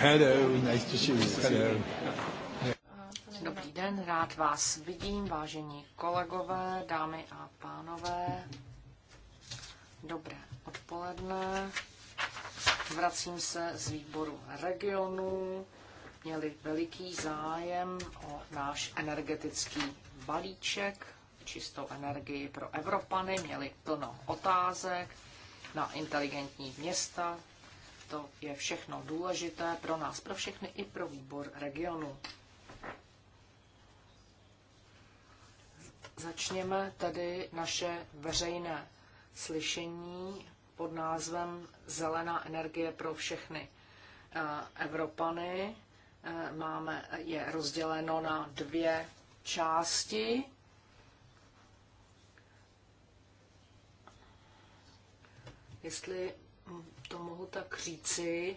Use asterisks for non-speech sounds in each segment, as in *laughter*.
Hello, nice to see you. Hello. Dobrý den, rád vás vidím, vážení kolegové, dámy a pánové. Dobré odpoledne. Vracím se z výboru regionu. Měli veliký zájem o náš energetický balíček, čistou energii pro Evropany, měli plno otázek na inteligentní města, to je všechno důležité pro nás, pro všechny i pro výbor regionu. Začněme tedy naše veřejné slyšení pod názvem Zelená energie pro všechny eh, Evropany. Eh, máme, je rozděleno na dvě části. Jestli to mohu tak říci.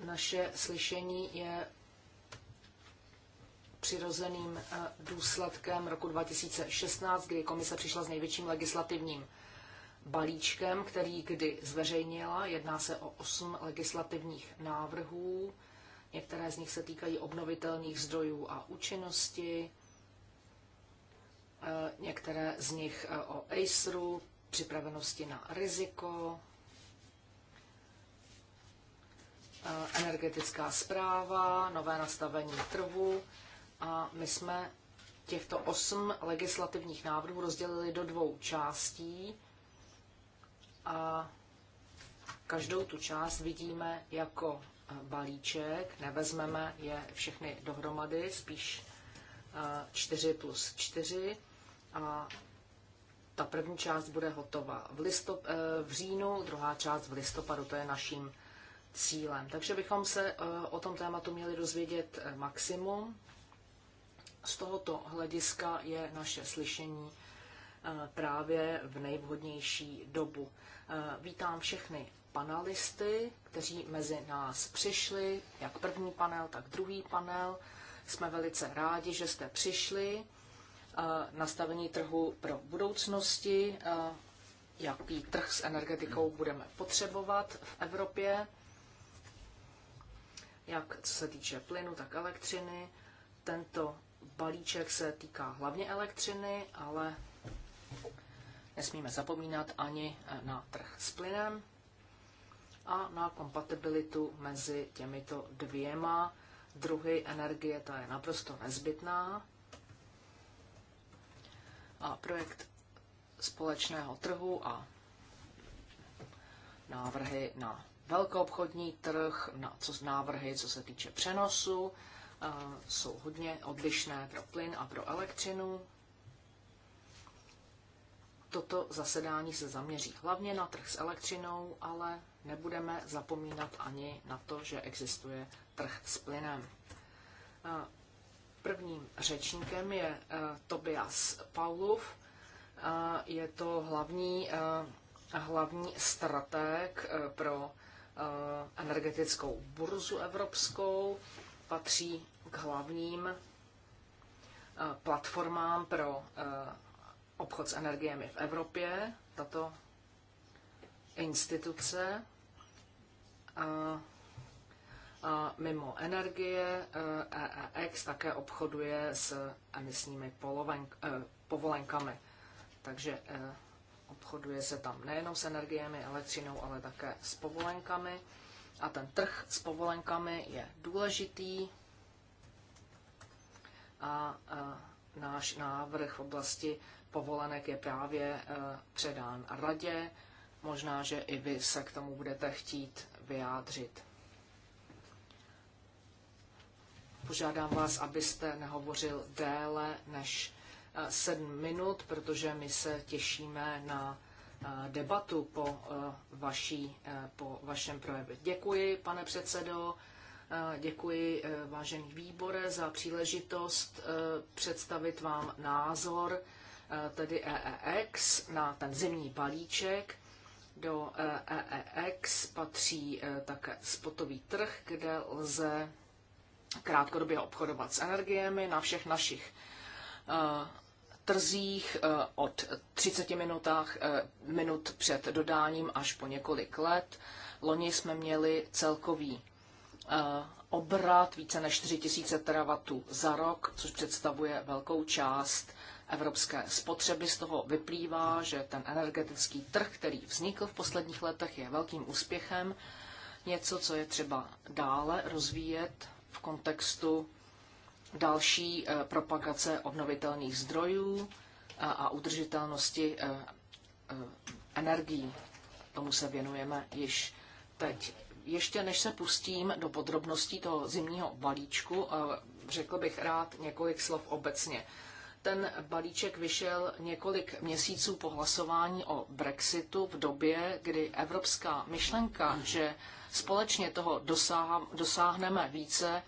Naše slyšení je přirozeným eh, důsledkem roku 2016, kdy komise přišla s největším legislativním balíčkem, který kdy zveřejnila. Jedná se o osm legislativních návrhů. Některé z nich se týkají obnovitelných zdrojů a účinnosti, Eh, některé z nich eh, o ACERu, připravenosti na riziko, eh, energetická zpráva, nové nastavení trhu a my jsme těchto osm legislativních návrhů rozdělili do dvou částí a každou tu část vidíme jako balíček, nevezmeme je všechny dohromady, spíš 4 plus 4 a ta první část bude hotova v, listop, eh, v říjnu, druhá část v listopadu, to je naším cílem. Takže bychom se eh, o tom tématu měli dozvědět eh, maximum. Z tohoto hlediska je naše slyšení právě v nejvhodnější dobu. Vítám všechny panelisty, kteří mezi nás přišli, jak první panel, tak druhý panel. Jsme velice rádi, že jste přišli nastavení trhu pro budoucnosti, jaký trh s energetikou budeme potřebovat v Evropě, jak co se týče plynu, tak elektřiny. Tento balíček se týká hlavně elektřiny, ale nesmíme zapomínat ani na trh s plynem a na kompatibilitu mezi těmito dvěma druhy energie, ta je naprosto nezbytná a projekt společného trhu a návrhy na velkoobchodní trh, na co, návrhy, co se týče přenosu, eh, jsou hodně odlišné pro plyn a pro elektřinu. Toto zasedání se zaměří hlavně na trh s elektřinou, ale nebudeme zapomínat ani na to, že existuje trh s plynem. Eh, Prvním řečníkem je eh, Tobias Paulov. Eh, je to hlavní, eh, hlavní strateg pro energetickou burzu evropskou. Patří k hlavním platformám pro obchod s energiemi v Evropě. Tato instituce mimo energie EEX eh, e také obchoduje s emisními eh, povolenkami. Takže eh, obchoduje se tam nejenom s energiemi, elektřinou, ale také s povolenkami. A ten trh s povolenkami je důležitý. A náš návrh v oblasti povolenek je právě předán radě. Možná, že i vy se k tomu budete chtít vyjádřit. požádám vás, abyste nehovořil déle než eh, sedm minut, protože my se těšíme na eh, debatu po, eh, vaší, po vašem projevu. Děkuji, pane předsedo, děkuji, vážený výbore, za příležitost představit vám názor tedy EEX na ten zimní balíček. Do EEX e patří také spotový trh, kde lze krátkodobě obchodovat s energiemi na všech našich eh, trzích eh, od 30 minutách, eh, minut před dodáním až po několik let. Loni jsme měli celkový obrat více než 4 000 teravatů za rok, což představuje velkou část evropské spotřeby. Z toho vyplývá, že ten energetický trh, který vznikl v posledních letech, je velkým úspěchem. Něco, co je třeba dále rozvíjet v kontextu další eh, propagace obnovitelných zdrojů eh, a udržitelnosti eh, energií. Tomu se věnujeme již teď. Ještě než se pustím do podrobností toho zimního balíčku, řekl bych rád několik slov obecně. Ten balíček vyšel několik měsíců po hlasování o Brexitu v době, kdy evropská myšlenka, že společně toho dosáhneme více,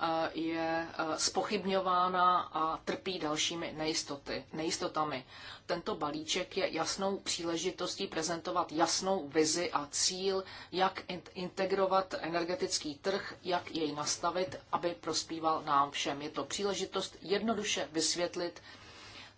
eh, je eh, spochybňována a trpí dalšími nejistoty, nejistotami. Tento balíček je jasnou příležitostí prezentovat jasnou vizi a cíl, jak integrovat energetický trh, jak jej nastavit, aby prospíval nám všem. Je to příležitost jednoduše vysvětlit,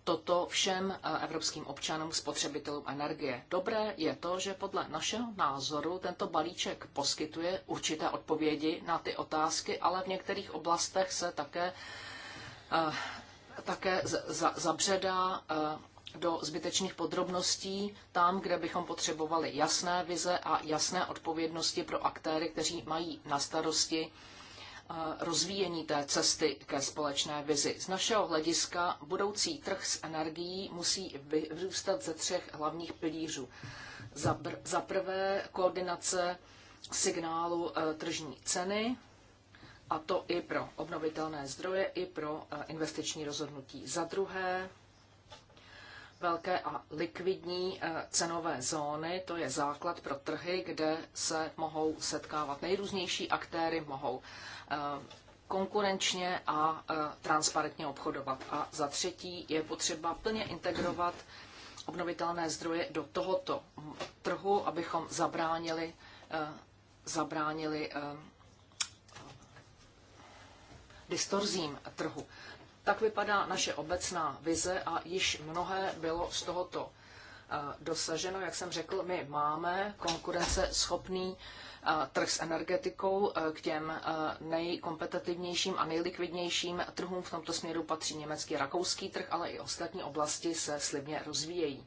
toto všem eh, evropským občanům, spotřebitelům energie. Dobré je to, že podle našeho názoru tento balíček poskytuje určité odpovědi na ty otázky, ale v některých oblastech se také, eh, také zabředá eh, do zbytečných podrobností, tam, kde bychom potřebovali jasné vize a jasné odpovědnosti pro aktéry, kteří mají na starosti rozvíjení té cesty ke společné vizi. Z našeho hlediska budoucí trh s energií musí vyrůstat ze třech hlavních pilířů. Za, pr- za prvé koordinace signálu e, tržní ceny, a to i pro obnovitelné zdroje, i pro e, investiční rozhodnutí. Za druhé velké a likvidní eh, cenové zóny, to je základ pro trhy, kde se mohou setkávat nejrůznější aktéry, mohou eh, konkurenčně a eh, transparentně obchodovat. A za třetí je potřeba plně integrovat obnovitelné zdroje do tohoto mm, trhu, abychom zabránili, zabránili distorzím trhu. Tak vypadá naše obecná vize a již mnohé bylo z tohoto eh, dosaženo. Jak jsem řekl, my máme konkurenceschopný eh, trh s energetikou. Eh, k těm nejkompetitivnějším a nejlikvidnějším trhům v tomto směru patří německý a rakouský trh, ale i ostatní oblasti se slibně rozvíjejí.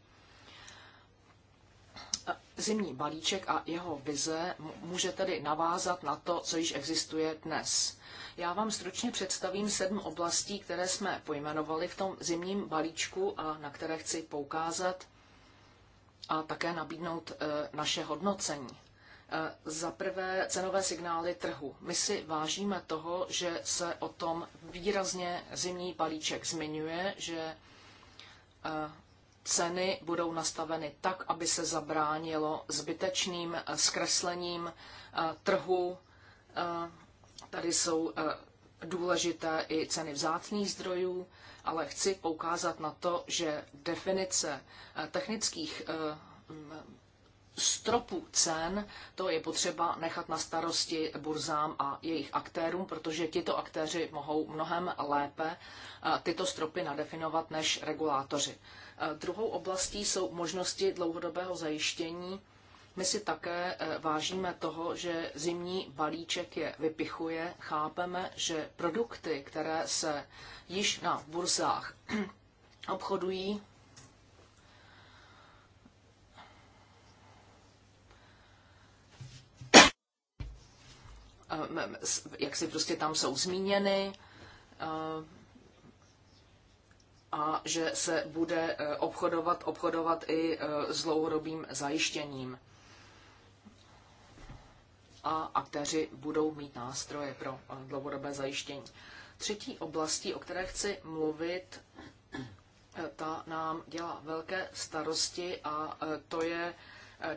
Zimní balíček a jeho vize může tedy navázat na to, co již existuje dnes. Já vám stručně představím sedm oblastí, které jsme pojmenovali v tom zimním balíčku a na které chci poukázat a také nabídnout e, naše hodnocení. E, za prvé cenové signály trhu. My si vážíme toho, že se o tom výrazně zimní balíček zmiňuje, že e, ceny budou nastaveny tak, aby se zabránilo zbytečným zkreslením trhu Tady jsou eh, důležité i ceny vzácných zdrojů, ale chci poukázat na to, že definice eh, technických eh, stropu cen, to je potřeba nechat na starosti burzám a jejich aktérům, protože tito aktéři mohou mnohem lépe tyto stropy nadefinovat než regulátoři. Druhou oblastí jsou možnosti dlouhodobého zajištění my si také eh, vážíme toho, že zimní balíček je vypichuje. Chápeme, že produkty, které se již na burzách *clears throat* obchodují, eh, jak si prostě tam jsou zmíněny eh, a že se bude obchodovat, obchodovat i s dlouhodobým zajištěním a aktéři budou mít nástroje pro eh, dlouhodobé zajištění. Třetí oblastí, o které chci mluvit, eh, ta nám dělá velké starosti a eh, to je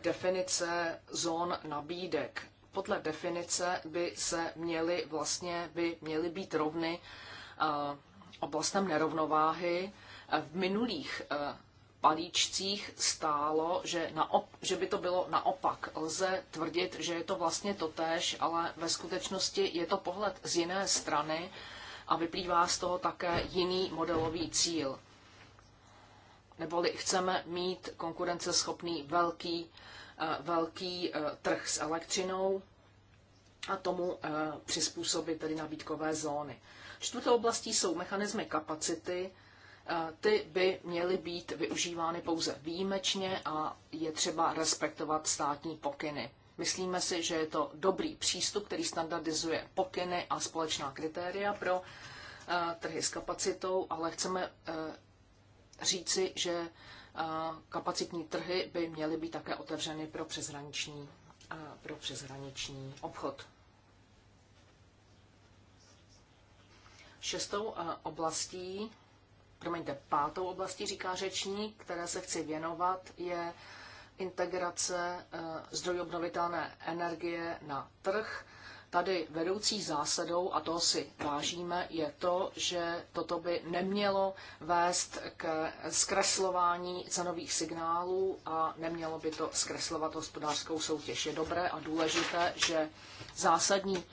definice zón nabídek. Podle definice by se měly vlastně by měly být rovny oblastem nerovnováhy. V minulých balíčcích stálo, že, naop, že by to bylo naopak. Lze tvrdit, že je to vlastně totéž, ale ve skutečnosti je to pohled z jiné strany a vyplývá z toho také jiný modelový cíl. Neboli chceme mít konkurenceschopný velký, eh, velký eh, trh s elektřinou a tomu eh, přizpůsobit tedy nabídkové zóny. Čtvrtou oblastí jsou mechanismy kapacity, ty by měly být využívány pouze výjimečně a je třeba respektovat státní pokyny. Myslíme si, že je to dobrý přístup, který standardizuje pokyny a společná kritéria pro eh, trhy s kapacitou, ale chceme eh, říci, že eh, kapacitní trhy by měly být také otevřeny pro přeshraniční, pro přeshraniční obchod. Šestou oblastí promiňte, pátou oblastí, říká řečník, které se chci věnovat, je integrace eh, zdrojů obnovitelné energie na trh. Tady vedoucí zásadou, a toho si vážíme, je to, že toto by nemělo vést k zkreslování cenových signálů a nemělo by to zkreslovat hospodářskou soutěž. Je dobré a důležité, že zásadní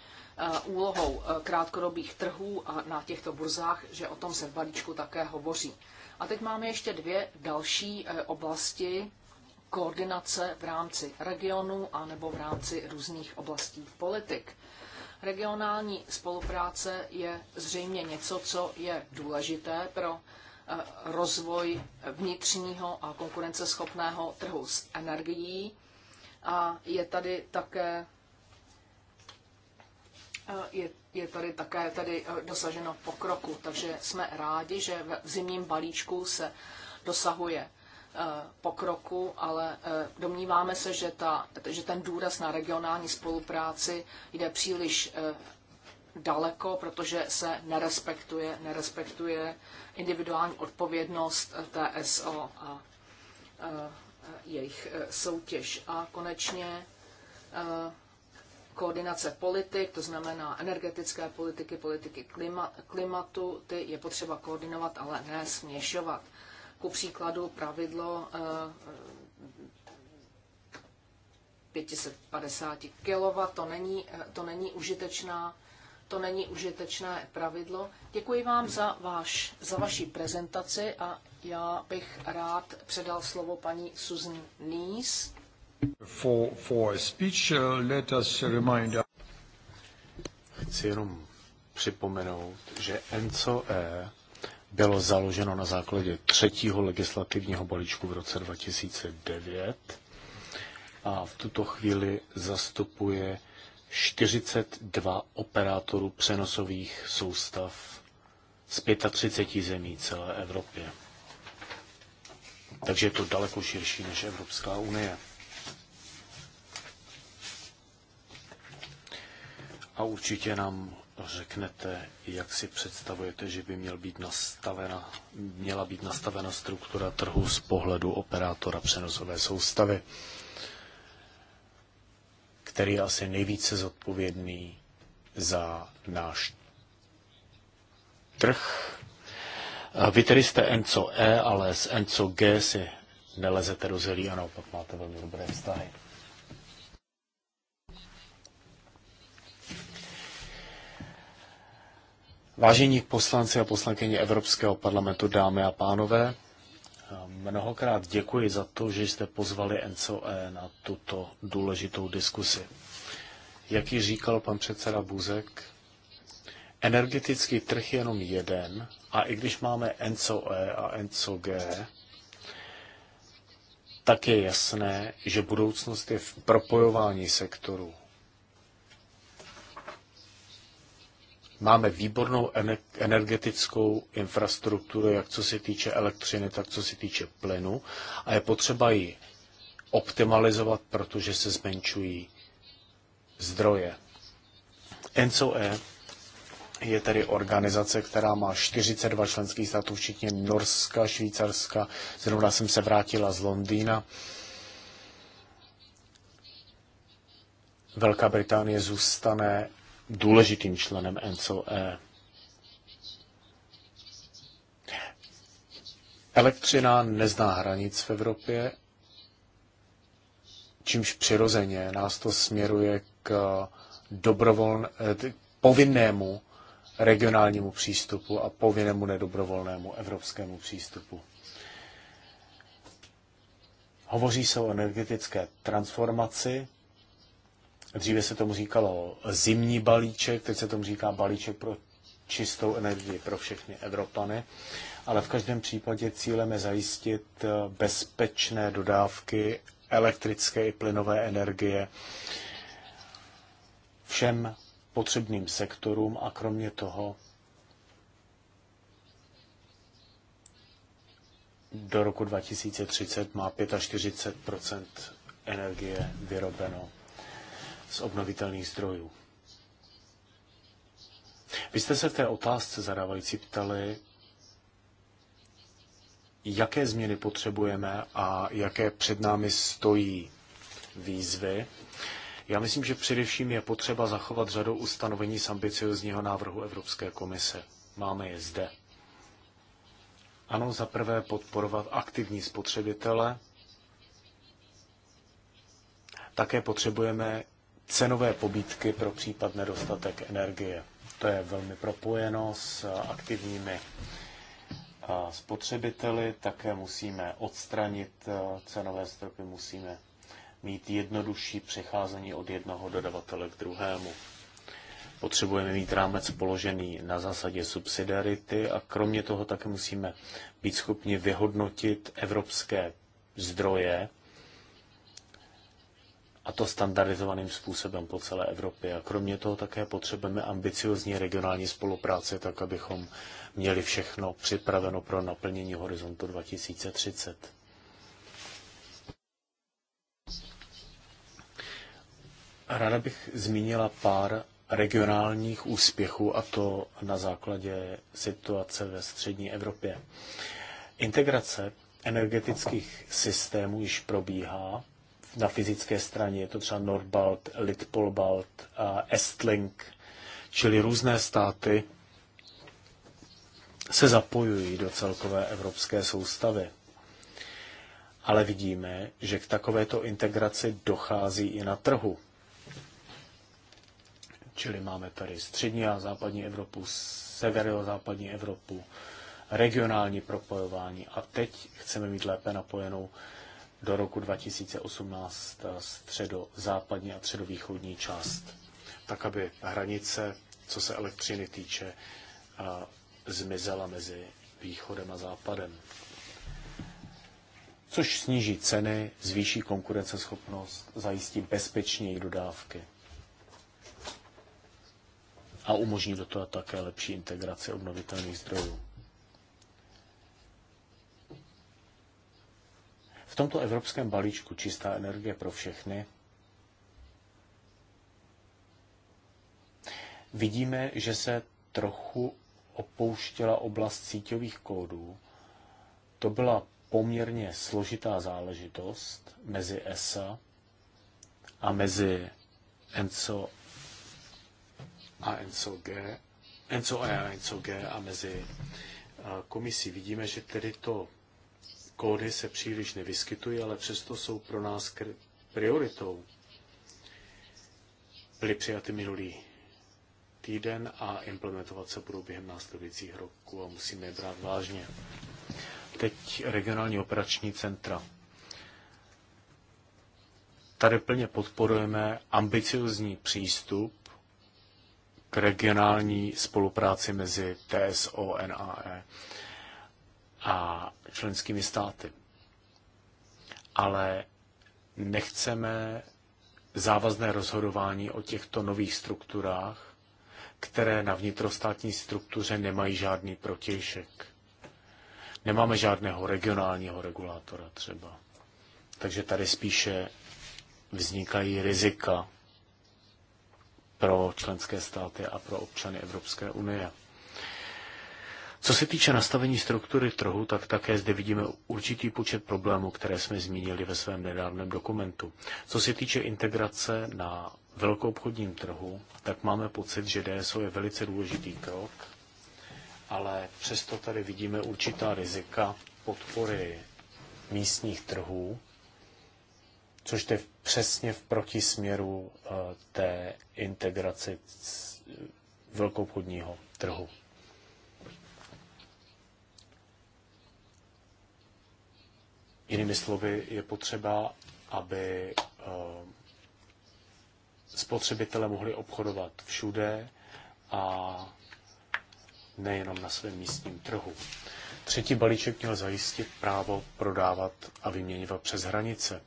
Eh, úlohou eh, krátkodobých trhů na těchto burzách, že o tom se v balíčku také hovoří. A teď máme ještě dvě další eh, oblasti koordinace v rámci regionu a nebo v rámci různých oblastí politik. Regionální spolupráce je zřejmě něco, co je důležité pro rozvoj vnitřního a konkurenceschopného trhu s energií. A je tady také je, je tady také tady eh, dosaženo pokroku, takže jsme rádi, že v zimním balíčku se dosahuje eh, pokroku, ale eh, domníváme se, že, ta, že ten důraz na regionální spolupráci jde příliš daleko, protože se nerespektuje, nerespektuje individuální odpovědnost TSO a jejich soutěž. A konečně koordinace politik, to znamená energetické politiky, politiky klima, klimatu, ty je potřeba koordinovat, ale ne směšovat. Ku příkladu pravidlo 550 eh, kW, to není, eh, to není užitečná to není užitečné pravidlo. Děkuji vám za, váš, za vaši prezentaci a já bych rád předal slovo paní Susan Nies, For, for speech, uh, let us remind... Chci jenom připomenout, že NCOE bylo založeno na základě třetího legislativního balíčku v roce 2009 a v tuto chvíli zastupuje 42 operátorů přenosových soustav z 35 zemí celé Evropě. Takže je to daleko širší než Evropská unie. a určitě nám řeknete, jak si představujete, že by měl být nastavena, měla být nastavena struktura trhu z pohledu operátora přenosové soustavy, který je asi nejvíce zodpovědný za náš trh. Vy tedy jste NCO E, ale s NCO G si nelezete do zelí a naopak máte velmi dobré vztahy. Vážení poslanci a poslankyně Evropského parlamentu, dámy a pánové, mnohokrát děkuji za to, že jste pozvali NCOE na tuto důležitou diskusi. Jak ji říkal pan předseda Buzek, energetický trh je jenom jeden a i když máme NCOE a NCOG, tak je jasné, že budoucnost je v propojování sektorů. Máme výbornou energetickou infrastrukturu, jak co se týče elektřiny, tak co se týče plynu a je potřeba ji optimalizovat, protože se zmenšují zdroje. NCOE je tedy organizace, která má 42 členských států, včetně Norska, Švýcarska. Zrovna jsem se vrátila z Londýna. Velká Británie zůstane důležitým členem NCOE. Elektřina nezná hranic v Evropě, čímž přirozeně nás to směruje k dobrovoln, eh, povinnému regionálnímu přístupu a povinnému nedobrovolnému evropskému přístupu. Hovoří se o energetické transformaci, Dříve se tomu říkalo zimní balíček, teď se tomu říká balíček pro čistou energii pro všechny Evropany, ale v každém případě cílem je zajistit eh, bezpečné dodávky elektrické i plynové energie všem potřebným sektorům a kromě toho do roku 2030 má 45 energie vyrobeno z obnovitelných zdrojů. Vy jste se v té otázce zadávající ptali, jaké změny potřebujeme a jaké před námi stojí výzvy. Já myslím, že především je potřeba zachovat řadu ustanovení z ambiciozního návrhu Evropské komise. Máme je zde. Ano, za prvé podporovat aktivní spotřebitele. Také potřebujeme cenové pobídky pro případ nedostatek energie. To je velmi propojeno s aktivními spotřebiteli. Také musíme odstranit cenové stropy, musíme mít jednodušší přecházení od jednoho dodavatele k druhému. Potřebujeme mít rámec položený na zásadě subsidiarity a kromě toho také musíme být schopni vyhodnotit evropské zdroje a to standardizovaným způsobem po celé Evropě. A kromě toho také potřebujeme ambiciozní regionální spolupráci, tak abychom měli všechno připraveno pro naplnění horizontu 2030. Ráda bych zmínila pár regionálních úspěchů, a to na základě situace ve střední Evropě. Integrace energetických systémů již probíhá na fyzické straně. Je to třeba Nordbalt, Litpolbalt, Estlink, čili různé státy se zapojují do celkové evropské soustavy. Ale vidíme, že k takovéto integraci dochází i na trhu. Čili máme tady střední a západní Evropu, severozápadní Evropu, regionální propojování a teď chceme mít lépe napojenou do roku 2018 eh, středo-západní a středovýchodní část, tak aby hranice, co se elektřiny týče, eh, zmizela mezi východem a západem. Což sníží ceny, zvýší konkurenceschopnost, zajistí bezpečněji dodávky a umožní do toho také lepší integraci obnovitelných zdrojů. tomto evropském balíčku čistá energie pro všechny vidíme, že se trochu opouštěla oblast síťových kódů. To byla poměrně složitá záležitost mezi ESA a mezi ENSO a ENSO-G, enso e a ENSO-G a mezi komisí. Vidíme, že tedy to kódy se příliš nevyskytují, ale přesto jsou pro nás prioritou. Byly přijaty minulý týden a implementovat se budou během následujících roku a musíme je brát vážně. Teď regionální operační centra. Tady plně podporujeme ambiciozní přístup k regionální spolupráci mezi TSO a NAE a členskými státy. Ale nechceme závazné rozhodování o těchto nových strukturách, které na vnitrostátní struktuře nemají žádný protějšek. Nemáme žádného regionálního regulátora třeba. Takže tady spíše vznikají rizika pro členské státy a pro občany Evropské unie. Co se týče nastavení struktury trhu, tak také zde vidíme určitý počet problémů, které jsme zmínili ve svém nedávném dokumentu. Co se týče integrace na velkou obchodním trhu, tak máme pocit, že DSO je velice důležitý krok, ale přesto tady vidíme určitá rizika podpory místních trhů, což jde přesně v protisměru eh, té integrace velkoobchodního trhu. Jinými slovy, je potřeba, aby eh, spotřebitele mohli obchodovat všude a nejenom na svém místním trhu. Třetí balíček měl zajistit právo prodávat a vyměňovat přes hranice.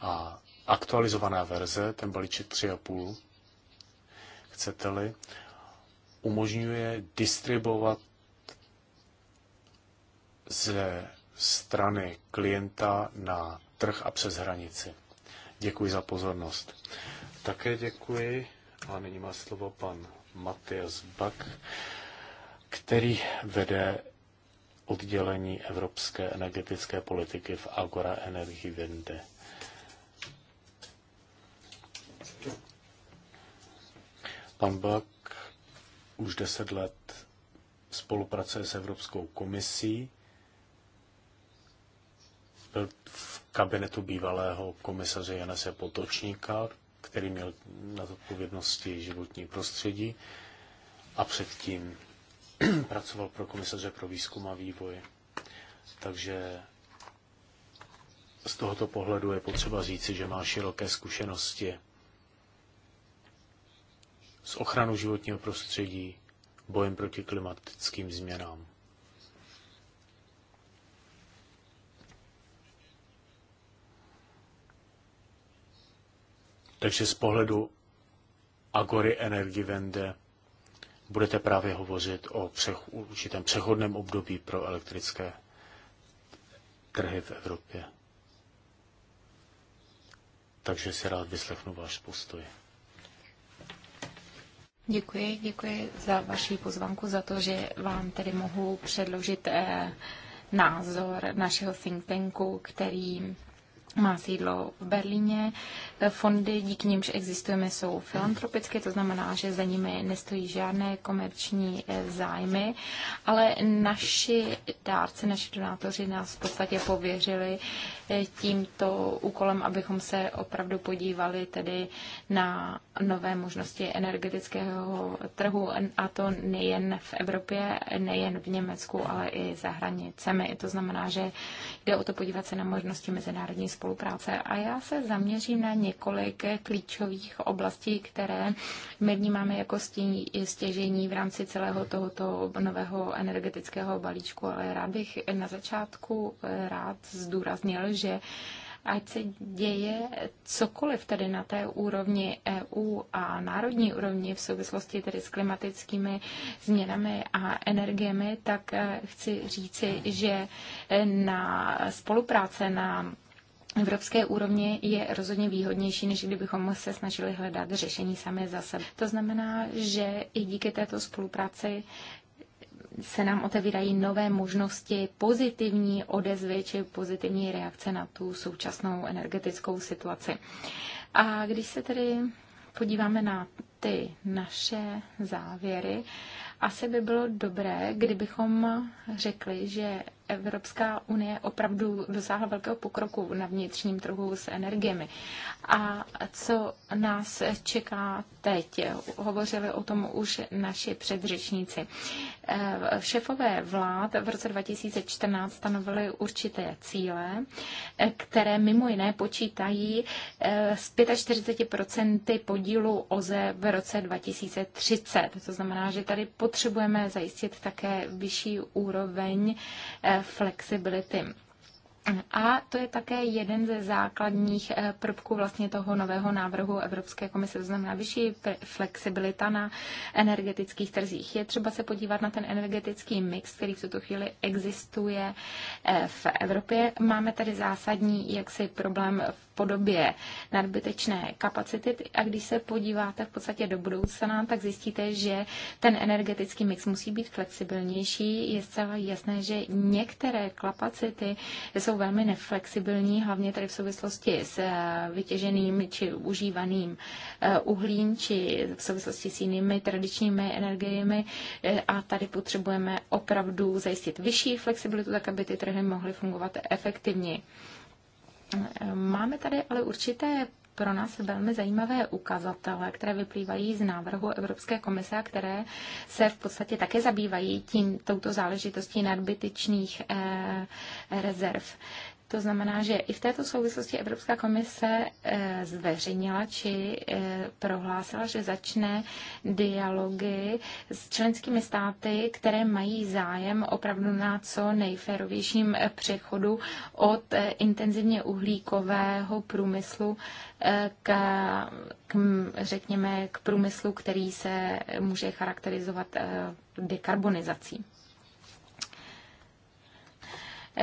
A aktualizovaná verze, ten balíček 3,5, chcete-li, umožňuje distribuovat ze strany klienta na trh a přes hranici. Děkuji za pozornost. Také děkuji a nyní má slovo pan Matias Bak, který vede oddělení evropské energetické politiky v Agora Energy Vende. Pan Bak už deset let spolupracuje s Evropskou komisí byl v kabinetu bývalého komisaře Janese Potočníka, který měl na odpovědnosti životní prostředí a předtím *clears throat* pracoval pro komisaře pro výzkum a vývoj. Takže z tohoto pohledu je potřeba říci, že má široké zkušenosti s ochranou životního prostředí, bojem proti klimatickým změnám. Takže z pohledu Agory Energiewende budete právě hovořit o přech, určitém přechodném období pro elektrické trhy v Evropě. Takže si rád vyslechnu váš postoj. Děkuji, děkuji za vaši pozvanku, za to, že vám tedy mohu předložit eh, názor našeho think tanku, který má sídlo v Berlíně. Fondy, díky nímž existujeme, jsou filantropické, to znamená, že za nimi nestojí žádné komerční eh, zájmy, ale naši dárci, naši donátoři nás v podstatě pověřili eh, tímto úkolem, abychom se opravdu podívali tedy na nové možnosti energetického trhu a to nejen v Evropě, nejen v Německu, ale i za hranicemi. To znamená, že jde o to podívat se na možnosti mezinárodní spolupráce. A já se zaměřím na několik klíčových oblastí, které my vnímáme jako stěžení v rámci celého tohoto nového energetického balíčku, ale rád bych na začátku rád zdůraznil, že ať se děje cokoliv tedy na té úrovni EU a národní úrovni v souvislosti tedy s klimatickými změnami a energiemi, tak eh, chci říci, že eh, na spolupráce na evropské úrovni je rozhodně výhodnější, než kdybychom se snažili hledat řešení sami za sebe. To znamená, že i díky této spolupráci se nám otevírají nové možnosti pozitivní odezvy či pozitivní reakce na tu současnou energetickou situaci. A když se tedy podíváme na ty naše závěry, asi by bylo dobré, kdybychom řekli, že Evropská unie opravdu dosáhla velkého pokroku na vnitřním trhu s energiemi. A co nás čeká teď? Hovořili o tom už naši předřečníci. Eh, Šefové vlád v roce 2014 stanovili určité cíle, eh, které mimo jiné počítají eh, z 45% podílu OZE v roce 2030. To znamená, že tady potřebujeme zajistit také vyšší úroveň flexibility. A to je také jeden ze základních eh, prvků vlastně toho nového návrhu Evropské komise, to znamená vyšší flexibilita na energetických trzích. Je třeba se podívat na ten energetický mix, který v tuto chvíli existuje eh, v Evropě. Máme tady zásadní jaksi problém v podobě nadbytečné kapacity. A když se podíváte v podstatě do budoucna, tak zjistíte, že ten energetický mix musí být flexibilnější. Je zcela jasné, že některé kapacity jsou velmi neflexibilní, hlavně tady v souvislosti s eh, vytěženým či užívaným eh, uhlím, či v souvislosti s jinými tradičními energiemi. Eh, a tady potřebujeme opravdu zajistit vyšší flexibilitu, tak aby ty trhy mohly fungovat efektivně. Máme tady ale určité pro nás velmi zajímavé ukazatele, které vyplývají z návrhu Evropské komise a které se v podstatě také zabývají tím, touto záležitostí nadbytečných eh, rezerv. To znamená, že i v této souvislosti Evropská komise eh, zveřejnila či eh, prohlásila, že začne dialogy s členskými státy, které mají zájem opravdu na co nejférovějším eh, přechodu od intenzivně uhlíkového průmyslu k, k, řekněme, k průmyslu, který se může charakterizovat dekarbonizací.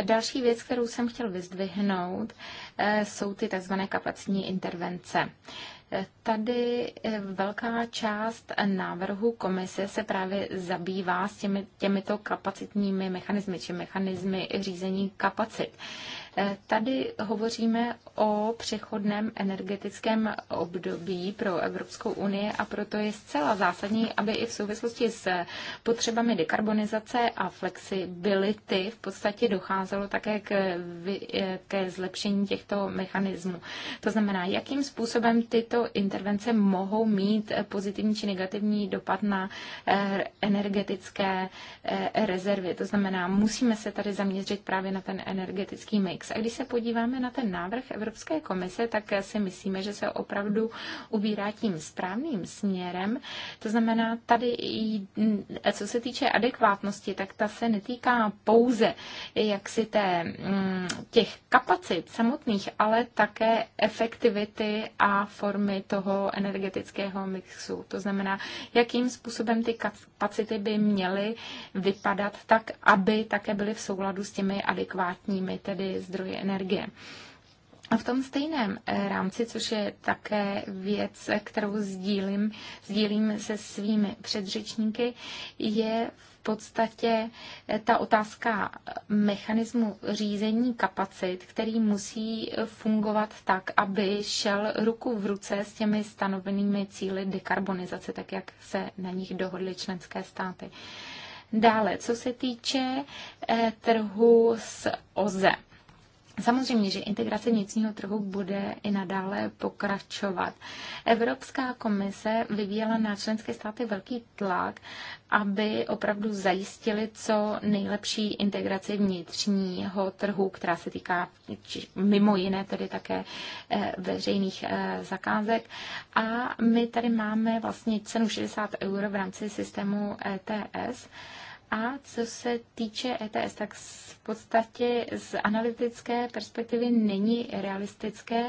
Další věc, kterou jsem chtěl vyzdvihnout, eh, jsou ty tzv. kapacitní intervence. Eh, tady eh, velká část návrhu komise se právě zabývá s těmi, těmito kapacitními mechanizmy, či mechanizmy řízení kapacit. Tady hovoříme o přechodném energetickém období pro Evropskou unii a proto je zcela zásadní, aby i v souvislosti s potřebami dekarbonizace a flexibility v podstatě docházelo také k, ke zlepšení těchto mechanismů. To znamená, jakým způsobem tyto intervence mohou mít pozitivní či negativní dopad na eh, energetické eh, rezervy. To znamená, musíme se tady zaměřit právě na ten energetický mix praxe. A když se podíváme na ten návrh Evropské komise, tak si myslíme, že se opravdu ubírá tím správným směrem. To znamená, tady, co se týče adekvátnosti, tak ta se netýká pouze jaksi té, mm, těch kapacit samotných, ale také efektivity a formy toho energetického mixu. To znamená, jakým způsobem ty kapacity by měly vypadat tak, aby také byly v souladu s těmi adekvátními tedy zdroji zdroje energie. A v tom stejném eh, rámci, což je také věc, eh, kterou sdílím, sdílím se svými předřečníky, je v podstatě eh, ta otázka mechanismu řízení kapacit, který musí fungovat tak, aby šel ruku v ruce s těmi stanovenými cíly dekarbonizace, tak jak se na nich dohodly členské státy. Dále, co se týče trhu s OZE. Samozřejmě, že integrace vnitřního trhu bude i nadále pokračovat. Evropská komise vyvíjela na členské státy velký tlak, aby opravdu zajistili co nejlepší integraci vnitřního trhu, která se týká mimo jiné tedy také eh, veřejných eh, zakázek. A my tady máme vlastně cenu 60 eur v rámci systému ETS. A co se týče ETS, tak v podstatě z analytické perspektivy není realistické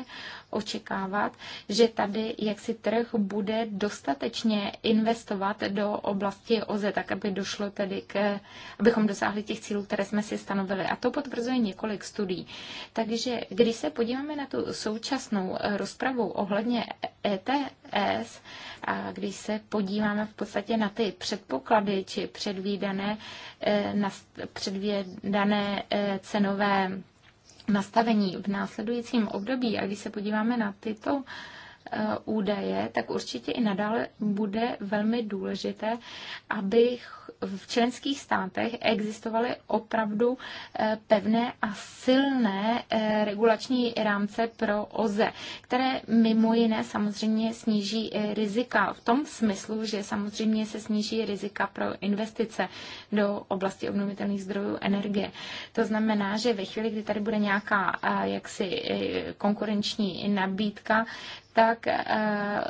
očekávat, že tady jaksi trh bude dostatečně investovat do oblasti OZE, tak aby došlo tedy k, abychom dosáhli těch cílů, které jsme si stanovili. A to potvrzuje několik studií. Takže když se podíváme na tu současnou rozpravu ohledně ETS a když se podíváme v podstatě na ty předpoklady či předvídané Eh, na předvídané eh, cenové nastavení v následujícím období, a když se podíváme na tyto Eh, údaje, tak určitě i nadále bude velmi důležité, aby v členských státech existovaly opravdu eh, pevné a silné eh, regulační rámce pro OZE, které mimo jiné samozřejmě sníží rizika v tom smyslu, že samozřejmě se sníží rizika pro investice do oblasti obnovitelných zdrojů energie. To znamená, že ve chvíli, kdy tady bude nějaká jaksi konkurenční nabídka, tak eh,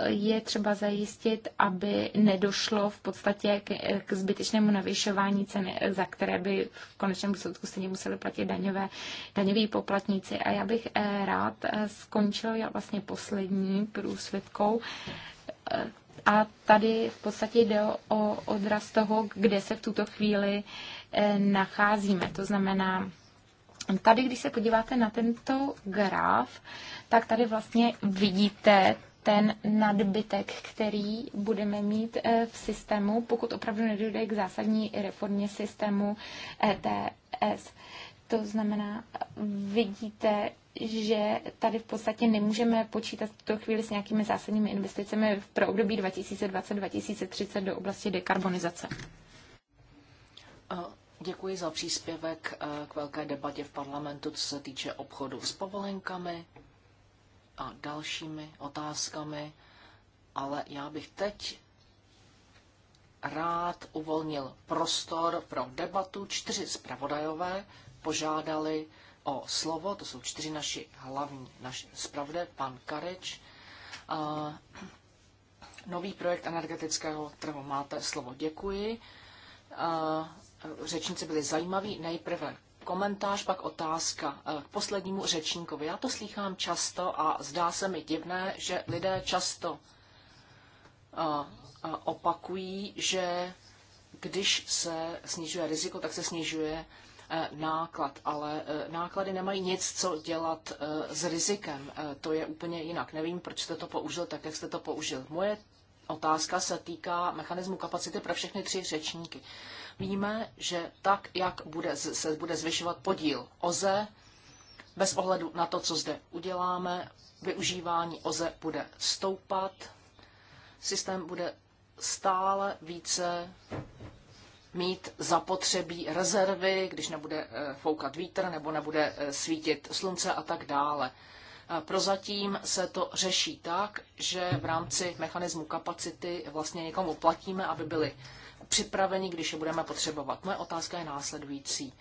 je třeba zajistit, aby nedošlo v podstatě k, zbytečnému navyšování ceny, za které by v konečném důsledku stejně museli platit daňové, daňoví poplatníci. A já bych eh, rád eh, skončil já vlastně poslední průsvědkou. A tady v podstatě jde o odraz toho, kde se v tuto chvíli nacházíme. To znamená, Tady, když se podíváte na tento graf, tak tady vlastně vidíte ten nadbytek, který budeme mít eh, v systému, pokud opravdu nedojde k zásadní reformě systému ETS. To znamená, vidíte, že tady v podstatě nemůžeme počítat v tuto chvíli s nějakými zásadními investicemi pro období 2020-2030 do oblasti dekarbonizace. Děkuji za příspěvek eh, k velké debatě v parlamentu, co se týče obchodu s povolenkami a dalšími otázkami, ale já bych teď rád uvolnil prostor pro debatu. Čtyři zpravodajové požádali o slovo, to jsou čtyři naši hlavní naši zpravde, pan Kareč. Eh, nový projekt energetického trhu. Máte slovo, děkuji. Eh, řečníci byli zajímaví. Nejprve komentář, pak otázka eh, k poslednímu řečníkovi. Já to slýchám často a zdá se mi divné, že lidé často eh, eh, opakují, že když se snižuje riziko, tak se snižuje náklad, ale náklady nemají nic, co dělat s rizikem. To je úplně jinak. Nevím, proč jste to použil tak, jak jste to použil. Moje otázka se týká mechanismu kapacity pro všechny tři řečníky. Víme, že tak, jak bude, se bude zvyšovat podíl OZE, bez ohledu na to, co zde uděláme, využívání OZE bude stoupat, systém bude stále více mít zapotřebí rezervy, když nebude eh, foukat vítr nebo nebude eh, svítit slunce a tak dále. Prozatím se to řeší tak, že v rámci mechanismu kapacity vlastně někomu platíme, aby byli připraveni, když je budeme potřebovat. Moje otázka je následující.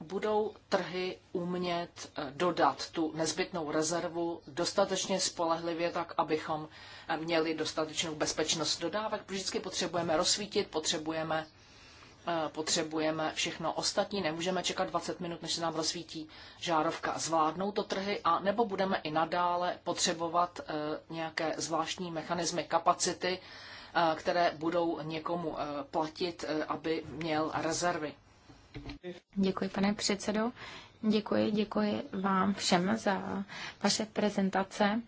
Budou trhy umět eh, dodat tu nezbytnou rezervu dostatečně spolehlivě, tak abychom eh, měli dostatečnou bezpečnost dodávek? Vždycky potřebujeme rozsvítit, potřebujeme Eh, potřebujeme všechno ostatní, nemůžeme čekat 20 minut, než se nám rozsvítí žárovka. Zvládnou to trhy a nebo budeme i nadále potřebovat eh, nějaké zvláštní mechanismy kapacity, eh, které budou někomu platit, aby měl rezervy. Děkuji, pane předsedo. Děkuji, děkuji vám všem za vaše prezentace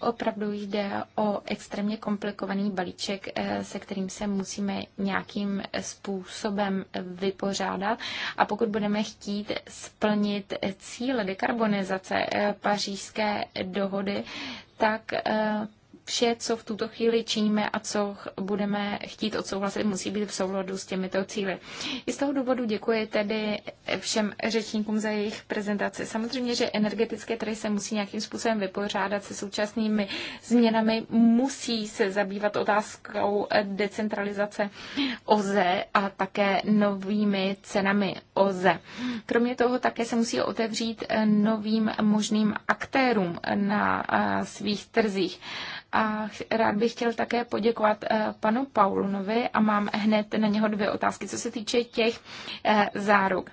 opravdu jde o extrémně komplikovaný balíček, eh, se kterým se musíme nějakým způsobem vypořádat. A pokud budeme chtít splnit cíle dekarbonizace eh, pařížské dohody, tak eh, vše, co v tuto chvíli činíme a co budeme chtít odsouhlasit, musí být v souladu s těmito cíly. I z toho důvodu děkuji tedy všem řečníkům za jejich prezentaci. Samozřejmě, že energetické trhy se musí nějakým způsobem vypořádat se současnými změnami, musí se zabývat otázkou decentralizace OZE a také novými cenami OZE. Kromě toho také se musí otevřít novým možným aktérům na eh, svých trzích a rád bych chtěl také poděkovat eh, panu Paulunovi a mám hned na něho dvě otázky, co se týče těch eh, záruk.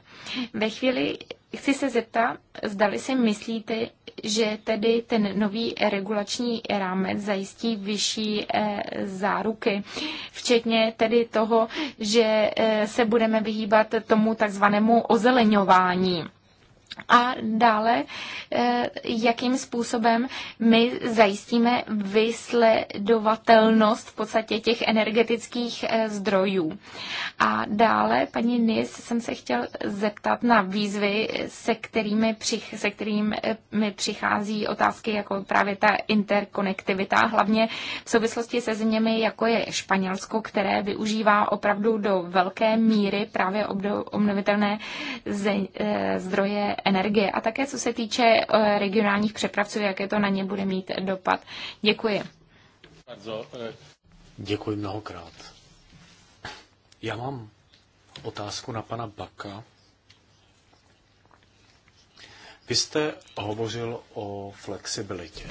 Ve chvíli chci se zeptat, zdali si myslíte, že tedy ten nový regulační rámec zajistí vyšší eh, záruky, včetně tedy toho, že se budeme vyhýbat tomu takzvanému ozeleňování a dále, eh, jakým způsobem my zajistíme vysledovatelnost v podstatě těch energetických eh, zdrojů. A dále, paní Nis, jsem se chtěl zeptat na výzvy, se kterými, přich, se kterými eh, přichází otázky jako právě ta interkonektivita, hlavně v souvislosti se zeměmi, jako je Španělsko, které využívá opravdu do velké míry právě obnovitelné zdroje energie a také co se týče eh, regionálních přepravců, jaké to na ně bude mít dopad. Děkuji. Eh. Děkuji mnohokrát. Já mám otázku na pana Baka. Vy jste hovořil o flexibilitě.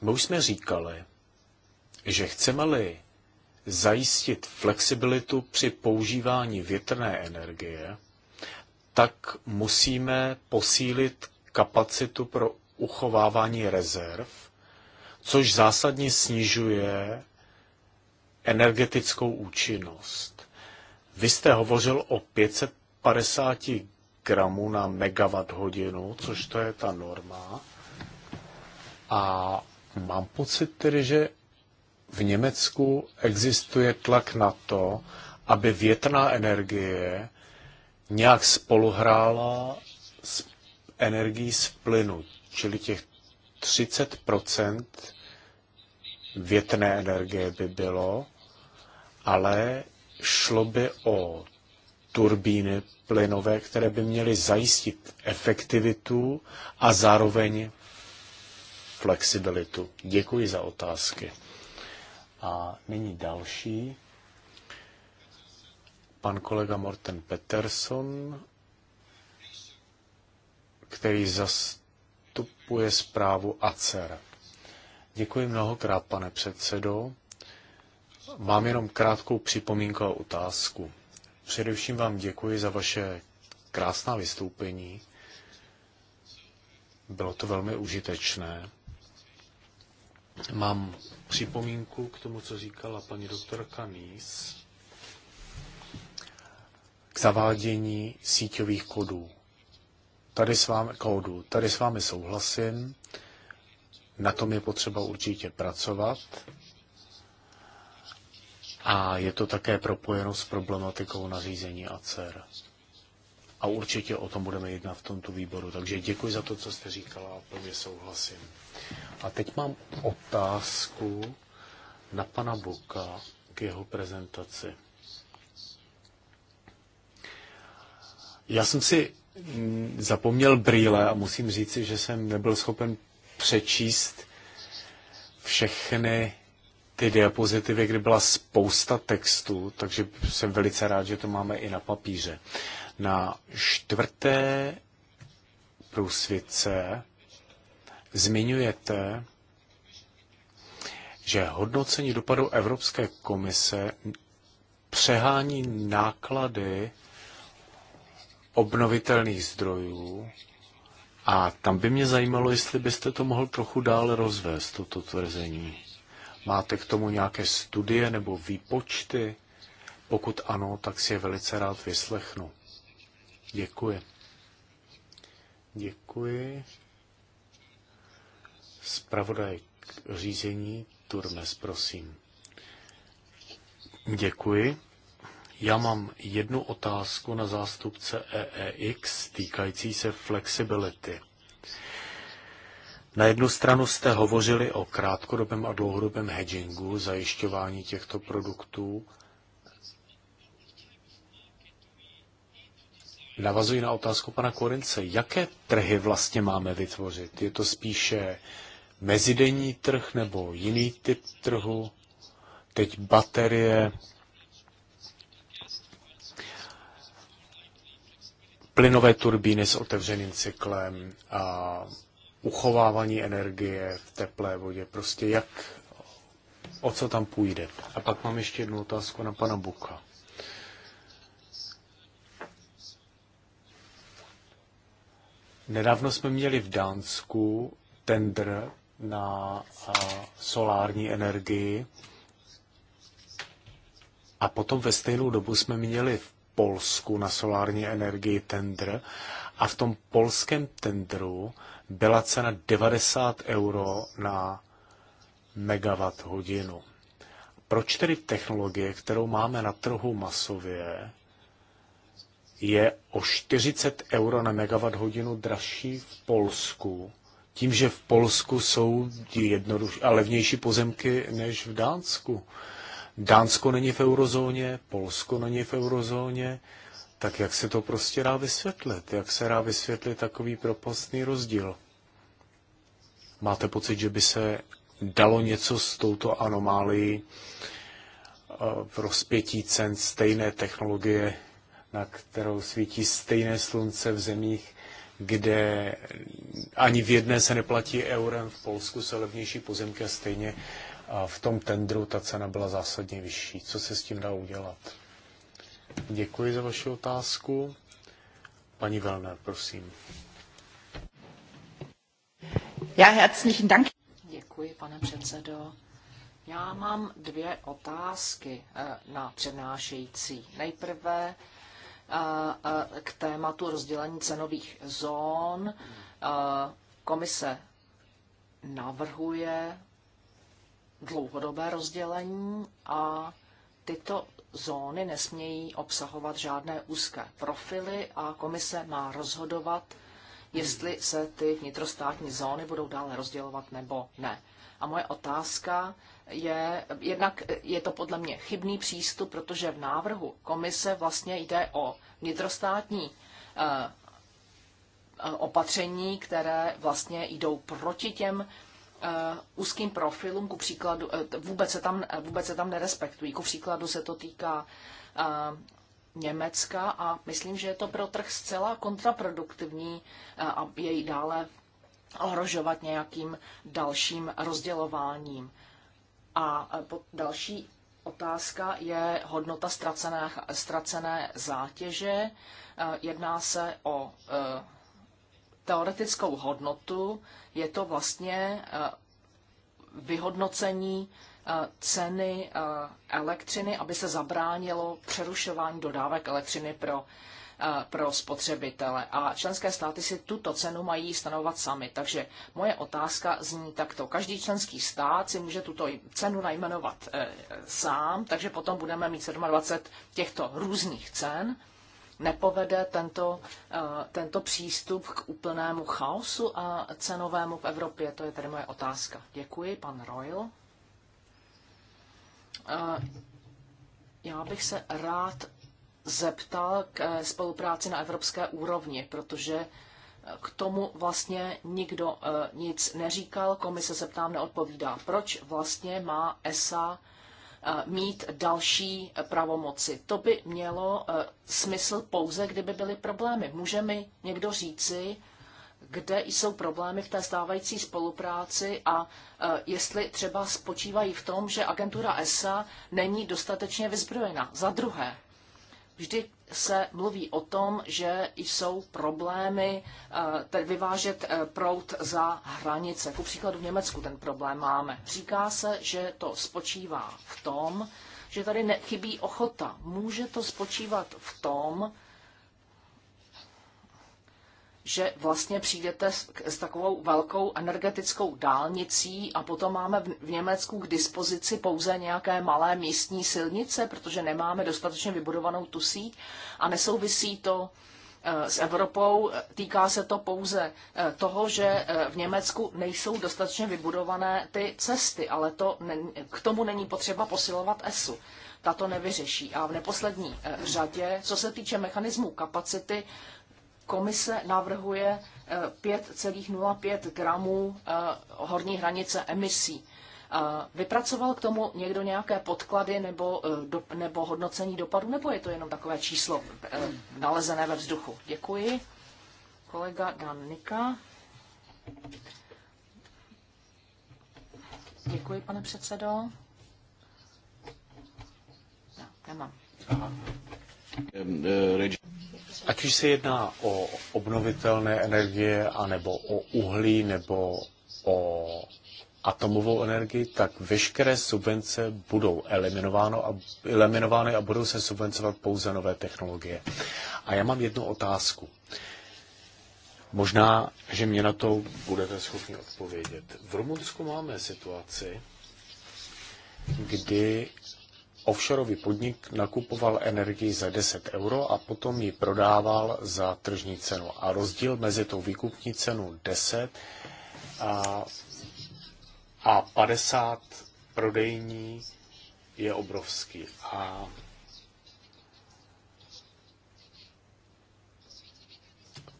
My už jsme říkali, že chceme-li zajistit flexibilitu při používání větrné energie, tak musíme posílit kapacitu pro uchovávání rezerv, což zásadně snižuje energetickou účinnost. Vy jste hovořil o 550 gramů na megawatt hodinu, což to je ta norma. A mám pocit tedy, že v Německu existuje tlak na to, aby větrná energie nějak spoluhrála s energií z plynu, čili těch 30 větrné energie by bylo, ale šlo by o turbíny plynové, které by měly zajistit efektivitu a zároveň flexibilitu. Děkuji za otázky. A nyní další pan kolega Morten Peterson, který zastupuje zprávu ACER. Děkuji mnohokrát, pane předsedo. Mám jenom krátkou připomínku a otázku. Především vám děkuji za vaše krásná vystoupení. Bylo to velmi užitečné. Mám připomínku k tomu, co říkala paní doktorka Nýs k zavádění síťových kodů. Tady s vámi, kódu. Tady s vámi souhlasím. Na tom je potřeba určitě pracovat. A je to také propojeno s problematikou nařízení ACER. A určitě o tom budeme jednat v tomto výboru. Takže děkuji za to, co jste říkala a plně souhlasím. A teď mám otázku na pana Boka k jeho prezentaci. Já jsem si mm, zapomněl brýle a musím říci, že jsem nebyl schopen přečíst všechny ty diapozitivy, kde byla spousta textů, takže jsem velice rád, že to máme i na papíře. Na čtvrté průsvědce zmiňujete, že hodnocení dopadu Evropské komise přehání náklady obnovitelných zdrojů. A tam by mě zajímalo, jestli byste to mohl trochu dále rozvést, toto tvrzení. Máte k tomu nějaké studie nebo výpočty? Pokud ano, tak si je velice rád vyslechnu. Děkuji. Děkuji. Spravodaj k řízení Turmes, prosím. Děkuji. Já mám jednu otázku na zástupce EEX týkající se flexibility. Na jednu stranu jste hovořili o krátkodobém a dlouhodobém hedgingu, zajišťování těchto produktů. Navazuji na otázku pana Korince. Jaké trhy vlastně máme vytvořit? Je to spíše mezidenní trh nebo jiný typ trhu? Teď baterie, plynové turbíny s otevřeným cyklem a uchovávání energie v teplé vodě, prostě jak, o co tam půjde. A pak mám ještě jednu otázku na pana Buka. Nedávno jsme měli v Dánsku tender na solární energii a potom ve stejnou dobu jsme měli v Polsku na solární energii tender a v tom polském tendru byla cena 90 euro na megawatt hodinu. Proč tedy technologie, kterou máme na trhu masově, je o 40 euro na megawatt hodinu dražší v Polsku, tím, že v Polsku jsou jednodušší a levnější pozemky než v Dánsku. Dánsko není v eurozóně, Polsko není v eurozóně, tak jak se to prostě dá vysvětlit? Jak se dá vysvětlit takový propastný rozdíl? Máte pocit, že by se dalo něco s touto anomálií v eh, rozpětí cen stejné technologie, na kterou svítí stejné slunce v zemích, kde ani v jedné se neplatí eurem, v Polsku se levnější pozemky a stejně a v tom tendru ta cena byla zásadně vyšší. Co se s tím dá udělat? Děkuji za vaši otázku. Paní Velner, prosím. Já herzlichen Dank. Děkuji, pane předsedo. Já mám dvě otázky eh, na přednášející. Nejprve eh, eh, k tématu rozdělení cenových zón. Komise navrhuje dlouhodobé rozdělení a tyto zóny nesmějí obsahovat žádné úzké profily a komise má rozhodovat, jestli se ty vnitrostátní zóny budou dále rozdělovat nebo ne. A moje otázka je, jednak je to podle mě chybný přístup, protože v návrhu komise vlastně jde o vnitrostátní eh, eh, opatření, které vlastně jdou proti těm Eh, úzkým profilům, ku příkladu, eh, vůbec se tam, eh, vůbec se tam nerespektují. Ku příkladu se to týká Německa a myslím, že je to pro trh zcela kontraproduktivní a jej dále ohrožovat nějakým dalším rozdělováním. A další otázka je hodnota ztracené, ztracené zátěže. Jedná se o teoretickou hodnotu, je to vlastně eh, vyhodnocení eh, ceny eh, elektřiny, aby se zabránilo přerušování dodávek elektřiny pro, pro spotřebitele. A členské státy si tuto cenu mají stanovat sami. Takže moje otázka zní takto. Každý členský stát si může tuto cenu najmenovat sám, takže potom budeme mít 27 těchto různých cen nepovede tento, eh, tento přístup k úplnému chaosu a cenovému v Evropě? To je tedy moje otázka. Děkuji, pan Royal. Eh, já bych se rád zeptal k eh, spolupráci na evropské úrovni, protože k tomu vlastně nikdo nic neříkal, komise se ptám neodpovídá. Proč vlastně má ESA Eh, mít další pravomoci. To by mělo eh, smysl pouze, kdyby byly problémy. Může mi někdo říci, kde jsou problémy v té stávající spolupráci a eh, jestli třeba spočívají v tom, že agentura ESA není dostatečně vyzbrojena. Za druhé, Vždy se mluví o tom, že jsou problémy eh, tedy vyvážet eh, prout za hranice. Ku příkladu v Německu ten problém máme. Říká se, že to spočívá v tom, že tady chybí ochota. Může to spočívat v tom, že vlastně přijdete s, s takovou velkou energetickou dálnicí a potom máme v, v Německu k dispozici pouze nějaké malé místní silnice, protože nemáme dostatečně vybudovanou tu síť a nesouvisí to eh, s Evropou. Týká se to pouze eh, toho, že eh, v Německu nejsou dostatečně vybudované ty cesty, ale to k tomu není potřeba posilovat ESU. Ta to nevyřeší. A v neposlední řadě, co se týče mechanismů kapacity, Komise navrhuje 5,05 eh, gramů eh, horní hranice emisí. Eh, vypracoval k tomu někdo nějaké podklady nebo, nebo hodnocení dopadu, nebo je to jenom takové číslo nalezené ve vzduchu? Děkuji. Kolega Danika. Děkuji, pane předsedo. No, nemám. Aha. Ať už se jedná o obnovitelné energie, anebo o uhlí, nebo o atomovou energii, tak veškeré subvence budou eliminováno a, eliminovány a budou se subvencovat pouze nové technologie. A já mám jednu otázku. Možná, že mě na to budete schopni odpovědět. V Rumunsku máme situaci, kdy offshoreový podnik nakupoval energii za 10 euro a potom ji prodával za tržní cenu. A rozdíl mezi tou výkupní cenou 10 a, a 50 prodejní je obrovský. A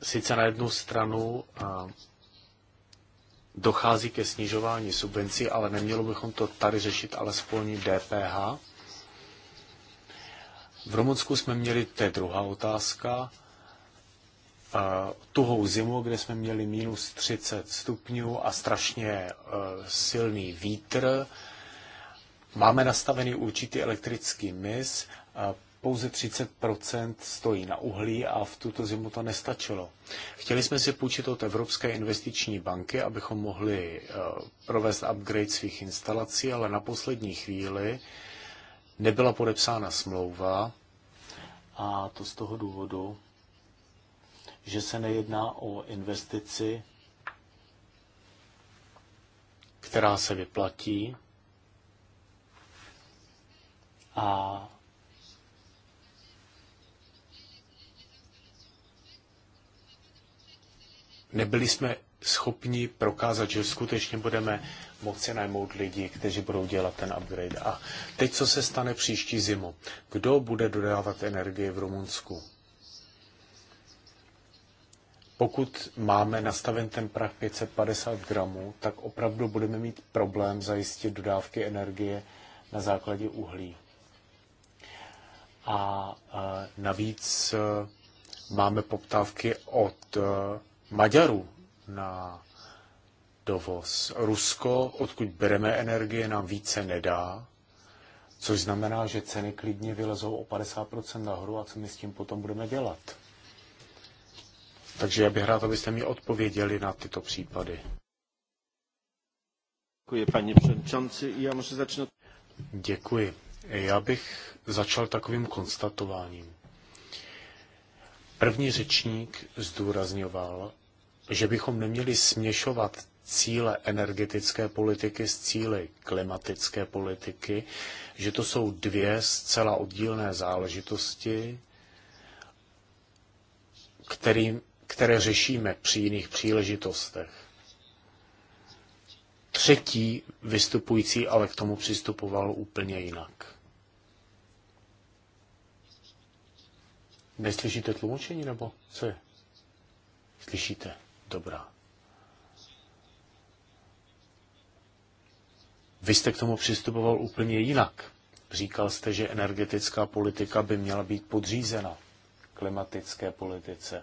sice na jednu stranu a, dochází ke snižování subvencí, ale nemělo bychom to tady řešit alespoň DPH, v Rumunsku jsme měli, to je druhá otázka, tuhou zimu, kde jsme měli minus 30 stupňů a strašně e, silný vítr. Máme nastavený určitý elektrický mis, pouze 30% stojí na uhlí a v tuto zimu to nestačilo. Chtěli jsme si půjčit od Evropské investiční banky, abychom mohli e, provést upgrade svých instalací, ale na poslední chvíli nebyla podepsána smlouva a to z toho důvodu, že se nejedná o investici, která se vyplatí a nebyli jsme schopni prokázat, že skutečně budeme moci najmout lidi, kteří budou dělat ten upgrade. A teď, co se stane příští zimu? Kdo bude dodávat energii v Rumunsku? Pokud máme nastaven ten prach 550 gramů, tak opravdu budeme mít problém zajistit dodávky energie na základě uhlí. A e, navíc e, máme poptávky od e, Maďarů, na dovoz. Rusko, odkud bereme energie, nám více nedá, což znamená, že ceny klidně vylezou o 50% nahoru a co my s tím potom budeme dělat. Takže já bych rád, abyste mi odpověděli na tyto případy. Děkuji, paní předčanci. Já můžu začnout. Děkuji. Já bych začal takovým konstatováním. První řečník zdůrazňoval, že bychom neměli směšovat cíle energetické politiky s cíly klimatické politiky, že to jsou dvě zcela oddílné záležitosti, který, které řešíme při jiných příležitostech. Třetí vystupující ale k tomu přistupoval úplně jinak. Neslyšíte tlumočení, nebo co je? Slyšíte? Dobrá. Vy jste k tomu přistupoval úplně jinak. Říkal jste, že energetická politika by měla být podřízena klimatické politice.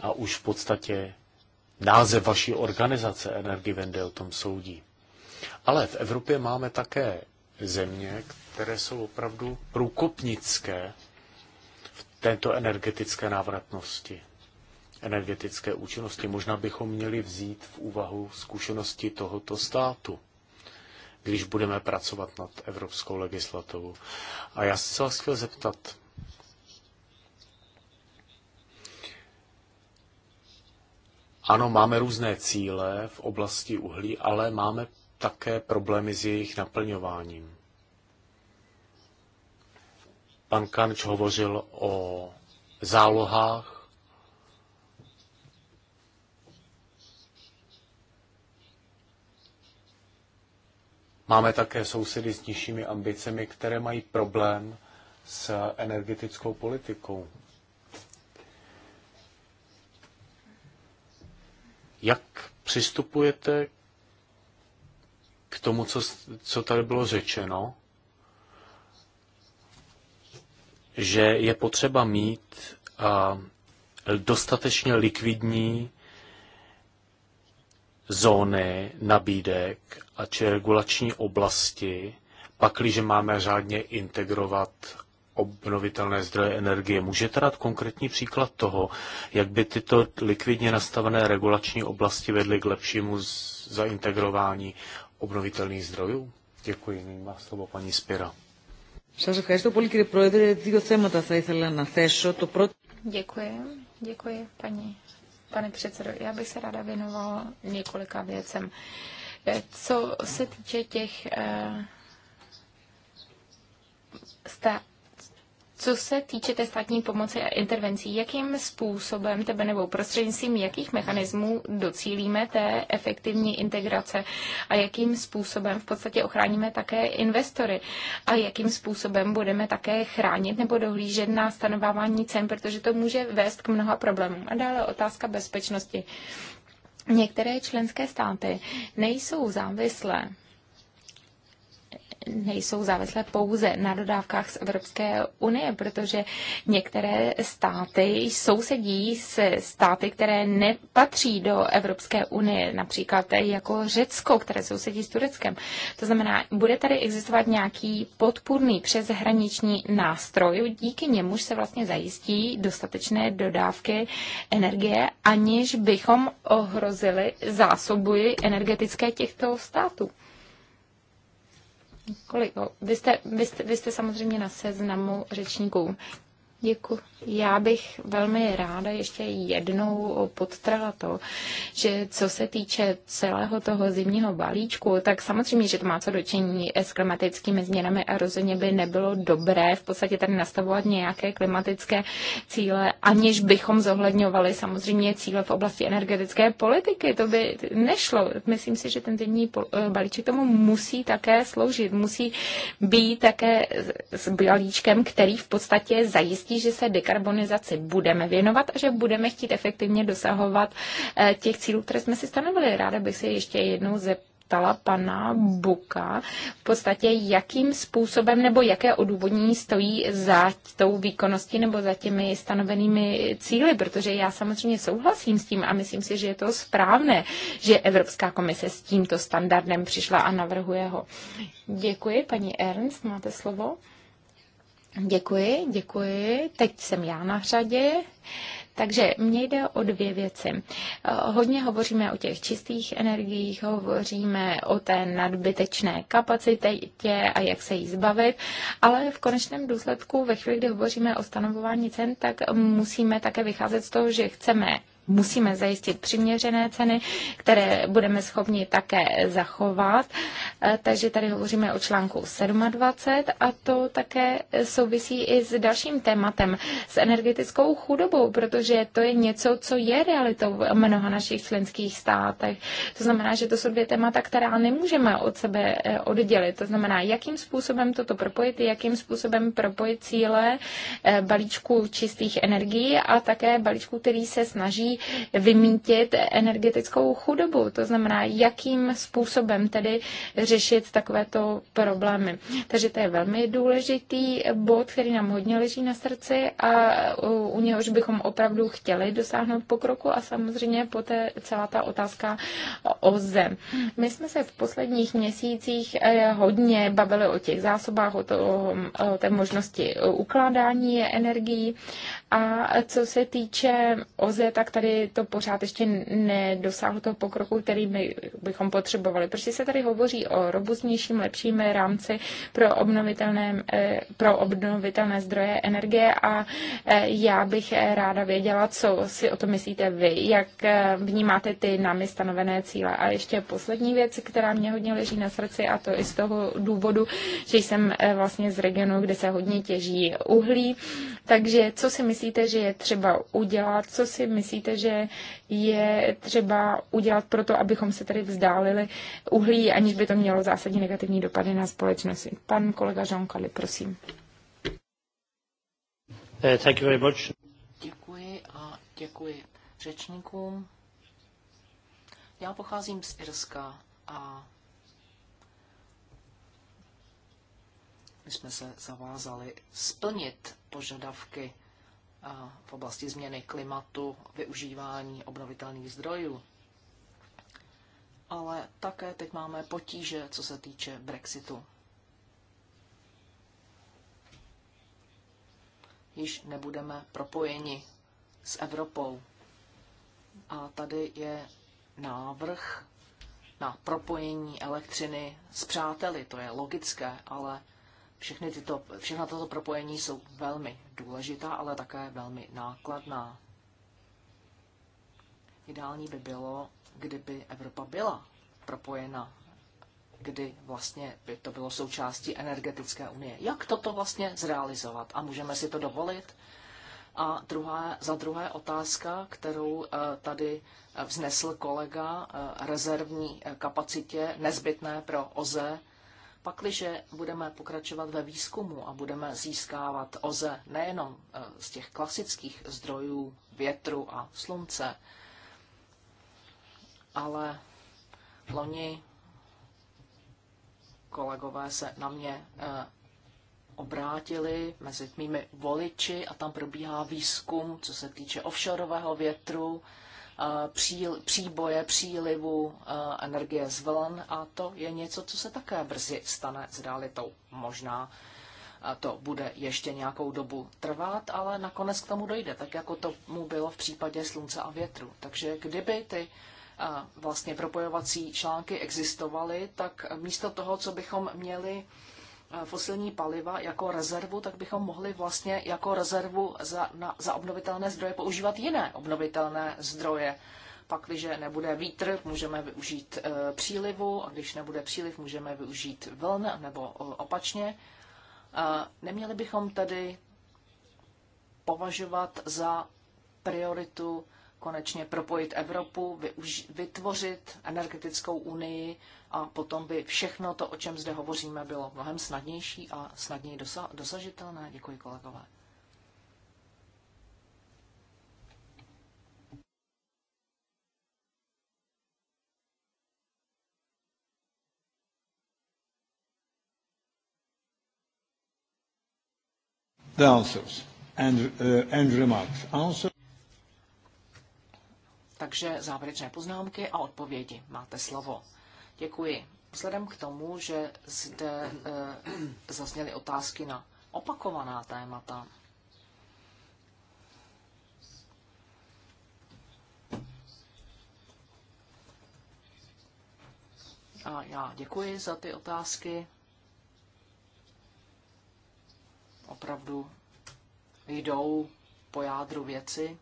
A už v podstatě název vaší organizace Energiewende o tom soudí. Ale v Evropě máme také země, které jsou opravdu průkopnické v této energetické návratnosti energetické účinnosti. Možná bychom měli vzít v úvahu zkušenosti tohoto státu, když budeme pracovat nad evropskou legislativou. A já se vás chtěl zeptat, Ano, máme různé cíle v oblasti uhlí, ale máme také problémy s jejich naplňováním. Pan Kanč hovořil o zálohách, Máme také sousedy s nižšími ambicemi, které mají problém s energetickou politikou. Jak přistupujete k tomu, co, co tady bylo řečeno, že je potřeba mít a, dostatečně likvidní zóny nabídek či regulační oblasti, pakliže máme řádně integrovat obnovitelné zdroje energie. Můžete dát konkrétní příklad toho, jak by tyto likvidně nastavené regulační oblasti vedly k lepšímu zaintegrování obnovitelných zdrojů? Děkuji. Nyní má slovo paní Spira. Děkuji, děkuji paní, pane předsedo. Já bych se ráda věnovala několika věcem. Uh, Eh, co se týče těch eh, sta, co se týče té státní pomoci a intervencí, jakým způsobem tebe nebo prostřednictvím jakých mechanismů docílíme té efektivní integrace a jakým způsobem v podstatě ochráníme také investory a jakým způsobem budeme také chránit nebo dohlížet na stanovávání cen, protože to může vést k mnoha problémům. A dále otázka bezpečnosti. Některé členské státy nejsou závislé nejsou závislé pouze na dodávkách z Evropské unie, protože některé státy sousedí se státy, které nepatří do Evropské unie, například jako Řecko, které sousedí s Tureckem. To znamená, bude tady existovat nějaký podpůrný přeshraniční nástroj, díky němuž se vlastně zajistí dostatečné dodávky energie, aniž bychom ohrozili zásoby energetické těchto států. Kolik? No, vy jste, vy jste, vy jste samozřejmě na seznamu řečníků. Děkuji. Já bych velmi ráda ještě jednou podtrhla to, že co se týče celého toho zimního balíčku, tak samozřejmě, že to má co dočení s klimatickými změnami a rozhodně by nebylo dobré v podstatě tady nastavovat nějaké klimatické cíle, aniž bychom zohledňovali samozřejmě cíle v oblasti energetické politiky. To by nešlo. Myslím si, že ten zimní eh, balíček tomu musí také sloužit. Musí být také s balíčkem, který v podstatě zajistí jistí, že se dekarbonizaci budeme věnovat a že budeme chtít efektivně dosahovat eh, těch cílů, které jsme si stanovili. Ráda bych se ještě jednou zeptala, ptala pana Buka v podstatě, jakým způsobem nebo jaké odůvodnění stojí za tou výkonností nebo za těmi stanovenými cíly, protože já samozřejmě souhlasím s tím a myslím si, že je to správné, že Evropská komise s tímto standardem přišla a navrhuje ho. Děkuji, paní Ernst, máte slovo. Děkuji, děkuji. Teď jsem já na řadě. Takže mně jde o dvě věci. Eh, hodně hovoříme o těch čistých energiích, hovoříme o té nadbytečné kapacitě a jak se jí zbavit, ale v konečném důsledku, ve chvíli, kdy hovoříme o stanovování cen, tak musíme také vycházet z toho, že chceme musíme zajistit přiměřené ceny, které budeme schopni také zachovat. Eh, takže tady hovoříme o článku 27 a to také souvisí i s dalším tématem, s energetickou chudobou, protože to je něco, co je realitou v mnoha našich členských státech. To znamená, že to jsou dvě témata, která nemůžeme od sebe eh, oddělit. To znamená, jakým způsobem toto propojit, jakým způsobem propojit cíle eh, balíčku čistých energií a také balíčku, který se snaží vymítit energetickou chudobu. To znamená, jakým způsobem tedy řešit takovéto problémy. Takže to je velmi důležitý bod, který nám hodně leží na srdci a u něhož bychom opravdu chtěli dosáhnout pokroku a samozřejmě poté celá ta otázka o zem. My jsme se v posledních měsících eh, hodně bavili o těch zásobách, o, to, o té možnosti ukládání energií a co se týče OZE, tak tady to pořád ještě nedosáhlo toho pokroku, který my bychom potřebovali. Protože se tady hovoří o robustnějším, lepším rámci pro obnovitelné, eh, pro obnovitelné zdroje energie a eh, já bych eh, ráda věděla, co si o to myslíte vy, jak vnímáte ty námi stanovené cíle. A ještě poslední věc, která mě hodně leží na srdci a to i z toho důvodu, že jsem vlastně z regionu, kde se hodně těží uhlí. Takže co si myslíte myslíte, že je třeba udělat, co si myslíte, že je třeba udělat pro to, abychom se tady vzdálili uhlí, aniž by to mělo zásadní negativní dopady na společnost. Pan kolega Žonkali, prosím. Eh, thank you very much. Děkuji a děkuji řečníkům. Já pocházím z Irska a my jsme se zavázali splnit požadavky v oblasti změny klimatu, využívání obnovitelných zdrojů. Ale také teď máme potíže, co se týče Brexitu. Již nebudeme propojeni s Evropou. A tady je návrh na propojení elektřiny s přáteli. To je logické, ale všechny tyto, všechna tato propojení jsou velmi důležitá, ale také velmi nákladná. Ideální by bylo, kdyby Evropa byla propojena, kdy vlastně by to bylo součástí energetické unie. Jak toto vlastně zrealizovat? A můžeme si to dovolit? A druhá, za druhé otázka, kterou eh, tady eh, vznesl kolega, eh, rezervní kapacitě nezbytné pro OZE Pakliže budeme pokračovat ve výzkumu a budeme získávat oze nejenom eh, z těch klasických zdrojů větru a slunce, ale loni kolegové se na mě eh, obrátili mezi mými voliči a tam probíhá výzkum, co se týče offshoreového větru, příboje, přílivu energie z vln a to je něco, co se také brzy stane s realitou. Možná to bude ještě nějakou dobu trvat, ale nakonec k tomu dojde, tak jako to mu bylo v případě slunce a větru. Takže kdyby ty vlastně propojovací články existovaly, tak místo toho, co bychom měli Eh, fosilní paliva jako rezervu, tak bychom mohli vlastně jako rezervu za, na, za obnovitelné zdroje používat jiné obnovitelné zdroje. Pak, když nebude vítr, můžeme využít e, přílivu, a když nebude příliv, můžeme využít vln nebo o, eh, opačně. E, neměli bychom tedy považovat za prioritu konečně propojit Evropu, vytvořit energetickou unii, a potom by všechno to, o čem zde hovoříme, bylo mnohem snadnější a snadněji dosa- dosažitelné. Děkuji, kolegové. The answers and, uh, and remarks. Answer. Takže závěrečné poznámky a odpovědi. Máte slovo. Děkuji. Vzhledem k tomu, že zde eh, zazněly otázky na opakovaná témata, A já děkuji za ty otázky. Opravdu jdou po jádru věci.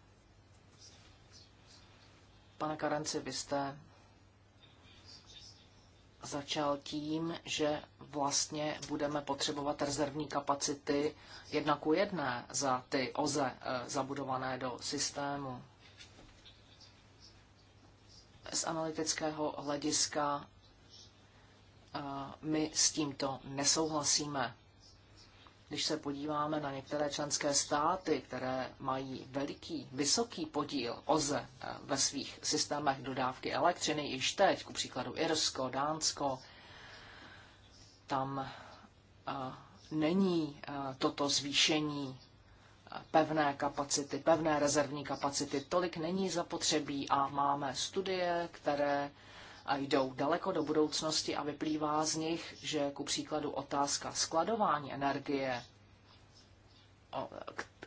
Pane Karenci, vy jste začal tím, že vlastně budeme potřebovat rezervní kapacity jedna ku jedné za ty OZE eh, zabudované do systému. Z analytického hlediska eh, my s tímto nesouhlasíme. Když se podíváme na některé členské státy, které mají veliký, vysoký podíl OZE eh, ve svých systémech dodávky elektřiny již teď, ku příkladu Irsko, Dánsko, tam eh, není eh, toto zvýšení pevné kapacity, pevné rezervní kapacity. Tolik není zapotřebí a máme studie, které a jdou daleko do budoucnosti a vyplývá z nich, že ku příkladu otázka skladování energie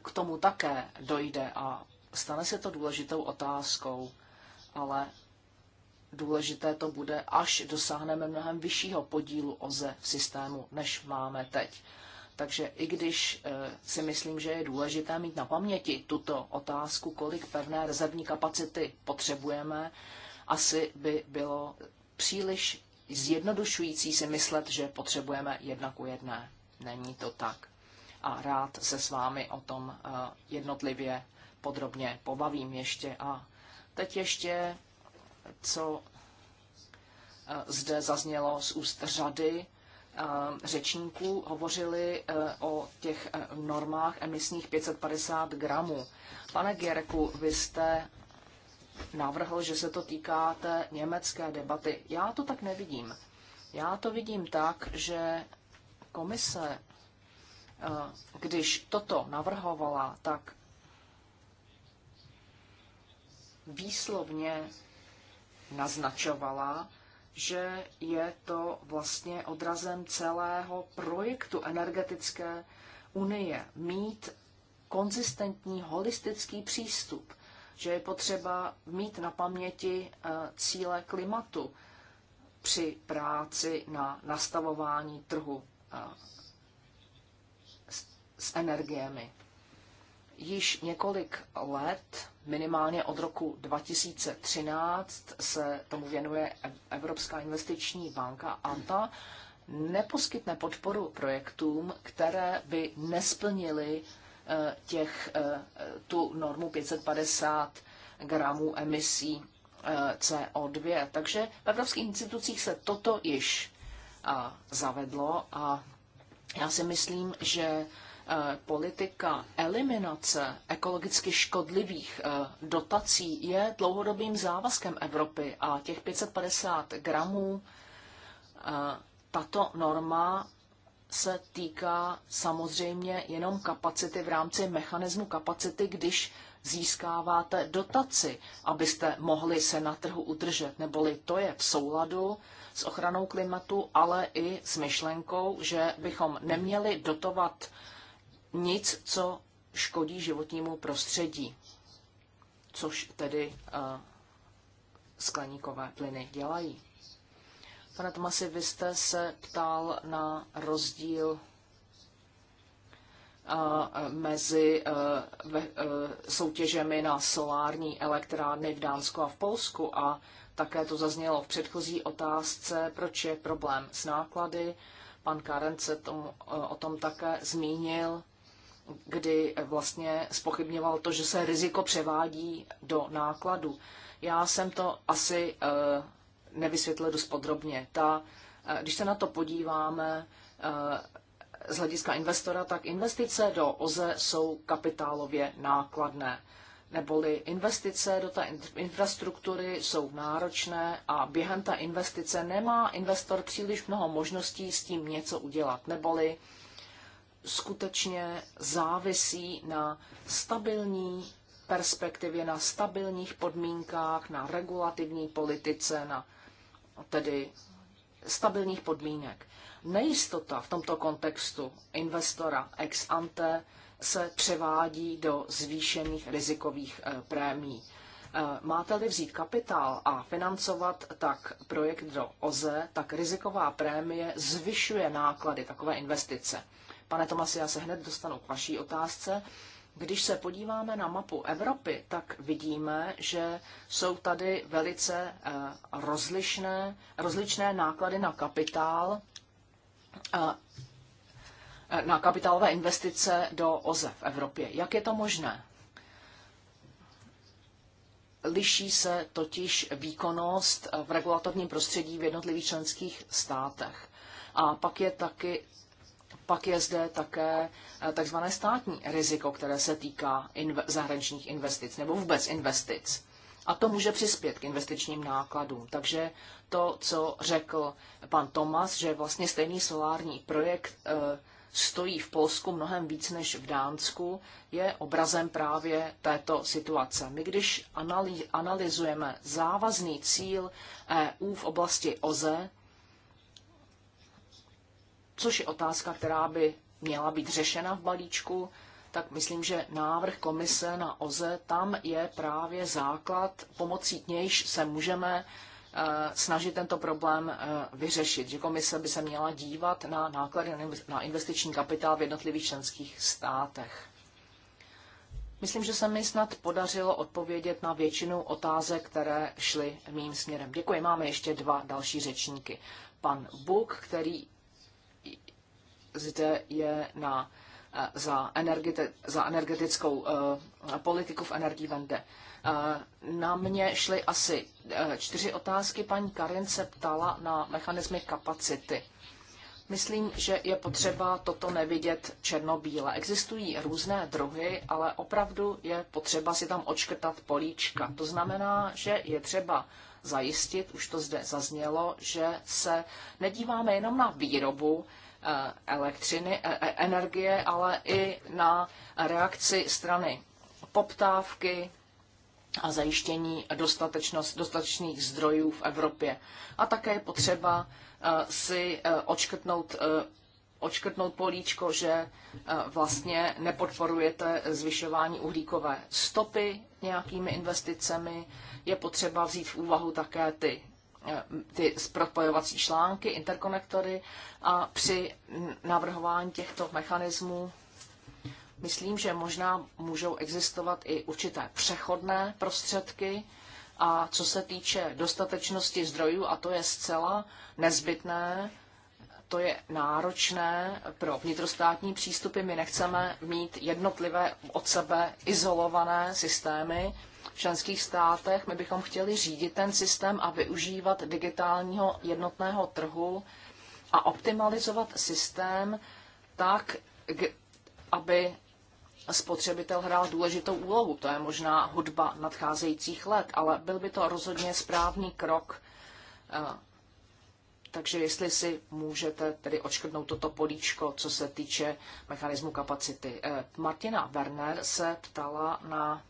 k tomu také dojde a stane se to důležitou otázkou, ale důležité to bude, až dosáhneme mnohem vyššího podílu OZE v systému, než máme teď. Takže i když e, si myslím, že je důležité mít na paměti tuto otázku, kolik pevné rezervní kapacity potřebujeme, asi by bylo příliš zjednodušující si myslet, že potřebujeme jedna ku jedné. Není to tak. A rád se s vámi o tom eh, jednotlivě podrobně pobavím ještě. A teď ještě, co eh, zde zaznělo z úst řady eh, řečníků, hovořili o těch normách emisních 550 gramů. Pane Gerku, vy jste navrhl, že se to týká té německé debaty. Já to tak nevidím. Já to vidím tak, že komise, eh, když toto navrhovala, tak výslovně naznačovala, že je to vlastně odrazem celého projektu energetické unie mít konzistentní holistický přístup že je potřeba mít na paměti eh, cíle klimatu při práci na nastavování trhu eh, s energiemi. Již několik let, minimálně od roku 2013, se tomu věnuje e- Evropská investiční banka a ta neposkytne podporu projektům, které by nesplnily těch, eh, tu normu 550 gramů emisí eh, CO2. Takže v evropských institucích se toto již eh, zavedlo a já si myslím, že politika eliminace ekologicky škodlivých dotací je dlouhodobým závazkem Evropy a těch 550 gramů tato norma se týká samozřejmě jenom kapacity v rámci mechanismu kapacity, když získáváte dotaci, abyste mohli se na trhu udržet. Neboli to je v souladu s ochranou klimatu, ale i s myšlenkou, že bychom neměli dotovat nic, co škodí životnímu prostředí, což tedy eh, skleníkové plyny dělají. Pane Tomasi, vy jste se ptal na rozdíl eh, mezi eh, eh, soutěžemi na solární elektrárny v Dánsku a v Polsku a také to zaznělo v předchozí otázce, proč je problém s náklady. Pan Karen se tom, o tom také zmínil, kdy vlastně spochybňoval to, že se riziko převádí do nákladu. Já jsem to asi nevysvětlil dost podrobně. Ta, eh, když se na to podíváme eh, z hlediska investora, tak investice do OZE jsou kapitálově nákladné neboli investice do té infrastruktury jsou náročné a během té investice nemá investor příliš mnoho možností s tím něco udělat, neboli skutečně závisí na stabilní perspektivě, na stabilních podmínkách, na regulativní politice, na tedy stabilních podmínek. Nejistota v tomto kontextu investora ex ante se převádí do zvýšených rizikových eh, prémí. Eh, máte-li vzít kapitál a financovat tak projekt do OZE, tak riziková prémie zvyšuje náklady takové investice. Pane Tomasi, já se hned dostanu k vaší otázce. Když se podíváme na mapu Evropy, tak vidíme, že jsou tady velice eh, rozlišné, rozličné náklady na kapitál, eh, eh, na kapitálové investice do OZE v Evropě. Jak je to možné? Liší se totiž výkonnost v regulatorním prostředí v jednotlivých členských státech. A pak je taky pak je zde také eh, tzv. státní riziko, které se týká inv- zahraničních investic nebo vůbec investic. A to může přispět k investičním nákladům. Takže to, co řekl pan Tomas, že vlastně stejný solární projekt e, stojí v Polsku mnohem víc než v Dánsku, je obrazem právě této situace. My když analyzujeme závazný cíl EU v oblasti OZE, což je otázka, která by měla být řešena v balíčku, tak myslím, že návrh komise na OZE tam je právě základ, pomocí nějž se můžeme eh, snažit tento problém eh, vyřešit, že komise by se měla dívat na náklady na investiční kapitál v jednotlivých členských státech. Myslím, že se mi snad podařilo odpovědět na většinu otázek, které šly mým směrem. Děkuji. Máme ještě dva další řečníky. Pan Buk, který zde je na, eh, za, energeti, za energetickou eh, politiku v Energiewende. Eh, na mě šly asi čtyři otázky. Paní Karin se ptala na mechanismy kapacity. Myslím, že je potřeba toto nevidět černobíle. Existují různé druhy, ale opravdu je potřeba si tam očkrtat políčka. To znamená, že je třeba zajistit, už to zde zaznělo, že se nedíváme jenom na výrobu, Eh, elektřiny, eh, eh, energie, ale i na reakci strany poptávky a zajištění dostatečných zdrojů v Evropě. A také je potřeba si odškrtnout očkrtnout políčko, že vlastně nepodporujete zvyšování uhlíkové stopy nějakými investicemi. Je potřeba vzít v úvahu také ty Eh, ty propojovací články, interkonektory a při navrhování těchto mechanismů myslím, že možná můžou existovat i určité přechodné prostředky a co se týče dostatečnosti zdrojů, a to je zcela nezbytné, to je náročné pro vnitrostátní přístupy. My nechceme mít jednotlivé od sebe izolované systémy, členských státech. My bychom chtěli řídit ten systém a využívat digitálního jednotného trhu a optimalizovat systém tak, aby spotřebitel hrál důležitou úlohu. To je možná hudba nadcházejících let, ale byl by to rozhodně správný krok. Eh, takže jestli si můžete tedy očkrtnout toto políčko, co se týče mechanismu kapacity. Eh, Martina Werner se ptala na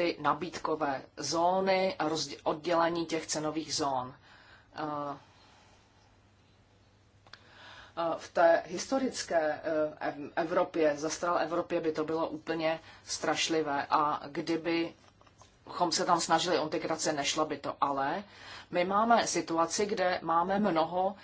ty nabídkové zóny a oddělení těch cenových zón. Eh, eh, v té historické eh, Evropě, zastral Evropě by to bylo úplně strašlivé a kdyby chom se tam snažili o integrace, nešlo by to. Ale my máme situaci, kde máme mnoho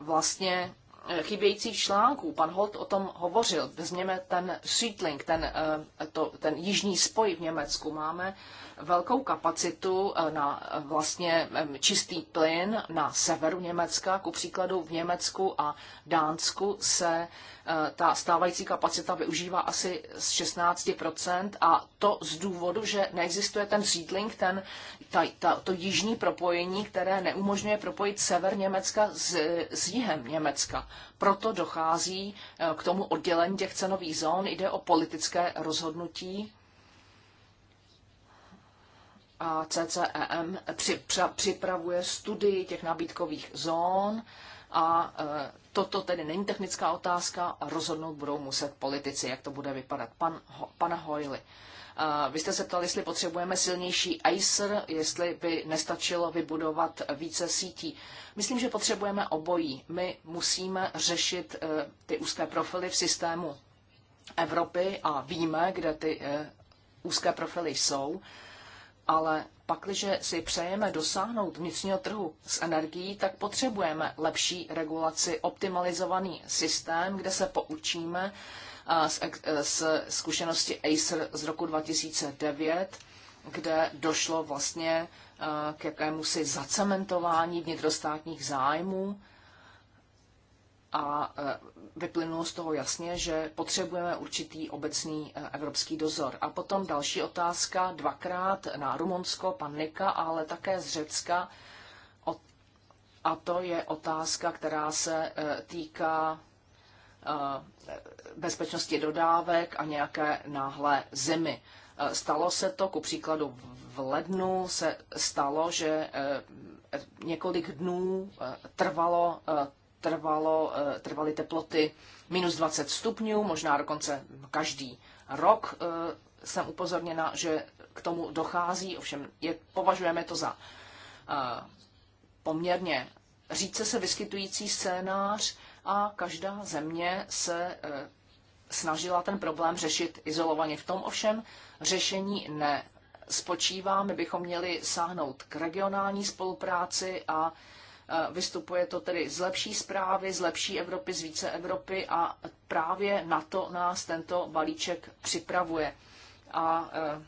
vlastně Eh, chybějících článků. Pan Holt o tom hovořil. Vezměme ten Sweetling, ten, eh, to, ten jižní spoj v Německu. Máme velkou kapacitu eh, na eh, vlastně čistý plyn na severu Německa. Ku příkladu v Německu a Dánsku se eh, ta stávající kapacita využívá asi z 16% a to z důvodu, že neexistuje ten seedling, ten, ta, ta, to jižní propojení, které neumožňuje propojit sever Německa s, s jihem Německa. Proto dochází k tomu oddělení těch cenových zón. Jde o politické rozhodnutí a CCEM připravuje studii těch nabídkových zón a e, toto tedy není technická otázka a rozhodnout budou muset politici, jak to bude vypadat. Pan, pana Hojli, e, vy jste se ptali, jestli potřebujeme silnější ICER, jestli by nestačilo vybudovat více sítí. Myslím, že potřebujeme obojí. My musíme řešit e, ty úzké profily v systému Evropy a víme, kde ty úzké profily jsou ale pakliže si přejeme dosáhnout vnitřního trhu s energií, tak potřebujeme lepší regulaci, optimalizovaný systém, kde se poučíme eh, z, eh, z zkušenosti Acer z roku 2009, kde došlo vlastně eh, k jakému si zacementování vnitrostátních zájmů a e, vyplynulo z toho jasně, že potřebujeme určitý obecný e, evropský dozor. A potom další otázka, dvakrát na Rumunsko, pan Nika, ale také z Řecka. A to je otázka, která se e, týká bezpečnosti dodávek a nějaké náhlé zimy. Stalo se to, ku příkladu v lednu se stalo, že několik dnů trvalo trvalo, eh, trvaly teploty minus 20 stupňů, možná dokonce každý rok eh, jsem upozorněna, že k tomu dochází, ovšem je, považujeme to za eh, poměrně řídce se vyskytující scénář a každá země se snažila ten problém řešit izolovaně. V tom ovšem řešení ne spočívá, My bychom měli sáhnout k regionální spolupráci a Eh, vystupuje to tedy z lepší zprávy, z lepší Evropy, z více Evropy a právě na to nás tento balíček připravuje. A eh,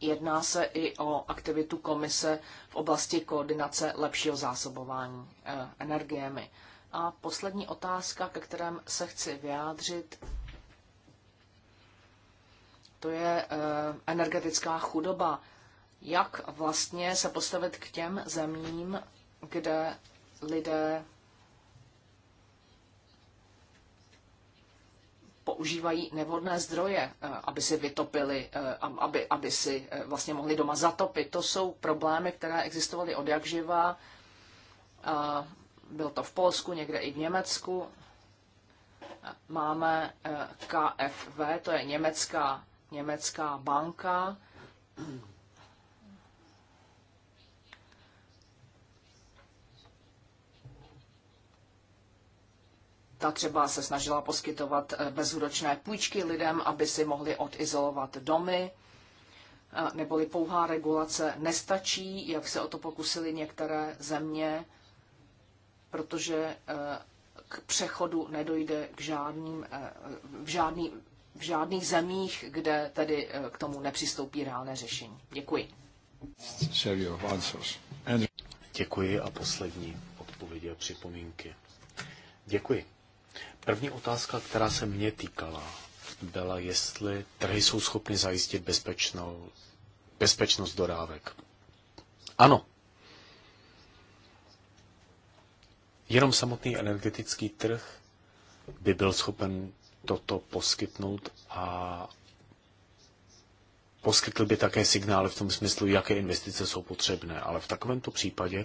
jedná se i o aktivitu komise v oblasti koordinace lepšího zásobování eh, energiemi. A poslední otázka, ke kterém se chci vyjádřit, to je energetická chudoba. Jak vlastně se postavit k těm zemím, kde lidé používají nevhodné zdroje, eh, aby si vytopili, eh, aby, aby si eh, vlastně mohli doma zatopit. To jsou problémy, které existovaly od jak živá. Bylo to v Polsku, někde i v Německu. Máme KFV, to je německá, německá banka, Ta třeba se snažila poskytovat eh, bezúročné půjčky lidem, aby si mohli odizolovat domy, eh, neboli pouhá regulace nestačí, jak se o to pokusili některé země, protože eh, k přechodu nedojde k žádným, v, žádný, v žádných zemích, kde tedy k tomu nepřistoupí reálné řešení. Děkuji. Děkuji a poslední odpovědi a připomínky. Děkuji. První otázka, která se mě týkala, byla, jestli trhy jsou schopny zajistit bezpečnou, bezpečnost dodávek. Ano. Jenom samotný energetický trh by byl schopen toto poskytnout a poskytl by také signály v tom smyslu, jaké investice jsou potřebné. Ale v takovémto případě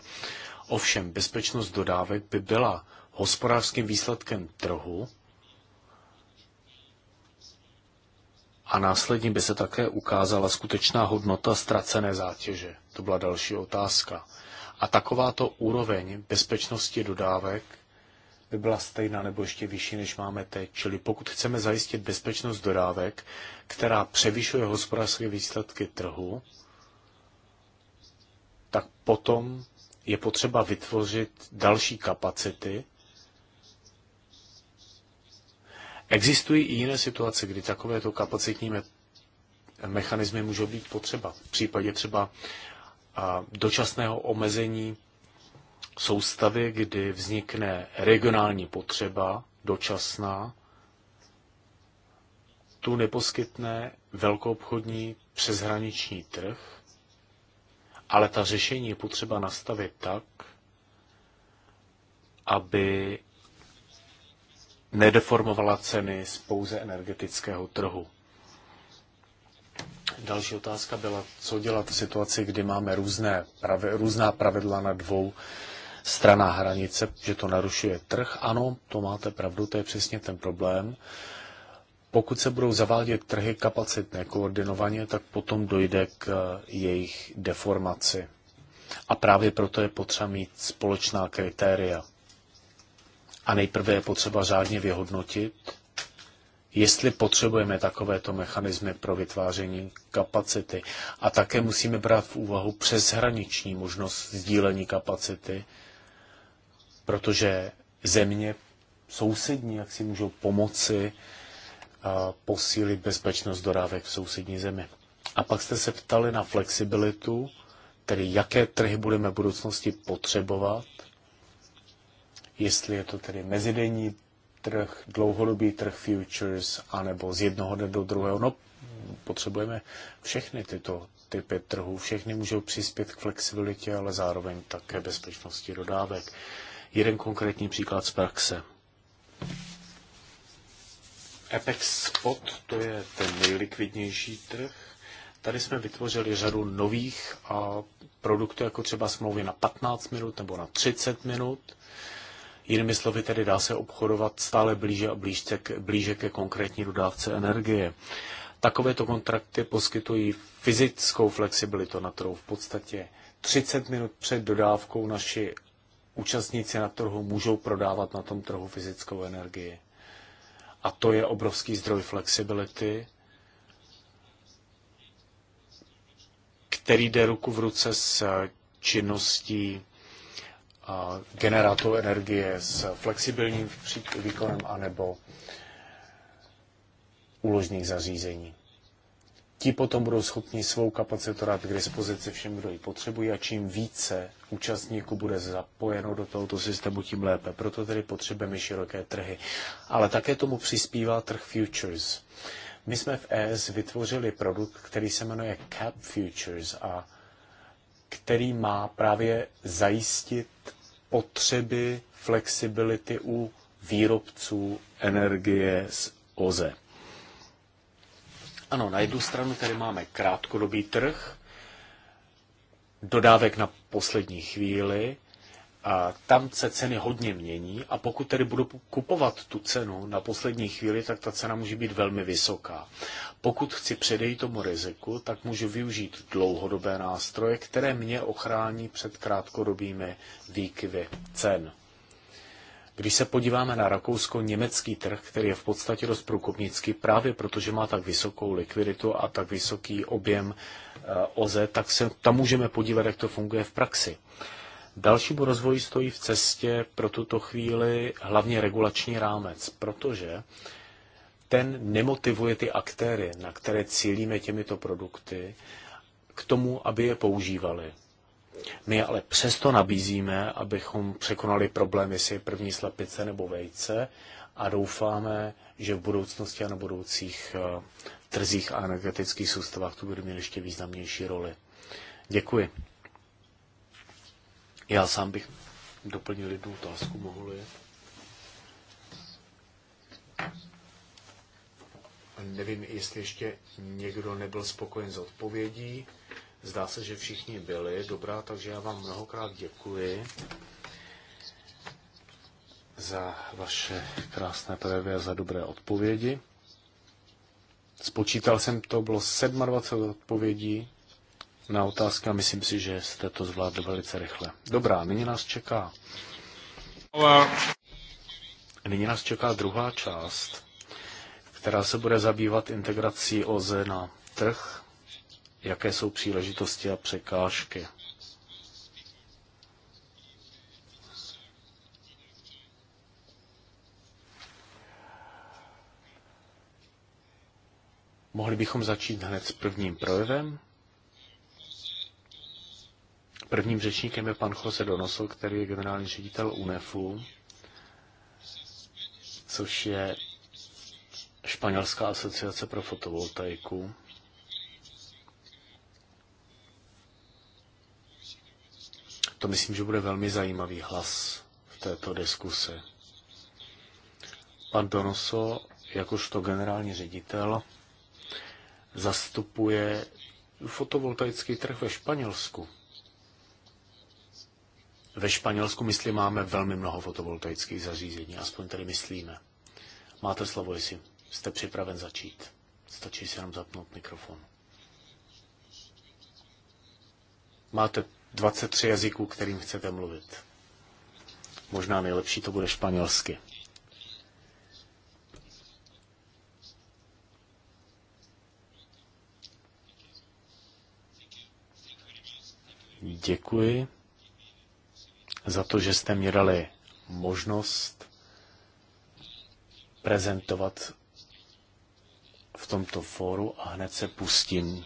ovšem bezpečnost dodávek by byla hospodářským výsledkem trhu a následně by se také ukázala skutečná hodnota ztracené zátěže. To byla další otázka. A takováto úroveň bezpečnosti dodávek by byla stejná nebo ještě vyšší, než máme teď. Čili pokud chceme zajistit bezpečnost dodávek, která převyšuje hospodářské výsledky trhu, tak potom je potřeba vytvořit další kapacity Existují i jiné situace, kdy takovéto kapacitní me- mechanismy můžou být potřeba. V případě třeba dočasného omezení soustavy, kdy vznikne regionální potřeba, dočasná, tu neposkytne velkoobchodní přeshraniční trh, ale ta řešení je potřeba nastavit tak, aby nedeformovala ceny z pouze energetického trhu. Další otázka byla, co dělat v situaci, kdy máme různé, pravi, různá pravidla na dvou stranách hranice, že to narušuje trh. Ano, to máte pravdu, to je přesně ten problém. Pokud se budou zavádět trhy kapacitně koordinovaně, tak potom dojde k eh, jejich deformaci. A právě proto je potřeba mít společná kritéria. A nejprve je potřeba řádně vyhodnotit, jestli potřebujeme takovéto mechanismy pro vytváření kapacity. A také musíme brát v úvahu přeshraniční možnost sdílení kapacity, protože země sousední, jak si můžou pomoci a posílit bezpečnost dodávek v sousední zemi. A pak jste se ptali na flexibilitu, tedy jaké trhy budeme v budoucnosti potřebovat – jestli je to tedy mezidenní trh, dlouhodobý trh futures, anebo z jednoho dne do druhého. No, potřebujeme všechny tyto typy trhů. Všechny můžou přispět k flexibilitě, ale zároveň také bezpečnosti dodávek. Jeden konkrétní příklad z praxe. Apex Spot, to je ten nejlikvidnější trh. Tady jsme vytvořili řadu nových a produktů, jako třeba smlouvy na 15 minut nebo na 30 minut. Jinými slovy, tedy dá se obchodovat stále blíže a blíže, k, blíže ke konkrétní dodávce energie. Takovéto kontrakty poskytují fyzickou flexibilitu na trhu. V podstatě 30 minut před dodávkou naši účastníci na trhu můžou prodávat na tom trhu fyzickou energii. A to je obrovský zdroj flexibility, který jde ruku v ruce s činností generátor energie s flexibilním výkonem anebo úložných zařízení. Ti potom budou schopni svou kapacitu dát k dispozici všem, kdo ji potřebují a čím více účastníků bude zapojeno do tohoto systému, tím lépe. Proto tedy potřebujeme široké trhy. Ale také tomu přispívá trh futures. My jsme v ES vytvořili produkt, který se jmenuje Cap Futures a který má právě zajistit potřeby flexibility u výrobců energie z OZE. Ano, na jednu stranu tady máme krátkodobý trh, dodávek na poslední chvíli, tam se ceny hodně mění a pokud tedy budu kupovat tu cenu na poslední chvíli, tak ta cena může být velmi vysoká. Pokud chci předejít tomu riziku, tak můžu využít dlouhodobé nástroje, které mě ochrání před krátkodobými výkyvy cen. Když se podíváme na rakousko-německý trh, který je v podstatě dost průkopnický právě protože má tak vysokou likviditu a tak vysoký objem eh, OZE, tak se tam můžeme podívat, jak to funguje v praxi. Dalšímu rozvoji stojí v cestě pro tuto chvíli hlavně regulační rámec, protože ten nemotivuje ty aktéry, na které cílíme těmito produkty, k tomu, aby je používali. My ale přesto nabízíme, abychom překonali problém, jestli je první slepice nebo vejce a doufáme, že v budoucnosti a na budoucích eh, trzích a energetických soustavách to bude mít ještě významnější roli. Děkuji. Já sám bych doplnil jednu otázku, mohu je. Nevím, jestli ještě někdo nebyl spokojen s odpovědí. Zdá se, že všichni byli. Dobrá, takže já vám mnohokrát děkuji za vaše krásné projevy a za dobré odpovědi. Spočítal jsem to, bylo 27 odpovědí, na a Myslím si, že jste to zvládli velice rychle. Dobrá, nyní nás čeká. Nyní nás čeká druhá část, která se bude zabývat integrací OZE na trh, jaké jsou příležitosti a překážky. Mohli bychom začít hned s prvním projevem. Prvním řečníkem je pan Jose Donoso, který je generální ředitel UNEFu, což je Španělská asociace pro fotovoltaiku. To myslím, že bude velmi zajímavý hlas v této diskuse. Pan Donoso, jakožto generální ředitel, zastupuje fotovoltaický trh ve Španělsku. Ve Španělsku, myslím, máme velmi mnoho fotovoltaických zařízení, aspoň tedy myslíme. Máte slovo, jestli jste připraven začít. Stačí si nám zapnout mikrofon. Máte 23 jazyků, kterým chcete mluvit. Možná nejlepší to bude španělsky. Děkuji za to, že jste mě dali možnost prezentovat v tomto fóru a hned se pustím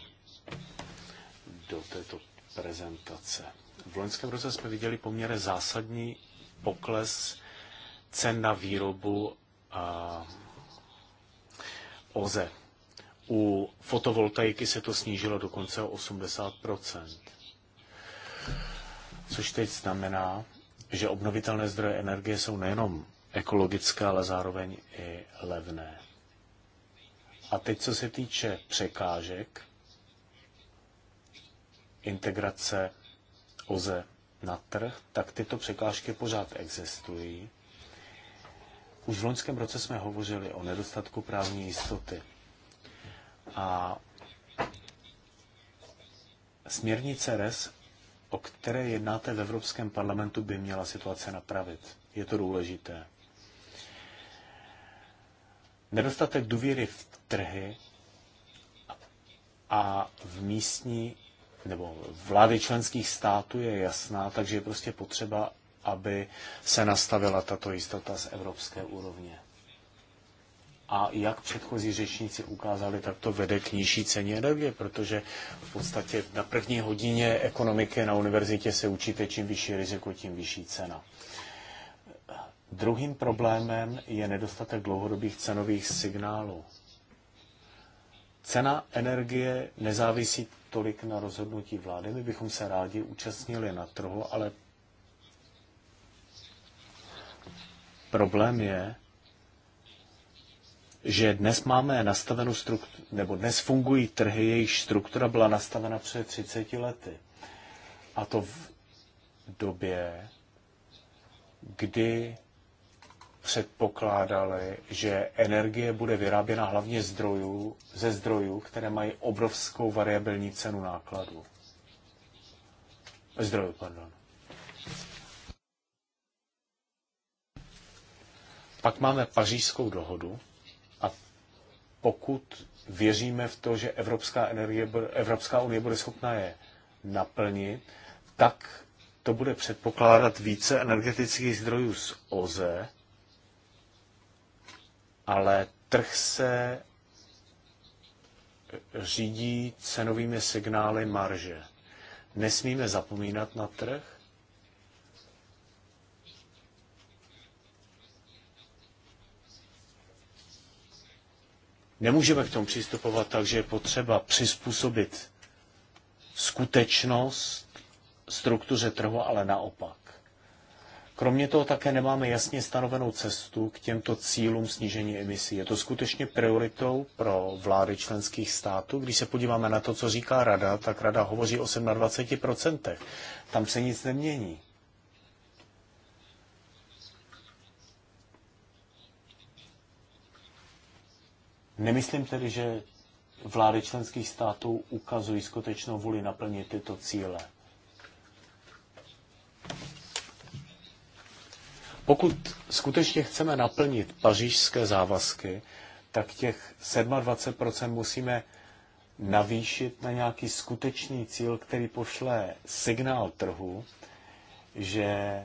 do této prezentace. V loňském roce jsme viděli poměrně zásadní pokles cen na výrobu a OZE. U fotovoltaiky se to snížilo dokonce o 80 což teď znamená, že obnovitelné zdroje energie jsou nejenom ekologické, ale zároveň i levné. A teď, co se týče překážek, integrace OZE na trh, tak tyto překážky pořád existují. Už v loňském roce jsme hovořili o nedostatku právní jistoty. A směrnice RES o které jednáte v Evropském parlamentu, by měla situace napravit. Je to důležité. Nedostatek důvěry v trhy a v místní nebo vlády členských států je jasná, takže je prostě potřeba, aby se nastavila tato jistota z evropské úrovně a jak předchozí řečníci ukázali, tak to vede k nižší ceně energie, protože v podstatě na první hodině ekonomiky na univerzitě se učíte čím vyšší riziko, tím vyšší cena. Druhým problémem je nedostatek dlouhodobých cenových signálů. Cena energie nezávisí tolik na rozhodnutí vlády. My bychom se rádi účastnili na trhu, ale problém je, že dnes máme nastavenou strukturu, nebo dnes fungují trhy, jejichž struktura byla nastavena před 30 lety. A to v době, kdy předpokládali, že energie bude vyráběna hlavně zdrojů, ze zdrojů, které mají obrovskou variabilní cenu nákladu. Zdrojů, pardon. Pak máme pařížskou dohodu, pokud věříme v to, že Evropská, energie, Evropská unie bude schopná je naplnit, tak to bude předpokládat více energetických zdrojů z OZE, ale trh se řídí cenovými signály marže. Nesmíme zapomínat na trh Nemůžeme k tomu přistupovat tak, že je potřeba přizpůsobit skutečnost struktuře trhu, ale naopak. Kromě toho také nemáme jasně stanovenou cestu k těmto cílům snížení emisí. Je to skutečně prioritou pro vlády členských států. Když se podíváme na to, co říká Rada, tak Rada hovoří o 27%. Tam se nic nemění. Nemyslím tedy, že vlády členských států ukazují skutečnou vůli naplnit tyto cíle. Pokud skutečně chceme naplnit pařížské závazky, tak těch 27% musíme navýšit na nějaký skutečný cíl, který pošle signál trhu, že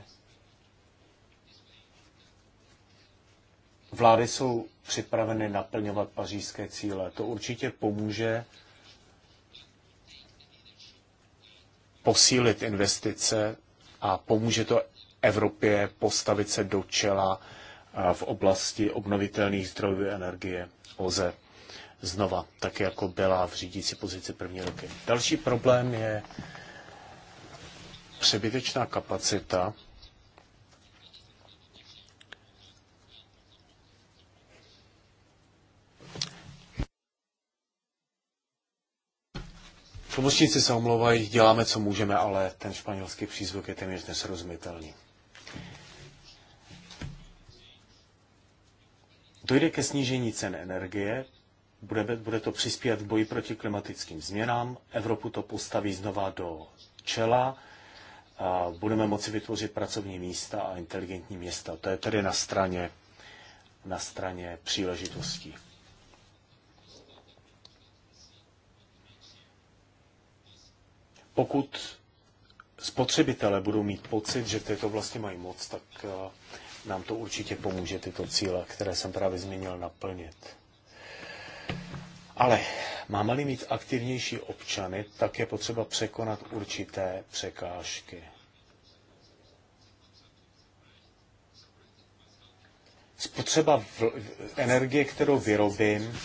Vlády jsou připraveny naplňovat pařížské cíle. To určitě pomůže posílit investice a pomůže to Evropě postavit se do čela v oblasti obnovitelných zdrojů energie OZE znova, tak jako byla v řídící pozici první roky. Další problém je přebytečná kapacita Tlumočníci se omlouvají, děláme, co můžeme, ale ten španělský přízvuk je téměř nesrozumitelný. Dojde ke snížení cen energie, bude, bude to přispět v boji proti klimatickým změnám, Evropu to postaví znova do čela, a budeme moci vytvořit pracovní místa a inteligentní města. To je tedy na straně, na straně příležitostí. pokud spotřebitelé budou mít pocit, že v této oblasti mají moc, tak eh, nám to určitě pomůže tyto cíle, které jsem právě zmínil, naplnit. Ale máme-li mít aktivnější občany, tak je potřeba překonat určité překážky. Spotřeba v, energie, kterou vyrobím,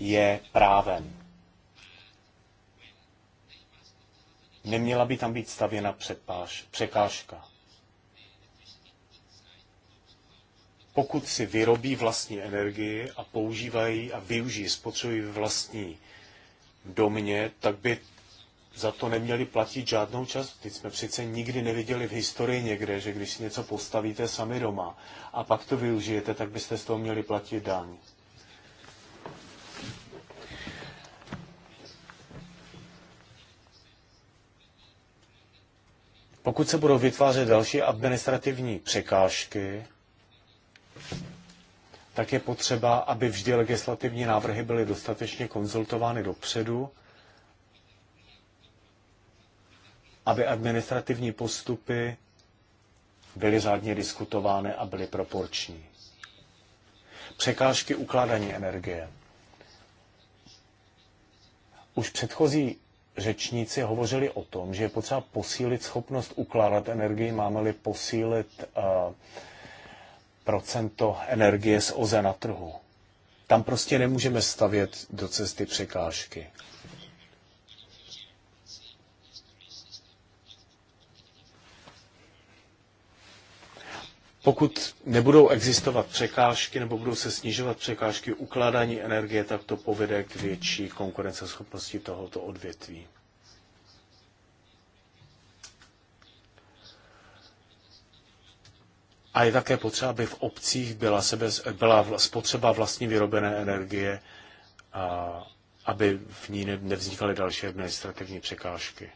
je právem. Neměla by tam být stavěna předpáž, překážka. Pokud si vyrobí vlastní energii a používají a využijí, spotřebují vlastní domě, tak by za to neměli platit žádnou část. Teď jsme přece nikdy neviděli v historii někde, že když si něco postavíte sami doma a pak to využijete, tak byste z toho měli platit daň. Pokud se budou vytvářet další administrativní překážky, tak je potřeba, aby vždy legislativní návrhy byly dostatečně konzultovány dopředu, aby administrativní postupy byly řádně diskutovány a byly proporční. Překážky ukládání energie. Už předchozí řečníci hovořili o tom, že je potřeba posílit schopnost ukládat energii, máme-li posílit eh, procento energie z OZE na trhu. Tam prostě nemůžeme stavět do cesty překážky. Pokud nebudou existovat překážky nebo budou se snižovat překážky ukládání energie, tak to povede k větší konkurenceschopnosti tohoto odvětví. A je také potřeba, aby v obcích byla, sebe, byla spotřeba vlastní vyrobené energie, a aby v ní nevznikaly další administrativní překážky.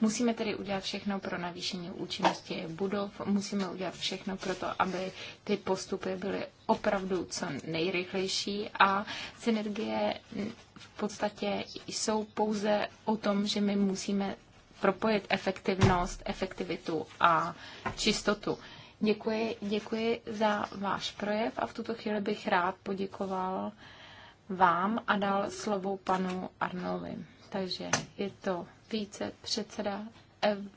Musíme tedy udělat všechno pro navýšení účinnosti budov, musíme udělat všechno pro to, aby ty postupy byly opravdu co nejrychlejší a synergie v podstatě jsou pouze o tom, že my musíme propojit efektivnost, efektivitu a čistotu. Děkuji, děkuji za váš projev a v tuto chvíli bych rád poděkoval vám a dal slovo panu Arnovi takže je to více předseda Ev-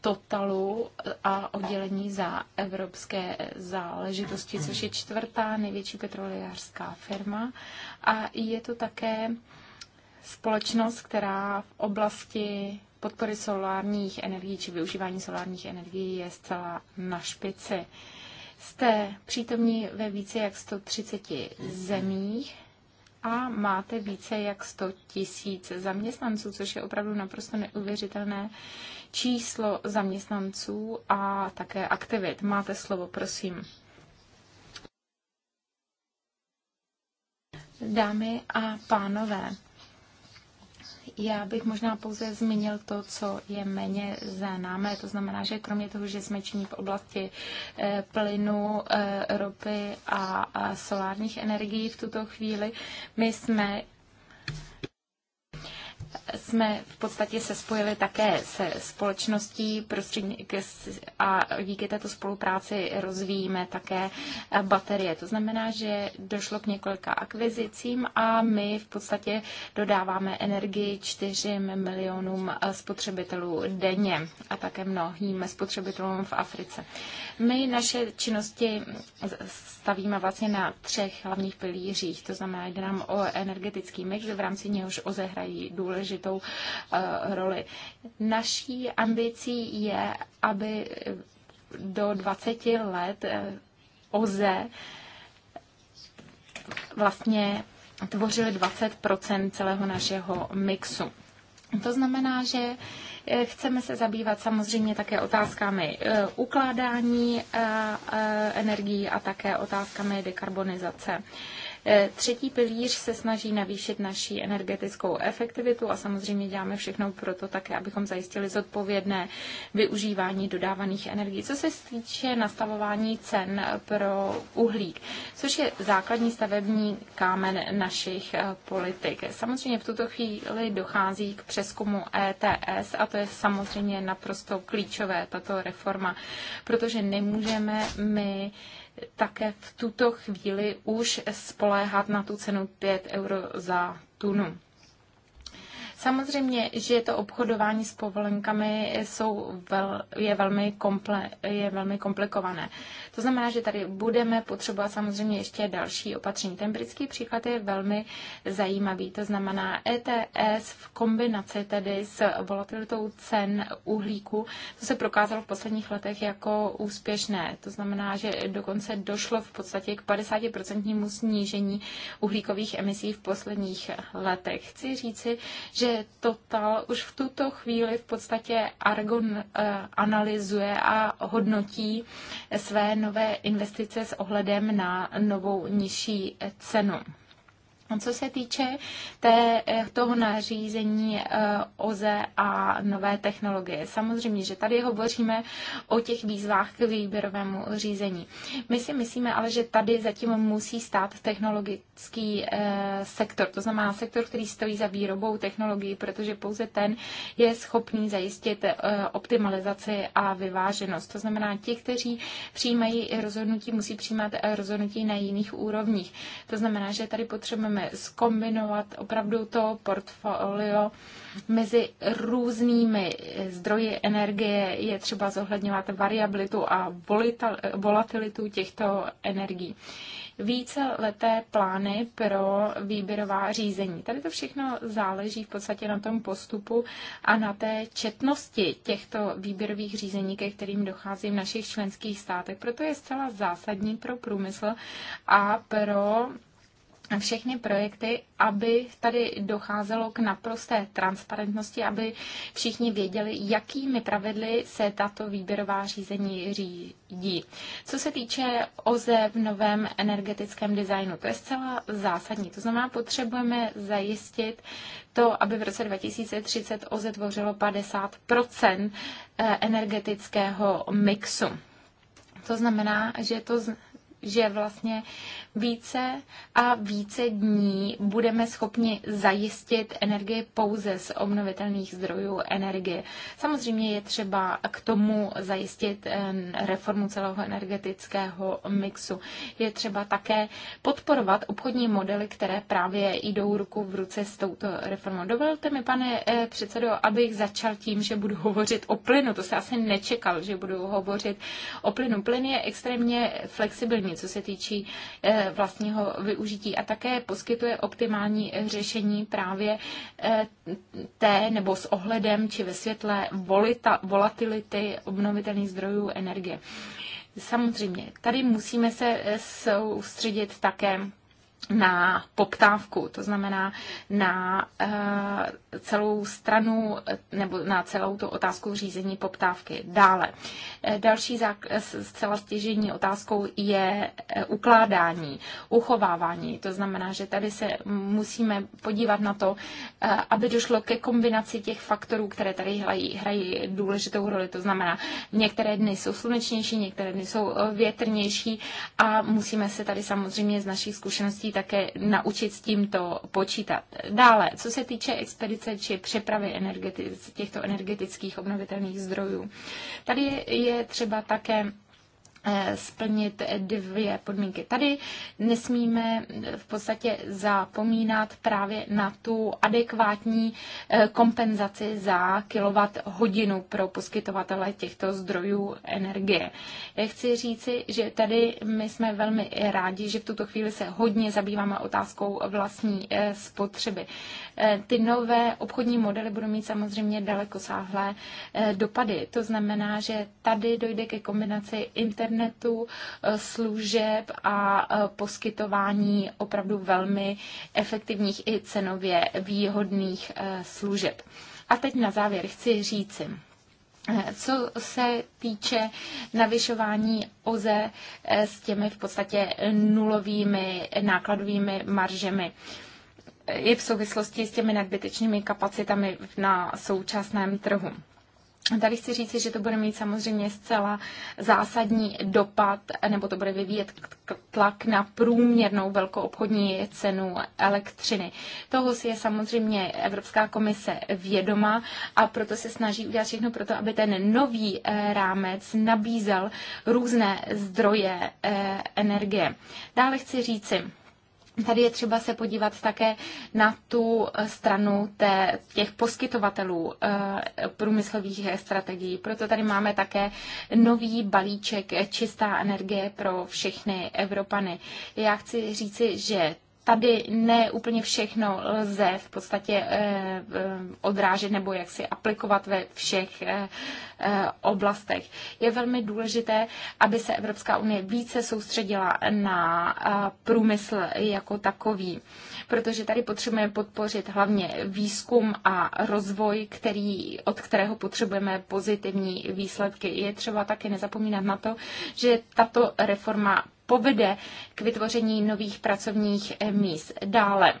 Totalu a oddělení za evropské záležitosti, což je čtvrtá největší petroliářská firma. A je to také společnost, která v oblasti podpory solárních energií či využívání solárních energií je zcela na špici. Jste přítomní ve více jak 130 zemích a máte více jak 100 tisíc zaměstnanců, což je opravdu naprosto neuvěřitelné číslo zaměstnanců a také aktivit. Máte slovo, prosím. Dámy a pánové, já bych možná pouze zmínil to, co je méně známé. To znamená, že kromě toho, že jsme činí v oblasti eh, plynu, eh, ropy a solárních energií v tuto chvíli, my jsme jsme v podstatě se spojili také se společností prostředník a díky této spolupráci rozvíjíme také eh, baterie. To znamená, že došlo k několika akvizicím a my v podstatě dodáváme energii 4 milionům eh, spotřebitelů denně a také mnohým spotřebitelům v Africe. My naše činnosti stavíme vlastně na třech hlavních pilířích, to znamená, jde nám o energetický mix, v rámci něhož ozehrají důležitý důležitou eh, roli. Naší ambicí je, aby do 20 let eh, OZE vlastně tvořily 20 celého našeho mixu. To znamená, že eh, chceme se zabývat samozřejmě také otázkami ukládání energií a také otázkami dekarbonizace E, třetí pilíř se snaží navýšit naší energetickou efektivitu a samozřejmě děláme všechno pro to také, abychom zajistili zodpovědné využívání dodávaných energií. Co se týče nastavování cen pro uhlík, což je základní stavební kámen našich e, politik. Samozřejmě v tuto chvíli dochází k přeskumu ETS a to je samozřejmě naprosto klíčové, tato reforma, protože nemůžeme my také v tuto chvíli už spoléhat na tu cenu 5 euro za tunu. Samozřejmě, že to obchodování s povolenkami jsou vel, je, velmi komple, je velmi komplikované. To znamená, že tady budeme potřebovat samozřejmě ještě další opatření. Ten britský příklad je velmi zajímavý. To znamená ETS v kombinaci tedy s volatilitou cen uhlíku. To se prokázalo v posledních letech jako úspěšné. To znamená, že dokonce došlo v podstatě k 50% snížení uhlíkových emisí v posledních letech. Chci říci, že že Total už v tuto chvíli v podstatě Argon eh, analyzuje a hodnotí své nové investice s ohledem na novou nižší cenu. A co se týče té, eh, toho nařízení eh, OZE a nové technologie, samozřejmě, že tady hovoříme o těch výzvách k výběrovému řízení. My si myslíme ale, že tady zatím musí stát technologický eh, sektor, to znamená sektor, který stojí za výrobou technologií, protože pouze ten je schopný zajistit optimalizaci a vyváženost. To znamená, ti, kteří přijímají rozhodnutí, musí přijímat rozhodnutí na jiných úrovních. To znamená, že tady potřebujeme chceme skombinovat opravdu to portfolio mezi různými zdroji energie, je třeba zohledňovat variabilitu a volatilitu těchto energií více leté plány pro výběrová řízení. Tady to všechno záleží v podstatě na tom postupu a na té četnosti těchto výběrových řízení, ke kterým dochází v našich členských státech. Proto je zcela zásadní pro průmysl a pro všechny projekty, aby tady docházelo k naprosté transparentnosti, aby všichni věděli, jakými pravidly se tato výběrová řízení řídí. Co se týče OZE v novém energetickém designu, to je zcela zásadní. To znamená, potřebujeme zajistit to, aby v roce 2030 OZE tvořilo 50 eh, energetického mixu. To znamená, že to že vlastně více a více dní budeme schopni zajistit energii pouze z obnovitelných zdrojů energie. Samozřejmě je třeba k tomu zajistit eh, reformu celého energetického mixu. Je třeba také podporovat obchodní modely, které právě jdou ruku v ruce s touto reformou. Dovolte mi, pane eh, předsedo, abych začal tím, že budu hovořit o plynu. To se asi nečekal, že budu hovořit o plynu. Plyn je extrémně flexibilní co se týčí eh, vlastního využití a také poskytuje optimální eh, řešení právě eh, té nebo s ohledem či ve světle volita, volatility obnovitelných zdrojů energie. Samozřejmě, tady musíme se soustředit také na poptávku, to znamená na uh, celou stranu nebo na celou tu otázku řízení poptávky. Dále. Eh, další zcela stěžení otázkou je eh, ukládání, uchovávání. To znamená, že tady se musíme podívat na to, uh, aby došlo ke kombinaci těch faktorů, které tady hrají, hrají důležitou roli. To znamená, některé dny jsou slunečnější, některé dny jsou větrnější a musíme se tady samozřejmě z našich zkušeností také naučit s tímto počítat. Dále, co se týče expedice či přepravy energeti- těchto energetických obnovitelných zdrojů, tady je třeba také Eh, splnit dvě podmínky. Tady nesmíme v podstatě zapomínat právě na tu adekvátní eh, kompenzaci za kilowatt hodinu pro poskytovatele těchto zdrojů energie. Chci říci, že tady my jsme velmi rádi, že v tuto chvíli se hodně zabýváme otázkou vlastní eh, spotřeby. Eh, ty nové obchodní modely budou mít samozřejmě sáhlé eh, dopady. To znamená, že tady dojde ke kombinaci internetu, eh, služeb a poskytování opravdu velmi efektivních i cenově výhodných služeb. A teď na závěr chci říci, co se týče navyšování OZE s těmi v podstatě nulovými nákladovými maržemi i v souvislosti s těmi nadbytečnými kapacitami na současném trhu. Tady chci říct, že to bude mít samozřejmě zcela zásadní dopad, nebo to bude vyvíjet tlak na průměrnou velkou obchodní cenu elektřiny. Toho si je samozřejmě Evropská komise vědoma a proto se snaží udělat všechno pro to, aby ten nový eh, rámec nabízel různé zdroje eh, energie. Dále chci říci, Tady je třeba se podívat také na tu eh, stranu té, těch poskytovatelů eh, průmyslových strategií. Proto tady máme také nový balíček eh, čistá energie pro všechny Evropany. Já chci říci, že tady ne úplně všechno lze v podstatě odrážet nebo jak si aplikovat ve všech Eh, oblastech. Je velmi důležité, aby se Evropská unie více soustředila na eh, průmysl jako takový, protože tady potřebujeme podpořit hlavně výzkum a rozvoj, který, od kterého potřebujeme pozitivní výsledky. Je třeba také nezapomínat na to, že tato reforma povede k vytvoření nových pracovních míst. Dále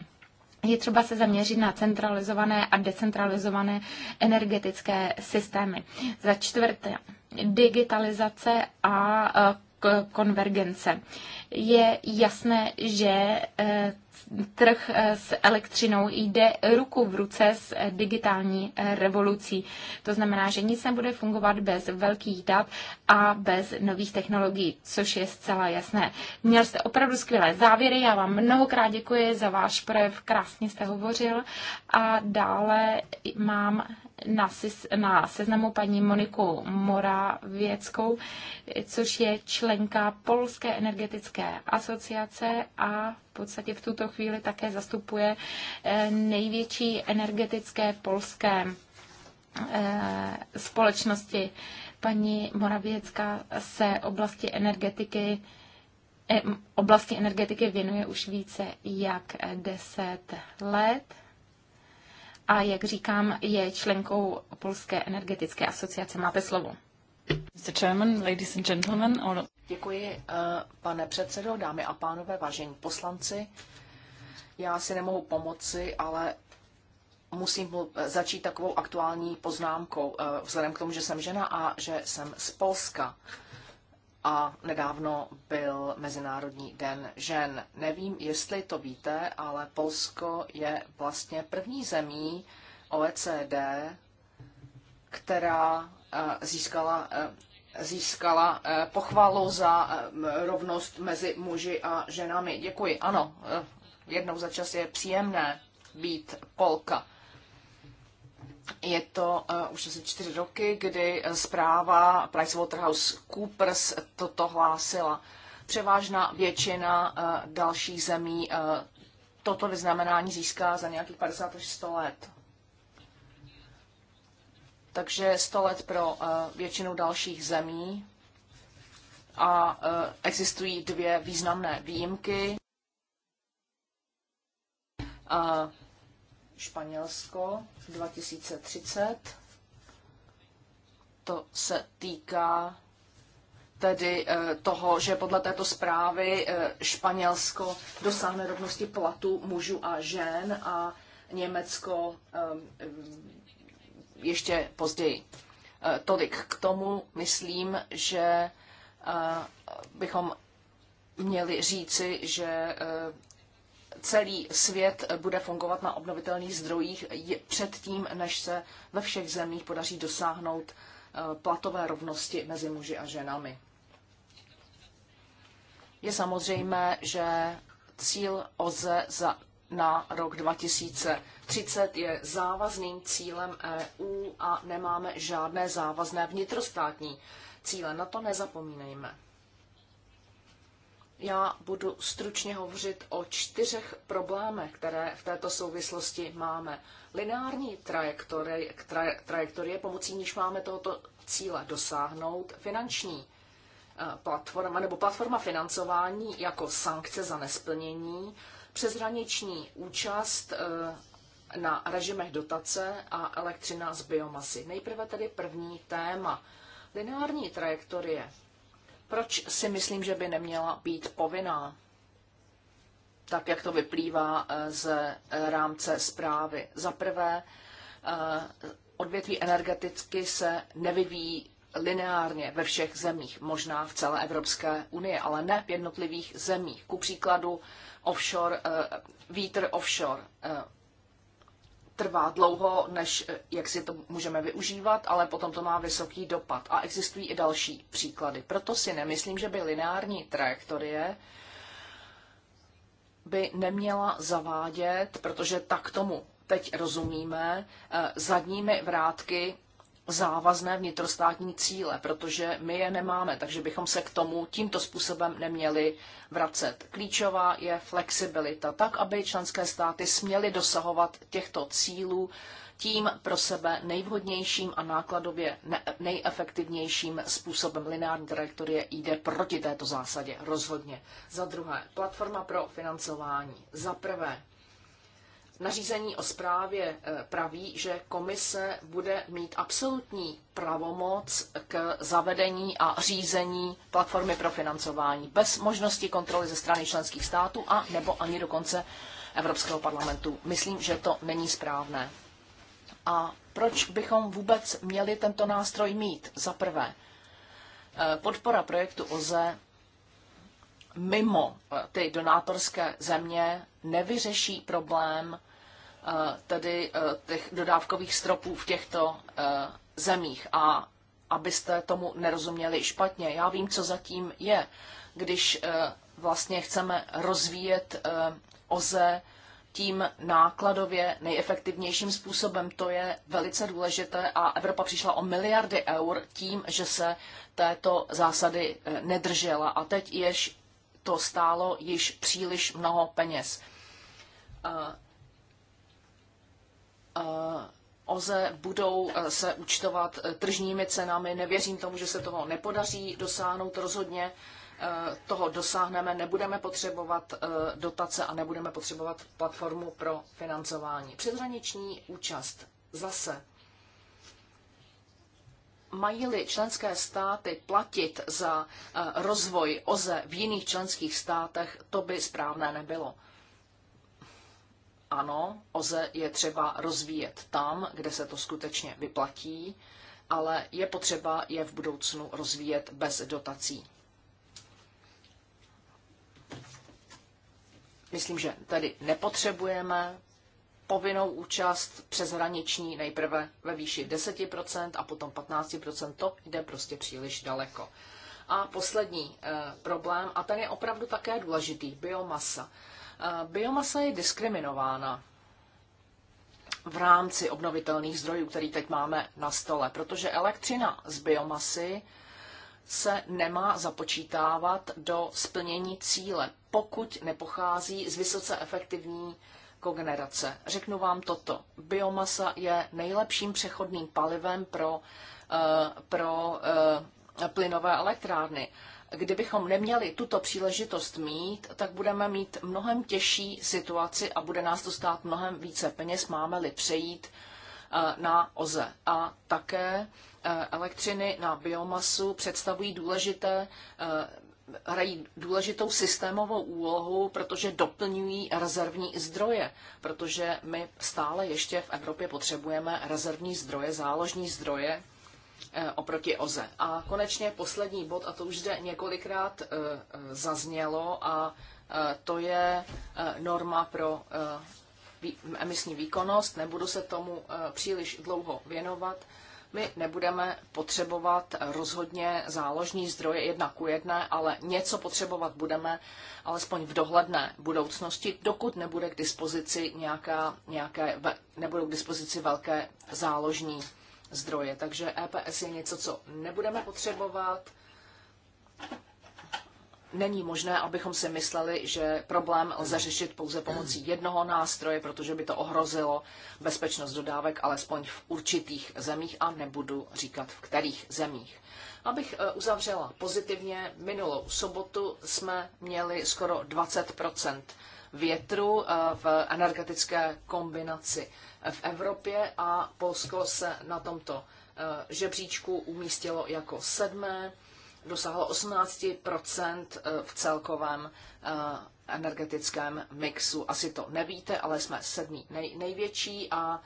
je třeba se zaměřit na centralizované a decentralizované energetické systémy. Za čtvrté, digitalizace a e, konvergence je jasné, že eh, trh eh, s elektřinou jde ruku v ruce s eh, digitální revolucí. To znamená, že nic nebude fungovat bez velkých dat a bez nových technologií, což je zcela jasné. Měl jste opravdu skvělé závěry, já vám mnohokrát děkuji za váš projev, krásně jste hovořil a dále mám na, na seznamu paní Moniku Moravěckou, což je členka Polské energetické asociace a v podstatě v tuto chvíli také zastupuje eh, největší energetické polské eh, společnosti. Paní Moravěcka se oblasti energetiky eh, oblasti energetiky věnuje už více jak 10 let a jak říkám, je členkou Polské energetické asociace. Máte slovo. Mr. Chairman, ladies and gentlemen, all... Děkuji, eh, pane předsedo, dámy a pánové, vážení poslanci. Já si nemohu pomoci, ale musím začít takovou aktuální poznámkou, eh, vzhledem k tomu, že jsem žena a že jsem z Polska. A nedávno byl Mezinárodní den žen. Nevím, jestli to víte, ale Polsko je vlastně první zemí OECD, která eh, získala získala eh, pochvalu za eh, rovnost mezi muži a ženami. Děkuji. Ano, eh, jednou za čas je příjemné být Polka. Je to uh, už asi čtyři roky, kdy zpráva PricewaterhouseCoopers toto hlásila. Převážná většina uh, dalších zemí uh, toto vyznamenání získá za nějakých 50 až 100 let takže 100 let pro eh, většinu dalších zemí a eh, existují dvě významné výjimky. Eh, Španělsko 2030. To se týká tedy toho, že podle této zprávy Španělsko dosáhne rovnosti platu mužů a žen a Německo ještě později. Eh, tolik k tomu myslím, že eh, bychom měli říci, že eh, celý svět bude fungovat na obnovitelných zdrojích předtím, než se ve všech zemích podaří dosáhnout platové rovnosti mezi muži a ženami. Je samozřejmé, že cíl OZE za na rok 2030 je závazným cílem EU a nemáme žádné závazné vnitrostátní cíle. Na to nezapomínejme. Já budu stručně hovořit o čtyřech problémech, které v této souvislosti máme. Lineární trajektorie, traje, trajektorie pomocí níž máme tohoto cíle dosáhnout, finanční eh, platforma nebo platforma financování jako sankce za nesplnění přeshraniční účast eh, na režimech dotace a elektřina z biomasy. Nejprve tedy první téma. Lineární trajektorie. Proč si myslím, že by neměla být povinná? Tak, jak to vyplývá eh, z eh, rámce zprávy. Za prvé, odvětví energeticky se nevyvíjí lineárně ve všech zemích, možná v celé Evropské unii, ale ne v jednotlivých zemích. Ku příkladu offshore, eh, vítr offshore eh, trvá dlouho, než eh, jak si to můžeme využívat, ale potom to má vysoký dopad. A existují i další příklady. Proto si nemyslím, že by lineární trajektorie by neměla zavádět, protože tak tomu teď rozumíme, zadními vrátky závazné vnitrostátní cíle, protože my je nemáme, takže bychom se k tomu tímto způsobem neměli vracet. Klíčová je flexibilita, tak aby členské státy směly dosahovat těchto cílů tím pro sebe nejvhodnějším a nákladově nejefektivnějším způsobem. Lineární trajektorie jde proti této zásadě rozhodně. Za druhé, platforma pro financování. Za prvé, nařízení o správě eh, praví, že komise bude mít absolutní pravomoc k zavedení a řízení platformy pro financování bez možnosti kontroly ze strany členských států a nebo ani dokonce Evropského parlamentu. Myslím, že to není správné. A proč bychom vůbec měli tento nástroj mít? Za prvé, eh, podpora projektu OZE mimo eh, ty donátorské země nevyřeší problém Eh, tedy eh, těch dodávkových stropů v těchto eh, zemích. A abyste tomu nerozuměli špatně, já vím, co zatím je, když vlastně chceme rozvíjet OZE tím nákladově nejefektivnějším způsobem. To je velice důležité a Evropa přišla o miliardy eur tím, že se této zásady nedržela a teď jež to stálo již příliš mnoho peněz. Eh, OZE budou eh, se účtovat eh, tržními cenami. Nevěřím tomu, že se toho nepodaří dosáhnout rozhodně. Toho dosáhneme, nebudeme potřebovat dotace a nebudeme potřebovat platformu pro financování. Předhraniční účast zase. Mají-li členské státy platit za rozvoj OZE v jiných členských státech, to by správné nebylo. Ano, OZE je třeba rozvíjet tam, kde se to skutečně vyplatí, ale je potřeba je v budoucnu rozvíjet bez dotací. Myslím, že tedy nepotřebujeme povinnou účast přeshraniční nejprve ve výši 10% a potom 15%, to jde prostě příliš daleko. A poslední e, problém, a ten je opravdu také důležitý, biomasa. Biomasa je diskriminována v rámci obnovitelných zdrojů, který teď máme na stole, protože elektřina z biomasy se nemá započítávat do splnění cíle, pokud nepochází z vysoce efektivní kogenerace. Řeknu vám toto. Biomasa je nejlepším přechodným palivem pro, eh, pro eh, plynové elektrárny kdybychom neměli tuto příležitost mít, tak budeme mít mnohem těžší situaci a bude nás to stát mnohem více peněz, máme-li přejít eh, na OZE. A také eh, elektřiny na biomasu představují důležité eh, hrají důležitou systémovou úlohu, protože doplňují rezervní zdroje, protože my stále ještě v Evropě potřebujeme rezervní zdroje, záložní zdroje, Eh, oproti OZE. A konečně poslední bod, a to už zde několikrát eh, eh, zaznělo, a to je norma pro emisní výkonnost. Nebudu se tomu příliš dlouho věnovat. My nebudeme potřebovat rozhodně záložní zdroje jedna ku jedné, ale něco potřebovat budeme, alespoň v dohledné budoucnosti, dokud nebude k dispozici nějaká, nějaké, nebudou k dispozici velké záložní zdroje. Takže EPS je něco, co nebudeme potřebovat. Není možné, abychom si mysleli, že problém lze řešit pouze pomocí jednoho nástroje, protože by to ohrozilo bezpečnost dodávek alespoň v určitých zemích a nebudu říkat v kterých zemích. Abych e, uzavřela pozitivně, minulou sobotu jsme měli skoro 20 větru eh, v energetické kombinaci v Evropě a Polsko se na tomto eh, žebříčku umístilo jako sedmé, dosáhlo 18 eh, v celkovém energetickém mixu. Asi to nevíte, ale jsme sedmý nej, největší a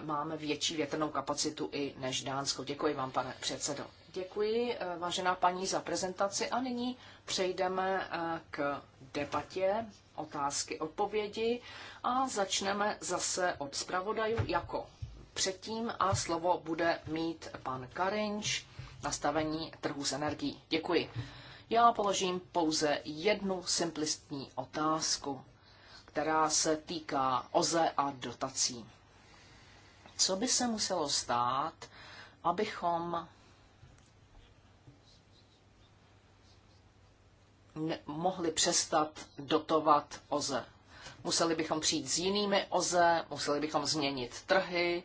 máme větší větrnou kapacitu i než Dánsko. Děkuji vám, pane předsedo. Děkuji, vážená paní, za prezentaci a nyní přejdeme k debatě otázky, odpovědi a začneme zase od zpravodajů jako předtím a slovo bude mít pan Karinč, nastavení trhu s energií. Děkuji. Já položím pouze jednu simplistní otázku, která se týká OZE a dotací. Co by se muselo stát, abychom mohli přestat dotovat OZE. Museli bychom přijít s jinými OZE, museli bychom změnit trhy,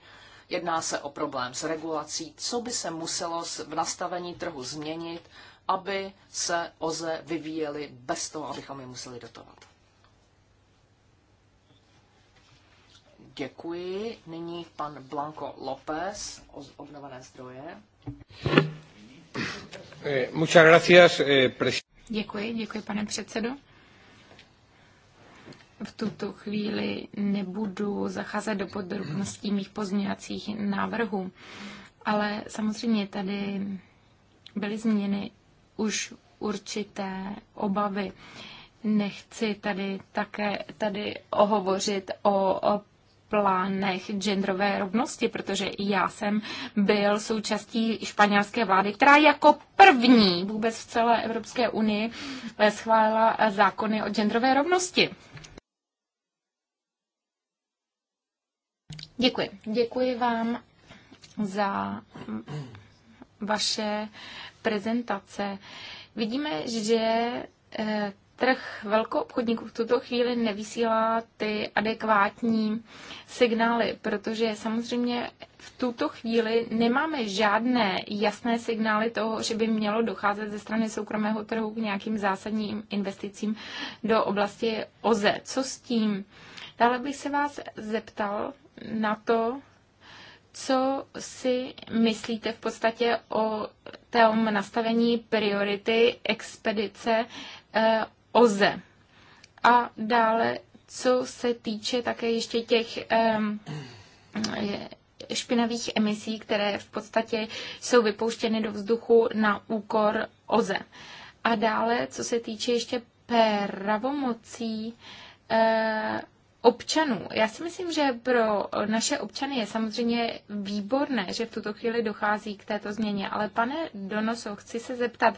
jedná se o problém s regulací, co by se muselo v nastavení trhu změnit, aby se OZE vyvíjely bez toho, abychom je museli dotovat. Děkuji. Nyní pan Blanco López, obnovené zdroje. Eh, muchas gracias, eh, Děkuji, děkuji, pane předsedo. V tuto chvíli nebudu zacházet do podrobností mých pozměňovacích návrhů, ale samozřejmě tady byly změny už určité obavy. Nechci tady také tady ohovořit o, o plánech genderové rovnosti, protože já jsem byl součástí španělské vlády, která jako první vůbec v celé Evropské unii eh, schválila eh, zákony o genderové rovnosti. Děkuji. Děkuji vám za vaše prezentace. Vidíme, že eh, trh obchodníků v tuto chvíli nevysílá ty adekvátní signály, protože samozřejmě v tuto chvíli nemáme žádné jasné signály toho, že by mělo docházet ze strany soukromého trhu k nějakým zásadním investicím do oblasti OZE. Co s tím? Dále bych se vás zeptal na to, co si myslíte v podstatě o tom nastavení priority expedice eh, OZE. A dále, co se týče také ještě těch špinavých emisí, které v podstatě jsou vypouštěny do vzduchu na úkor OZE. A dále, co se týče ještě pravomocí eh, občanů. Já si myslím, že pro naše občany je samozřejmě výborné, že v tuto chvíli dochází k této změně, ale pane Donoso, chci se zeptat,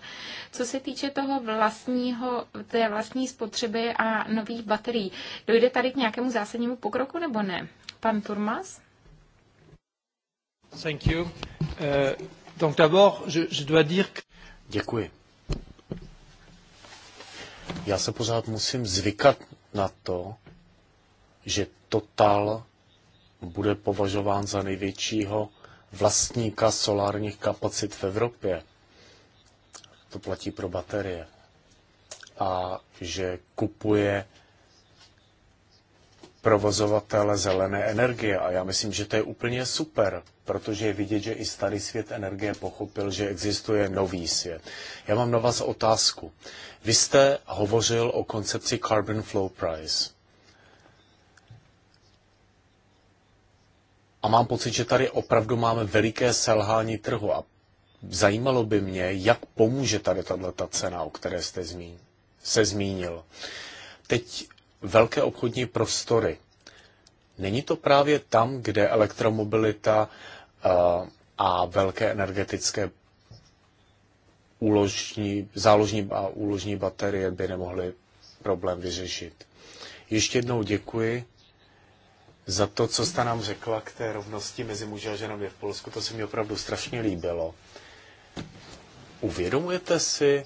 co se týče toho vlastního, té vlastní spotřeby a nových baterií, dojde tady k nějakému zásadnímu pokroku nebo ne? Pan Turmas? Thank you. Uh, donc d'abord, je, je dois dire que... Děkuji. Já se pořád musím zvykat na to, že Total bude považován za největšího vlastníka solárních kapacit v Evropě. To platí pro baterie. A že kupuje provozovatele zelené energie. A já myslím, že to je úplně super, protože je vidět, že i starý svět energie pochopil, že existuje nový svět. Já mám na vás otázku. Vy jste hovořil o koncepci Carbon Flow Price. A mám pocit, že tady opravdu máme veliké selhání trhu a zajímalo by mě, jak pomůže tady tato cena, o které jste zmín, se zmínil. Teď velké obchodní prostory. Není to právě tam, kde elektromobilita eh, a velké energetické úložní, záložní a úložní baterie by nemohly problém vyřešit. Ještě jednou děkuji za to, co jste nám řekla k té rovnosti mezi muži a ženami v Polsku. To se mi opravdu strašně líbilo. Uvědomujete si,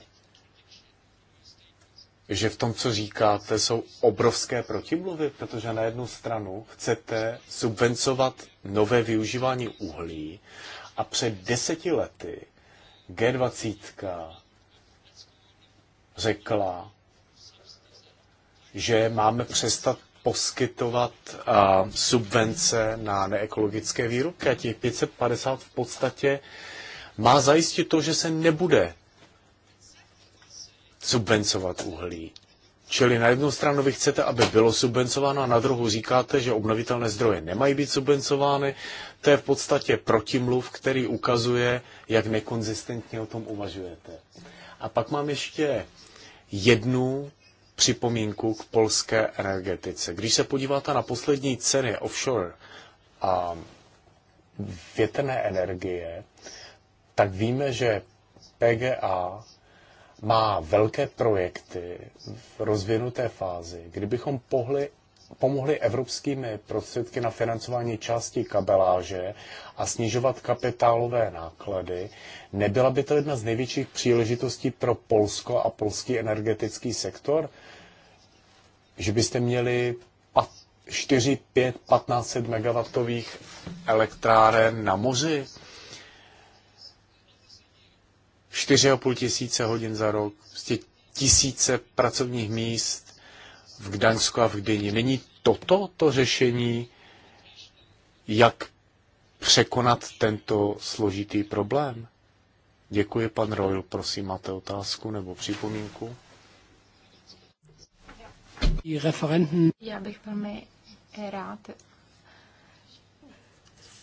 že v tom, co říkáte, jsou obrovské protimluvy, protože na jednu stranu chcete subvencovat nové využívání uhlí a před deseti lety G20 řekla, že máme přestat poskytovat a, eh, subvence na neekologické výrobky. A těch 550 v podstatě má zajistit to, že se nebude subvencovat uhlí. Čili na jednu stranu vy chcete, aby bylo subvencováno a na druhou říkáte, že obnovitelné zdroje nemají být subvencovány. To je v podstatě protimluv, který ukazuje, jak nekonzistentně o tom uvažujete. A pak mám ještě jednu připomínku k polské energetice. Když se podíváte na poslední ceny offshore a větrné energie, tak víme, že PGA má velké projekty v rozvinuté fázi. Kdybychom pohli, pomohli evropskými prostředky na financování části kabeláže a snižovat kapitálové náklady, nebyla by to jedna z největších příležitostí pro Polsko a polský energetický sektor? že byste měli 4, 5, 1500 megawattových elektráren na moři, 4,5 tisíce hodin za rok, prostě tisíce pracovních míst v Gdaňsku a v Gdyni. Není toto to řešení, jak překonat tento složitý problém? Děkuji, pan Royal, prosím, máte otázku nebo připomínku? Já bych velmi rád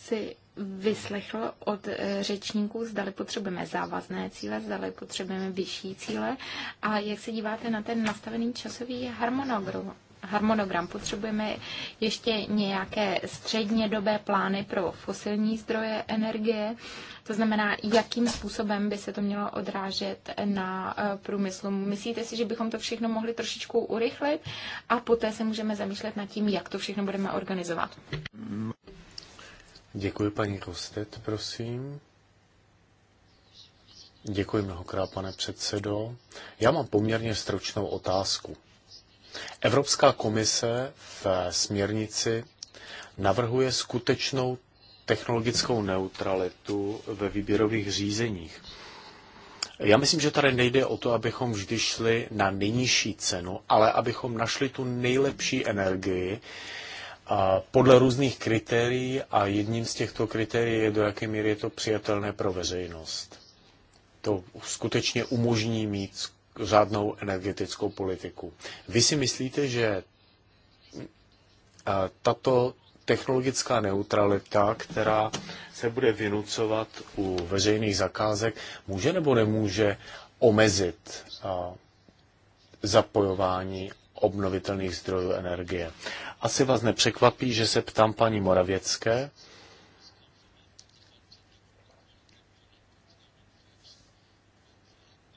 si vyslechl od eh, řečníků, zdali potřebujeme závazné cíle, zdali potřebujeme vyšší cíle a jak se díváte na ten nastavený časový harmonogram, harmonogram. Potřebujeme ještě nějaké střednědobé plány pro fosilní zdroje energie, to znamená, jakým způsobem by se to mělo odrážet na eh, průmyslu. Myslíte si, že bychom to všechno mohli trošičku urychlit a poté se můžeme zamýšlet nad tím, jak to všechno budeme organizovat? Děkuji, paní Kostet, prosím. Děkuji mnohokrát, pane předsedo. Já mám poměrně stručnou otázku. Evropská komise v směrnici navrhuje skutečnou technologickou neutralitu ve výběrových řízeních. Já myslím, že tady nejde o to, abychom vždy šli na nejnižší cenu, ale abychom našli tu nejlepší energii podle různých kritérií a jedním z těchto kritérií je, do jaké míry je to přijatelné pro veřejnost. To skutečně umožní mít řádnou energetickou politiku. Vy si myslíte, že eh, tato technologická neutralita, která se bude vynucovat u veřejných zakázek, může nebo nemůže omezit eh, zapojování obnovitelných zdrojů energie. Asi vás nepřekvapí, že se ptám paní Moravěcké,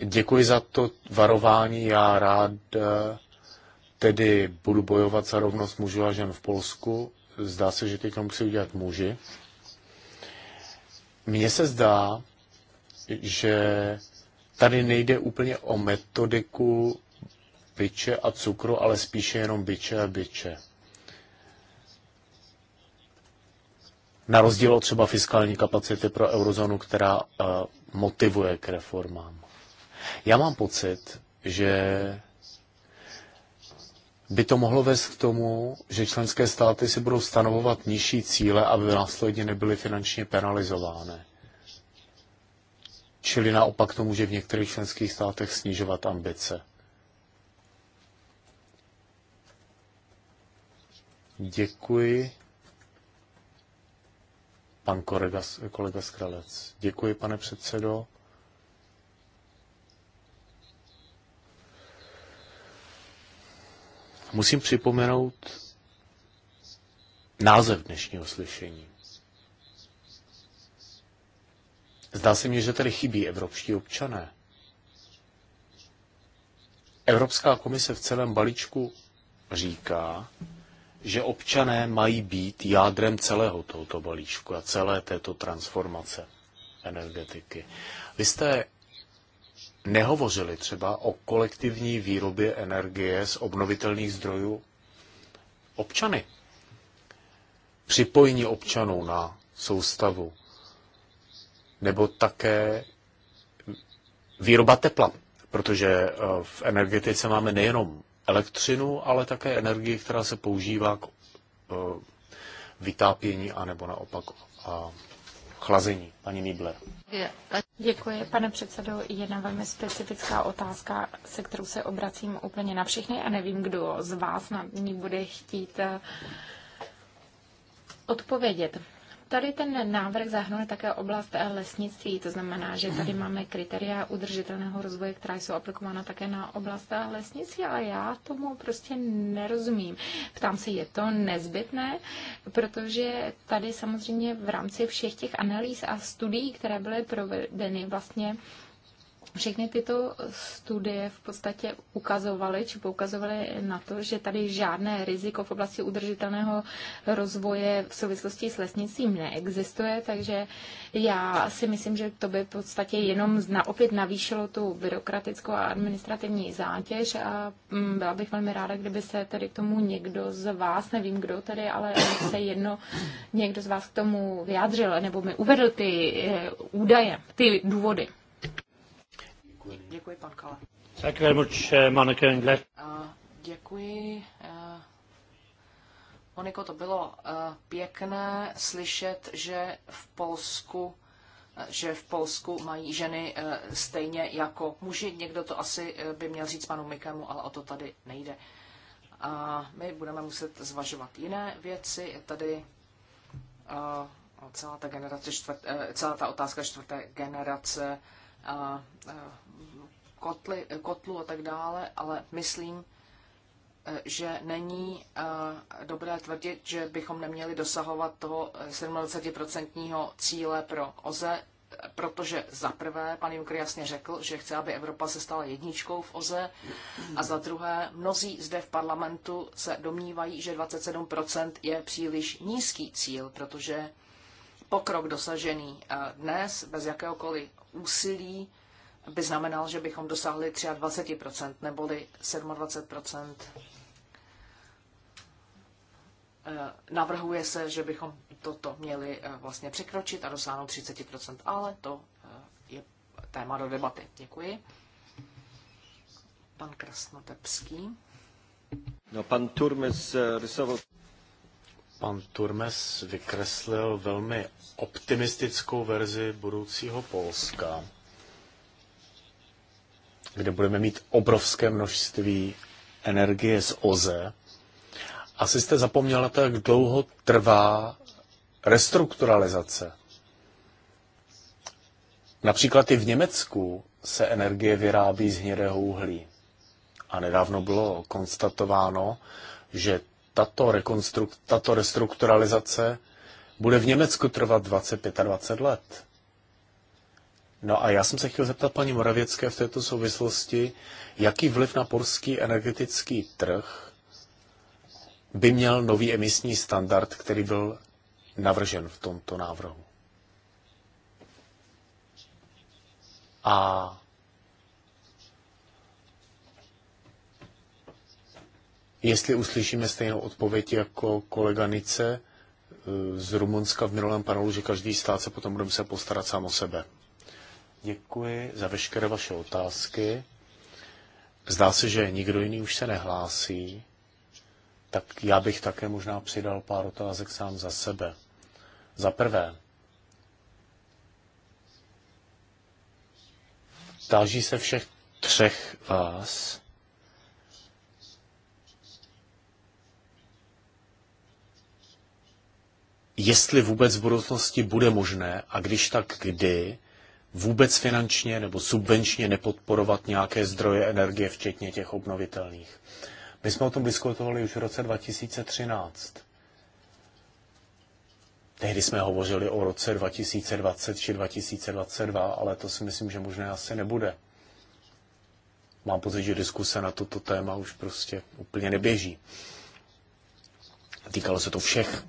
Děkuji za to varování. Já rád eh, tedy budu bojovat za rovnost mužů a žen v Polsku. Zdá se, že teď to musí udělat muži. Mně se zdá, že tady nejde úplně o metodiku byče a cukru, ale spíše jenom byče a byče. Na rozdíl od třeba fiskální kapacity pro eurozónu, která eh, motivuje k reformám. Já mám pocit, že by to mohlo vést k tomu, že členské státy si budou stanovovat nižší cíle, aby následně nebyly finančně penalizovány. Čili naopak to může v některých členských státech snižovat ambice. Děkuji. Pan kolega, kolega Skralec. Děkuji, pane předsedo. Musím připomenout název dnešního slyšení. Zdá se mi, že tady chybí evropští občané. Evropská komise v celém balíčku říká, že občané mají být jádrem celého tohoto balíčku a celé této transformace energetiky. Vy jste nehovořili třeba o kolektivní výrobě energie z obnovitelných zdrojů občany. Připojení občanů na soustavu nebo také výroba tepla, protože eh, v energetice máme nejenom elektřinu, ale také energii, která se používá k eh, vytápění a nebo naopak chlazení. Paní Nýbler. Děkuji, pane předsedo. Jedna velmi specifická otázka, se kterou se obracím úplně na všechny a nevím, kdo z vás na ní bude chtít eh, odpovědět. Tady ten návrh zahrnuje také oblast eh, lesnictví, to znamená, že tady *clears throat* máme kritéria udržitelného rozvoje, která jsou aplikována také na oblast eh, lesnictví, ale já tomu prostě nerozumím. Ptám se, je to nezbytné, protože tady samozřejmě v rámci všech těch analýz a studií, které byly provedeny, vlastně všechny tyto studie v podstatě ukazovaly, či poukazovaly na to, že tady žádné riziko v oblasti udržitelného rozvoje v souvislosti s lesnicím neexistuje, takže já si myslím, že to by v podstatě jenom na, opět navýšilo tu byrokratickou a administrativní zátěž a mm, byla bych velmi ráda, kdyby se tady k tomu někdo z vás, nevím kdo tady, ale se jedno někdo z vás k tomu vyjádřil nebo mi uvedl ty eh, údaje, ty důvody. Děkuji, pan Kale. Thank you very much, uh, Monica Engler. Děkuji. Eh, Moniko, to bylo eh, pěkné slyšet, že v Polsku eh, že v Polsku mají ženy stejně jako muži. Někdo to asi by měl říct panu Mikemu, ale o to tady nejde. A my budeme muset zvažovat jiné věci. Je tady celá ta, generace čtvrt, celá ta otázka čtvrté generace kotli, kotlu a tak dále, ale myslím, e, že není e, dobré tvrdit, že bychom neměli dosahovat toho 27% e, cíle pro OZE, protože za prvé pan Juncker jasně řekl, že chce, aby Evropa se stala jedničkou v OZE a za druhé mnozí zde v parlamentu se domnívají, že 27% je příliš nízký cíl, protože pokrok dosažený dnes bez jakéhokoliv úsilí by znamenal, že bychom dosáhli 23%, neboli 27%. Eh, navrhuje se, že bychom toto měli eh, vlastně překročit a dosáhnout 30%, ale to eh, je téma do debaty. Děkuji. Pan Krasnotepský. No, pan Turmes rysoval pan Turmes vykreslil velmi optimistickou verzi budoucího Polska, kde budeme mít obrovské množství energie z OZE. Asi jste zapomněla to, jak dlouho trvá restrukturalizace. Například i v Německu se energie vyrábí z hnědého uhlí. A nedávno bylo konstatováno, že tato, rekonstrukt, tato restrukturalizace bude v Německu trvat 25 a 20 let. No a já jsem se chtěl zeptat paní Moravěcké v této souvislosti, jaký vliv na polský energetický trh by měl nový emisní standard, který byl navržen v tomto návrhu. A Jestli uslyšíme stejnou odpověď jako kolega Nice eh, z Rumunska v minulém panelu, že každý stát se potom bude muset postarat sám o sebe. Děkuji za veškeré vaše otázky. Zdá se, že nikdo jiný už se nehlásí, tak já bych také možná přidal pár otázek sám za sebe. Za prvé, táží se všech třech vás, jestli vůbec v budoucnosti bude možné a když tak kdy vůbec finančně nebo subvenčně nepodporovat nějaké zdroje energie, včetně těch obnovitelných. My jsme o tom diskutovali už v roce 2013. Tehdy jsme hovořili o roce 2020 či 2022, ale to si myslím, že možná asi nebude. Mám pocit, že diskuse na toto téma už prostě úplně neběží. Týkalo se to všech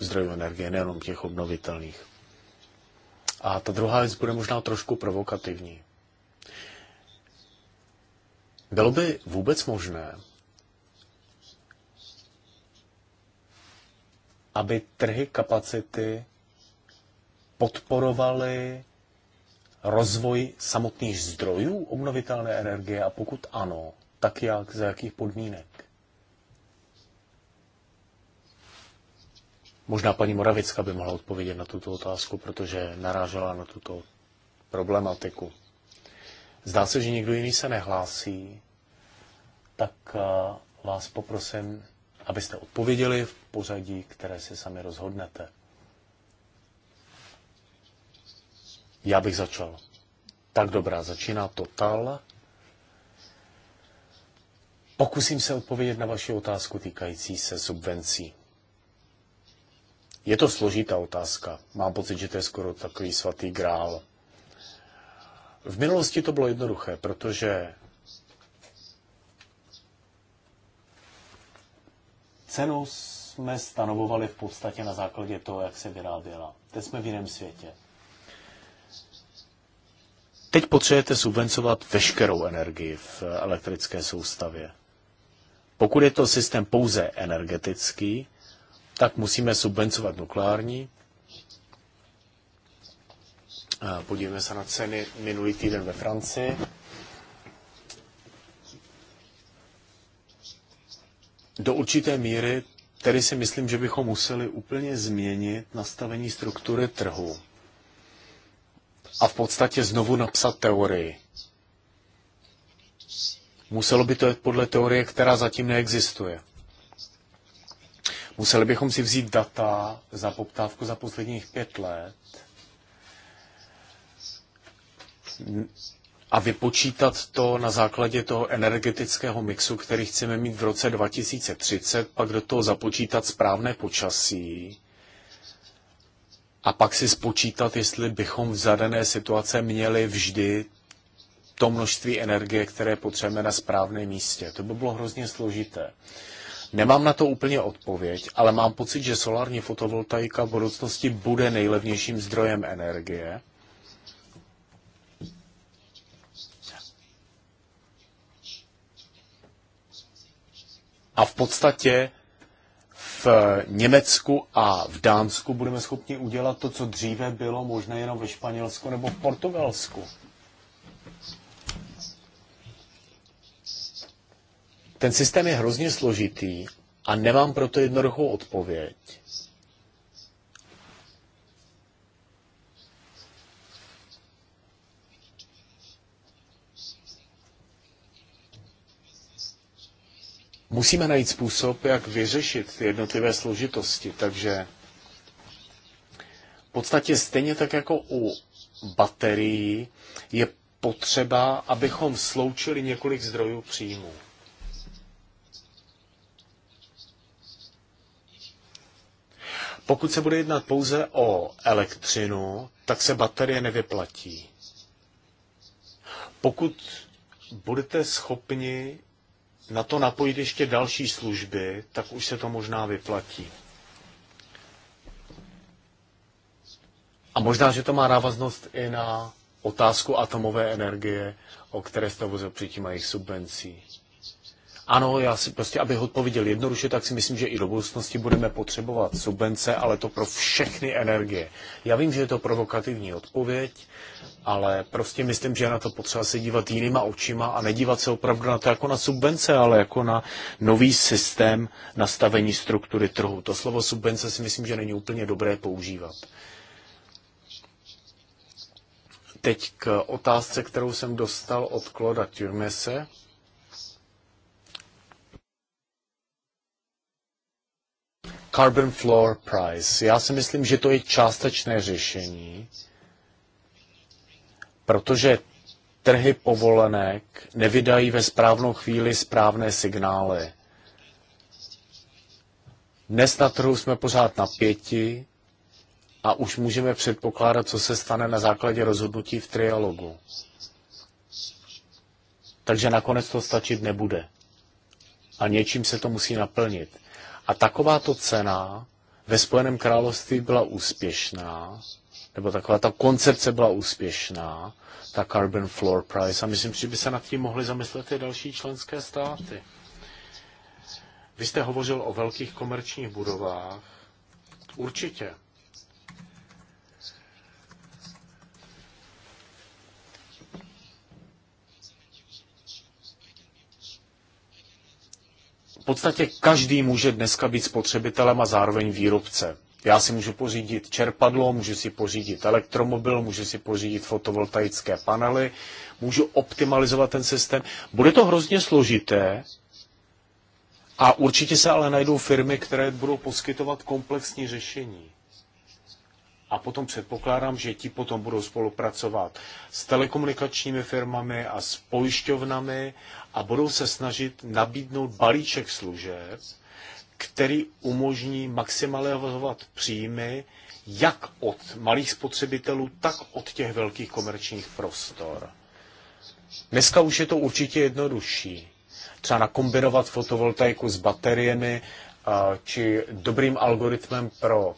zdrojů energie, nejenom těch obnovitelných. A ta druhá věc bude možná trošku provokativní. Bylo by vůbec možné, aby trhy kapacity podporovaly rozvoj samotných zdrojů obnovitelné energie a pokud ano, tak jak, za jakých podmínek? Možná paní Moravická by mohla odpovědět na tuto otázku, protože narážela na tuto problematiku. Zdá se, že někdo jiný se nehlásí, tak eh, vás poprosím, abyste odpověděli v pořadí, které si sami rozhodnete. Já bych začal. Tak dobrá, začíná Total. Pokusím se odpovědět na vaši otázku týkající se subvencí. Je to složitá otázka. Mám pocit, že to je skoro takový svatý grál. V minulosti to bylo jednoduché, protože cenu jsme stanovovali v podstatě na základě toho, jak se vyráběla. Teď jsme v jiném světě. Teď potřebujete subvencovat veškerou energii v elektrické soustavě. Pokud je to systém pouze energetický, tak musíme subvencovat nukleární. Podívejme se na ceny minulý týden ve Francii. Do určité míry tedy si myslím, že bychom museli úplně změnit nastavení struktury trhu a v podstatě znovu napsat teorii. Muselo by to jít podle teorie, která zatím neexistuje. Museli bychom si vzít data za poptávku za posledních pět let a vypočítat to na základě toho energetického mixu, který chceme mít v roce 2030, pak do toho započítat správné počasí a pak si spočítat, jestli bychom v zadané situace měli vždy to množství energie, které potřebujeme na správném místě. To by bylo hrozně složité. Nemám na to úplně odpověď, ale mám pocit, že solární fotovoltaika v budoucnosti bude nejlevnějším zdrojem energie. A v podstatě v Německu a v Dánsku budeme schopni udělat to, co dříve bylo možné jenom ve Španělsku nebo v Portugalsku. Ten systém je hrozně složitý a nemám proto jednoduchou odpověď. Musíme najít způsob, jak vyřešit ty jednotlivé složitosti, takže v podstatě stejně tak jako u baterií je potřeba, abychom sloučili několik zdrojů příjmů. Pokud se bude jednat pouze o elektřinu, tak se baterie nevyplatí. Pokud budete schopni na to napojit ještě další služby, tak už se to možná vyplatí. A možná, že to má návaznost i na otázku atomové energie, o které jste hovořil předtím a jejich subvencí. Ano, já si prostě, abych odpověděl jednoduše, tak si myslím, že i do budoucnosti budeme potřebovat subvence, ale to pro všechny energie. Já vím, že je to provokativní odpověď, ale prostě myslím, že je na to potřeba se dívat jinýma očima a nedívat se opravdu na to jako na subvence, ale jako na nový systém nastavení struktury trhu. To slovo subvence si myslím, že není úplně dobré používat. Teď k otázce, kterou jsem dostal od Kloda Tyrmese carbon floor price. Já si myslím, že to je částečné řešení, protože trhy povolenek nevydají ve správnou chvíli správné signály. Dnes na trhu jsme pořád na pěti a už můžeme předpokládat, co se stane na základě rozhodnutí v trialogu. Takže nakonec to stačit nebude. A něčím se to musí naplnit. A takováto cena ve Spojeném království byla úspěšná, nebo taková ta koncepce byla úspěšná, ta Carbon Floor Price, a myslím, že by se nad tím mohly zamyslet i další členské státy. Vy jste hovořil o velkých komerčních budovách. Určitě. v podstatě každý může dneska být spotřebitelem a zároveň výrobce. Já si můžu pořídit čerpadlo, můžu si pořídit elektromobil, můžu si pořídit fotovoltaické panely, můžu optimalizovat ten systém. Bude to hrozně složité a určitě se ale najdou firmy, které budou poskytovat komplexní řešení. A potom předpokládám, že ti potom budou spolupracovat s telekomunikačními firmami a s pojišťovnami a budou se snažit nabídnout balíček služeb, který umožní maximalizovat příjmy jak od malých spotřebitelů, tak od těch velkých komerčních prostor. Dneska už je to určitě jednodušší. Třeba nakombinovat fotovoltaiku s bateriemi či dobrým algoritmem pro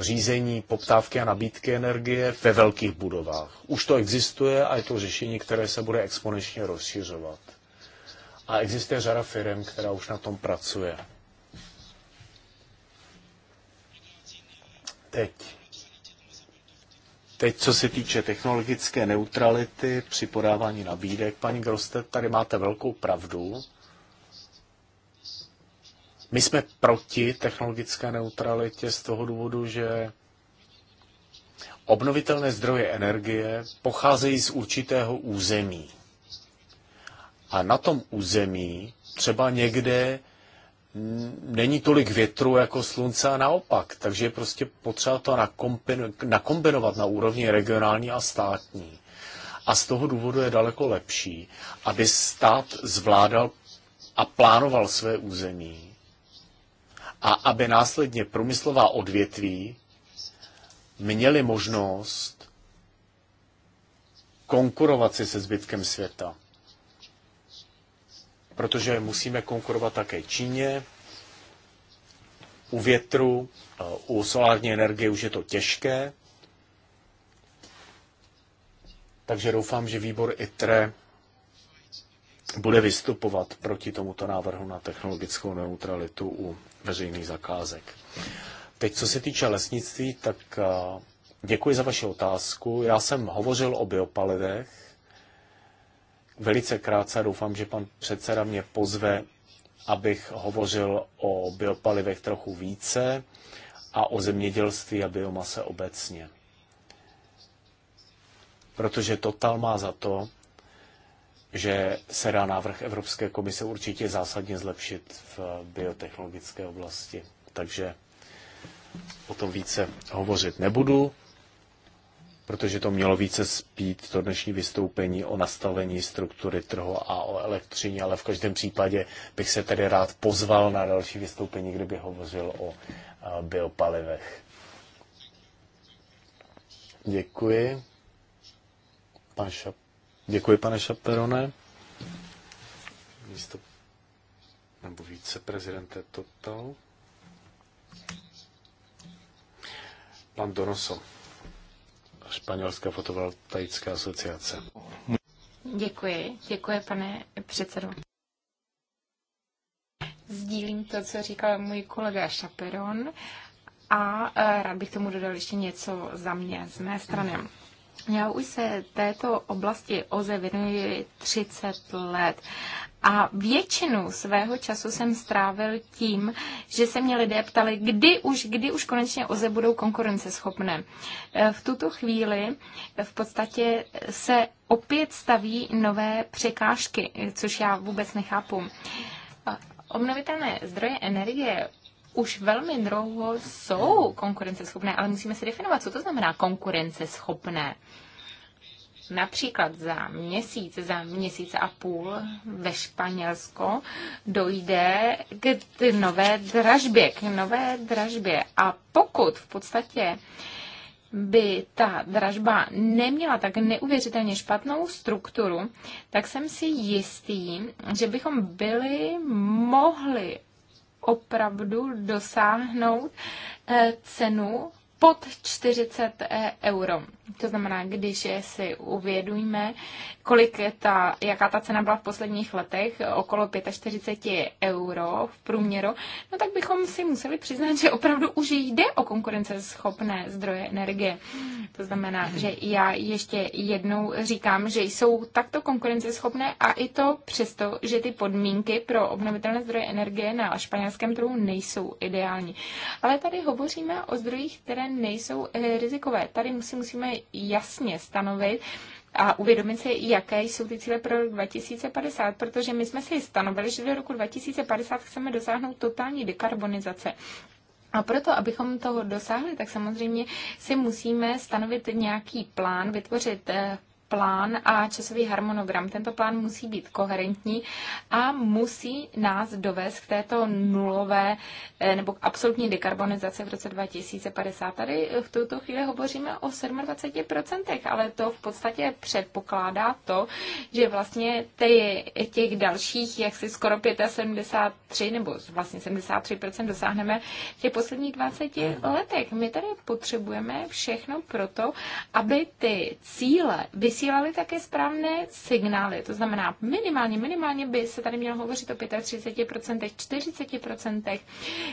řízení poptávky a nabídky energie ve velkých budovách. Už to existuje a je to řešení, které se bude exponenčně rozšiřovat. A existuje řada firm, která už na tom pracuje. Teď. Teď, co se týče technologické neutrality při podávání nabídek, paní Grostet, tady máte velkou pravdu. My jsme proti technologické neutralitě z toho důvodu, že obnovitelné zdroje energie pocházejí z určitého území. A na tom území třeba někde není tolik větru jako slunce a naopak, takže je prostě potřeba to nakombinovat na úrovni regionální a státní. A z toho důvodu je daleko lepší, aby stát zvládal a plánoval své území a aby následně průmyslová odvětví měly možnost konkurovat si se zbytkem světa. Protože musíme konkurovat také Číně, u větru, eh, u solární energie už je to těžké. Takže doufám, že výbor ITRE bude vystupovat proti tomuto návrhu na technologickou neutralitu u veřejných zakázek. Teď, co se týče lesnictví, tak eh, děkuji za vaši otázku. Já jsem hovořil o biopalivech. Velice krátce doufám, že pan předseda mě pozve, abych hovořil o biopalivech trochu více a o zemědělství a biomase obecně. Protože Total má za to, že se dá návrh Evropské komise určitě zásadně zlepšit v biotechnologické oblasti. Takže o tom více hovořit nebudu, protože to mělo více spít to dnešní vystoupení o nastavení struktury trhu a o elektřině, ale v každém případě bych se tedy rád pozval na další vystoupení, kde bych hovořil o eh, biopalivech. Děkuji. Pan Šap. Děkuji, pane Šaperone. Místo nebo viceprezident Total. Pan Donoso, Španělská fotovoltaická asociace. Děkuji, děkuji, pane předsedo. Sdílím to, co říkal můj kolega Šaperon a eh, rád bych tomu dodal ještě něco za mě z mé strany. Já už se této oblasti OZE věnuji 30 let a většinu svého času jsem strávil tím, že se mě lidé ptali, kdy už, kdy už konečně OZE budou konkurenceschopné. Eh, v tuto chvíli eh, v podstatě se opět staví nové překážky, což já vůbec nechápu. Eh, obnovitelné zdroje energie už velmi dlouho jsou konkurenceschopné, ale musíme si definovat, co to znamená konkurenceschopné. Například za měsíc, za měsíc a půl ve Španělsko dojde k nové dražbě, k nové dražbě. A pokud v podstatě by ta dražba neměla tak neuvěřitelně špatnou strukturu, tak jsem si jistý, že bychom byli mohli opravdu dosáhnout eh, cenu pod 40 eh, euro. To znamená, když si uvědomíme, kolik je ta, jaká ta cena byla v posledních letech, okolo 45 euro v průměru, no tak bychom si museli přiznat, že opravdu už jde o konkurenceschopné zdroje energie. To znamená, že já ještě jednou říkám, že jsou takto konkurenceschopné a i to přesto, že ty podmínky pro obnovitelné zdroje energie na španělském trhu nejsou ideální. Ale tady hovoříme o zdrojích, které nejsou eh, rizikové. Tady si musíme jasně stanovit, a uvědomit si, jaké jsou ty cíle pro rok 2050, protože my jsme si stanovili, že do roku 2050 chceme dosáhnout totální dekarbonizace. A proto, abychom toho dosáhli, tak samozřejmě si musíme stanovit nějaký plán, vytvořit eh, plán a časový harmonogram. Tento plán musí být koherentní a musí nás dovést k této nulové eh, nebo k absolutní dekarbonizaci v roce 2050. Tady v tuto chvíli hovoříme o 27%, ale to v podstatě předpokládá to, že vlastně těch dalších, jak si skoro 73 nebo vlastně 73% dosáhneme v těch posledních 20 letech. My tady potřebujeme všechno proto, aby ty cíle vys vysílali také správné signály. To znamená, minimálně, minimálně by se tady mělo hovořit o 35%, 40%,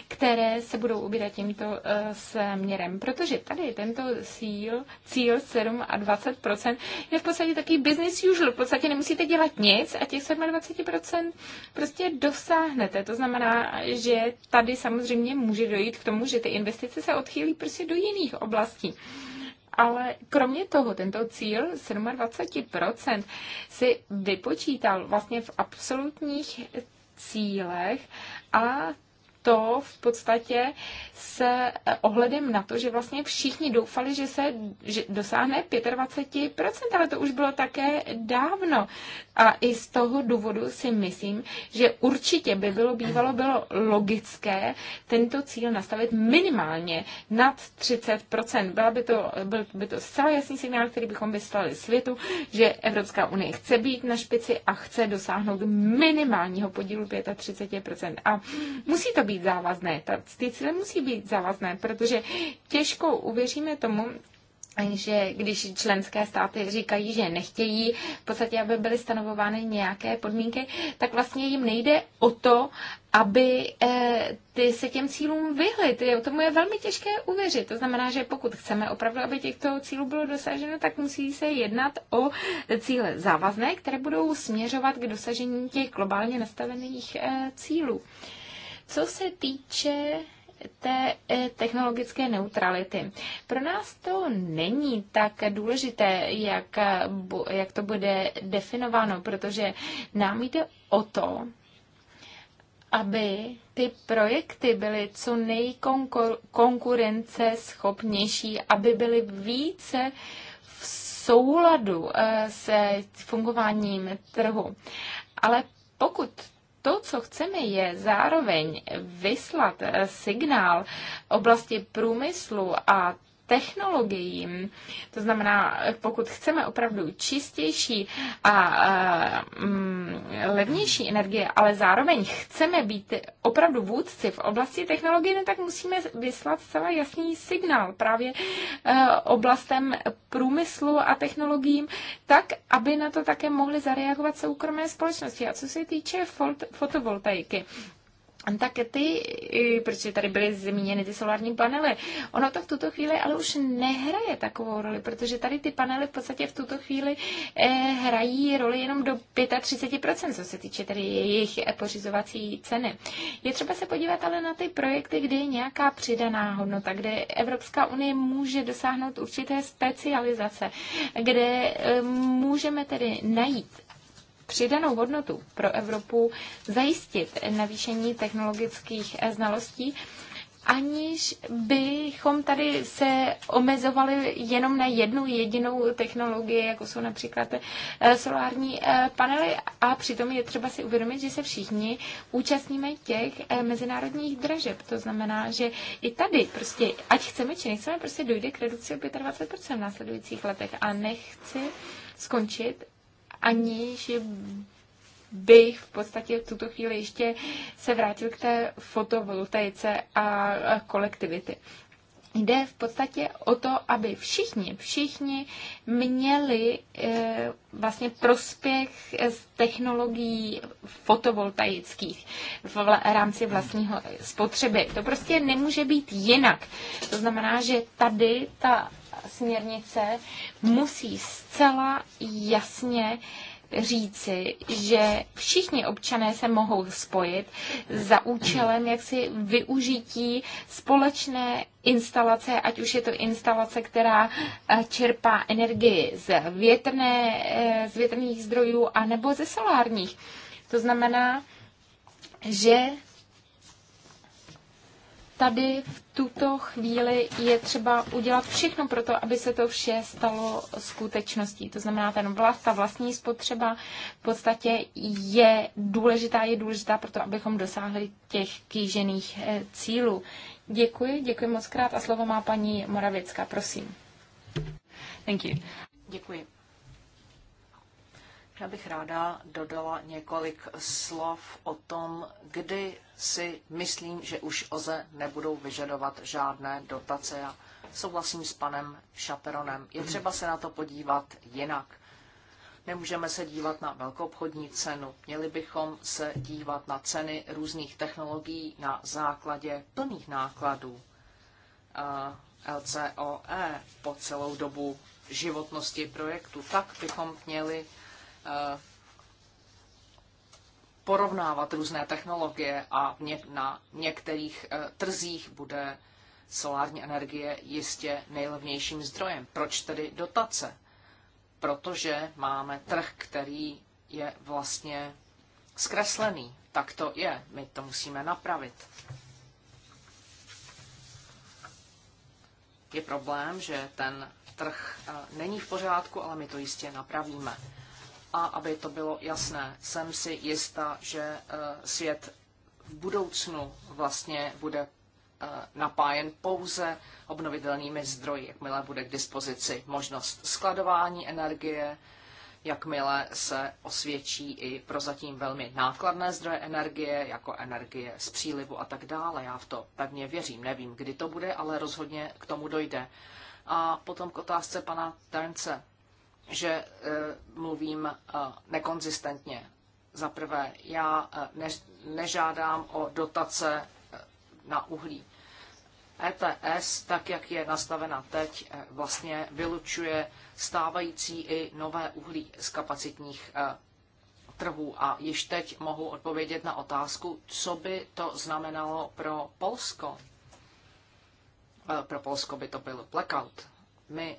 které se budou ubírat tímto uh, směrem. Protože tady tento cíl, cíl 7 a 20% je v podstatě takový business usual. V podstatě nemusíte dělat nic a těch 27% prostě dosáhnete. To znamená, že tady samozřejmě může dojít k tomu, že ty investice se odchýlí prostě do jiných oblastí ale kromě toho tento cíl 27% si vypočítal vlastně v absolutních cílech a to v podstatě s eh, ohledem na to, že vlastně všichni doufali, že se že dosáhne 25%, ale to už bylo také dávno. A i z toho důvodu si myslím, že určitě by bylo bývalo bylo logické tento cíl nastavit minimálně nad 30%. Byla by to, byl by to zcela jasný signál, který bychom vyslali světu, že Evropská unie chce být na špici a chce dosáhnout minimálního podílu 35%. A musí to být být závazné. Ty cíle musí být závazné, protože těžko uvěříme tomu, že když členské státy říkají, že nechtějí v podstatě, aby byly stanovovány nějaké podmínky, tak vlastně jim nejde o to, aby eh, ty se těm cílům vyhly. Ty, tomu je velmi těžké uvěřit. To znamená, že pokud chceme opravdu, aby těchto cílů bylo dosaženo, tak musí se jednat o cíle závazné, které budou směřovat k dosažení těch globálně nastavených eh, cílů. Co se týče té eh, technologické neutrality. Pro nás to není tak důležité, jak, jak to bude definováno, protože nám jde o to, aby ty projekty byly co nejkonkurence schopnější, aby byly více v souladu eh, s fungováním trhu. Ale pokud to, co chceme, je zároveň vyslat eh, signál oblasti průmyslu a technologiím. To znamená, pokud chceme opravdu čistější a mm, levnější energie, ale zároveň chceme být opravdu vůdci v oblasti technologie, no tak musíme vyslat zcela jasný signál právě e, oblastem průmyslu a technologiím, tak, aby na to také mohly zareagovat soukromé společnosti. A co se týče fotovoltaiky, tak ty, protože tady byly zmíněny ty solární panely, ono to v tuto chvíli ale už nehraje takovou roli, protože tady ty panely v podstatě v tuto chvíli eh, hrají roli jenom do 35%, co se týče tady jejich eh, pořizovací ceny. Je třeba se podívat ale na ty projekty, kde je nějaká přidaná hodnota, kde Evropská unie může dosáhnout určité specializace, kde eh, můžeme tedy najít přidanou hodnotu pro Evropu zajistit navýšení technologických eh, znalostí, aniž bychom tady se omezovali jenom na jednu jedinou technologii, jako jsou například eh, solární eh, panely. A přitom je třeba si uvědomit, že se všichni účastníme těch mezinárodních dražeb. To znamená, že i tady prostě, ať chceme či nechceme, prostě dojde k redukci o 25% v následujících letech. A nechci skončit že bych v podstatě v tuto chvíli ještě se vrátil k té fotovoltaice a kolektivity jde v podstatě o to, aby všichni, všichni měli e, vlastně prospěch z technologií fotovoltaických v rámci vlastního spotřeby. To prostě nemůže být jinak. To znamená, že tady ta směrnice musí zcela jasně e, říci, že všichni občané se mohou spojit za účelem jaksi využití společné instalace, ať už je to instalace, která eh, čerpá energii z, větrné, eh, z větrných zdrojů a nebo ze solárních. To znamená, že tady v tuto chvíli je třeba udělat všechno pro to, aby se to vše stalo skutečností. To znamená, ten vlast, ta vlastní spotřeba v podstatě je důležitá, je důležitá pro to, abychom dosáhli těch kýžených eh, cílů. Děkuji, děkuji moc krát a slovo má paní Moravická, prosím. Thank you. Děkuji. Já bych ráda dodala několik slov o tom, kdy si myslím, že už OZE nebudou vyžadovat žádné dotace. Já souhlasím s panem Šaperonem. Je třeba se na to podívat jinak. Nemůžeme se dívat na velkoobchodní cenu. Měli bychom se dívat na ceny různých technologií na základě plných nákladů. LCOE po celou dobu životnosti projektu. Tak bychom měli Eh, porovnávat různé technologie a na některých eh, trzích bude solární energie jistě nejlevnějším zdrojem. Proč tedy dotace? Protože máme trh, který je vlastně zkreslený. Tak to je, my to musíme napravit. Je problém, že ten trh eh, není v pořádku, ale my to jistě napravíme a aby to bylo jasné. Jsem si jistá, že eh, svět v budoucnu vlastně bude eh, napájen pouze obnovitelnými zdroji, jakmile bude k dispozici možnost skladování energie, jakmile se osvědčí i prozatím velmi nákladné zdroje energie, jako energie z přílivu a tak dále. Já v to pevně věřím. Nevím, kdy to bude, ale rozhodně k tomu dojde. A potom k otázce pana Ternce že eh, mluvím eh, nekonzistentně. Za prvé, já eh, nežádám o dotace na uhlí. ETS, tak jak je nastavena teď, vlastně vylučuje stávající i nové uhlí z kapacitních trhů. A již teď mohu odpovědět na otázku, co by to znamenalo pro Polsko. Pro Polsko by to byl blackout. My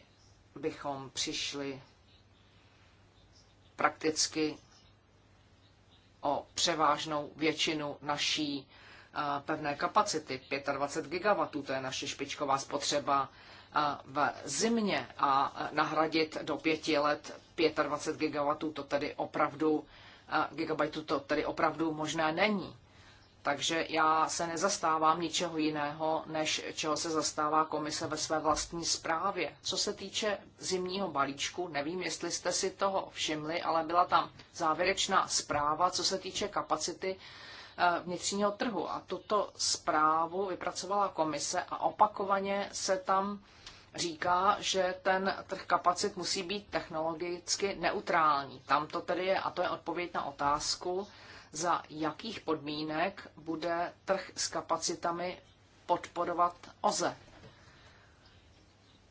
bychom přišli prakticky o převážnou většinu naší pevné kapacity. 25 gigawatů, to je naše špičková spotřeba v zimě a nahradit do pěti let 25 gigawatů, to tedy opravdu gigabajtů to tedy opravdu možné není. Takže já se nezastávám ničeho jiného, než čeho se zastává komise ve své vlastní zprávě. Co se týče zimního balíčku, nevím, jestli jste si toho všimli, ale byla tam závěrečná zpráva, co se týče kapacity eh, vnitřního trhu. A tuto zprávu vypracovala komise a opakovaně se tam říká, že ten trh kapacit musí být technologicky neutrální. Tam to tedy je, a to je odpověď na otázku, za jakých podmínek bude trh s kapacitami podporovat OZE.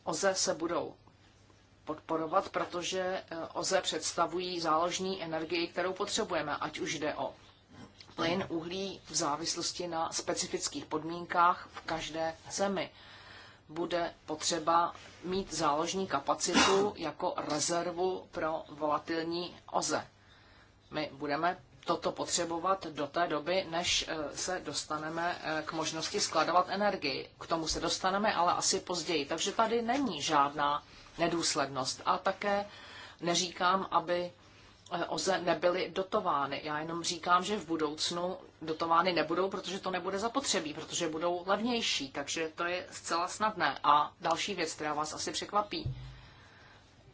OZE se budou podporovat, protože eh, OZE představují záložní energii, kterou potřebujeme, ať už jde o plyn, uhlí v závislosti na specifických podmínkách v každé zemi. Bude potřeba mít záložní kapacitu jako rezervu pro volatilní OZE. My budeme toto potřebovat do té doby, než e, se dostaneme e, k možnosti skladovat energii. K tomu se dostaneme, ale asi později. Takže tady není žádná nedůslednost. A také neříkám, aby e, OZE nebyly dotovány. Já jenom říkám, že v budoucnu dotovány nebudou, protože to nebude zapotřebí, protože budou levnější, takže to je zcela snadné. A další věc, která vás asi překvapí.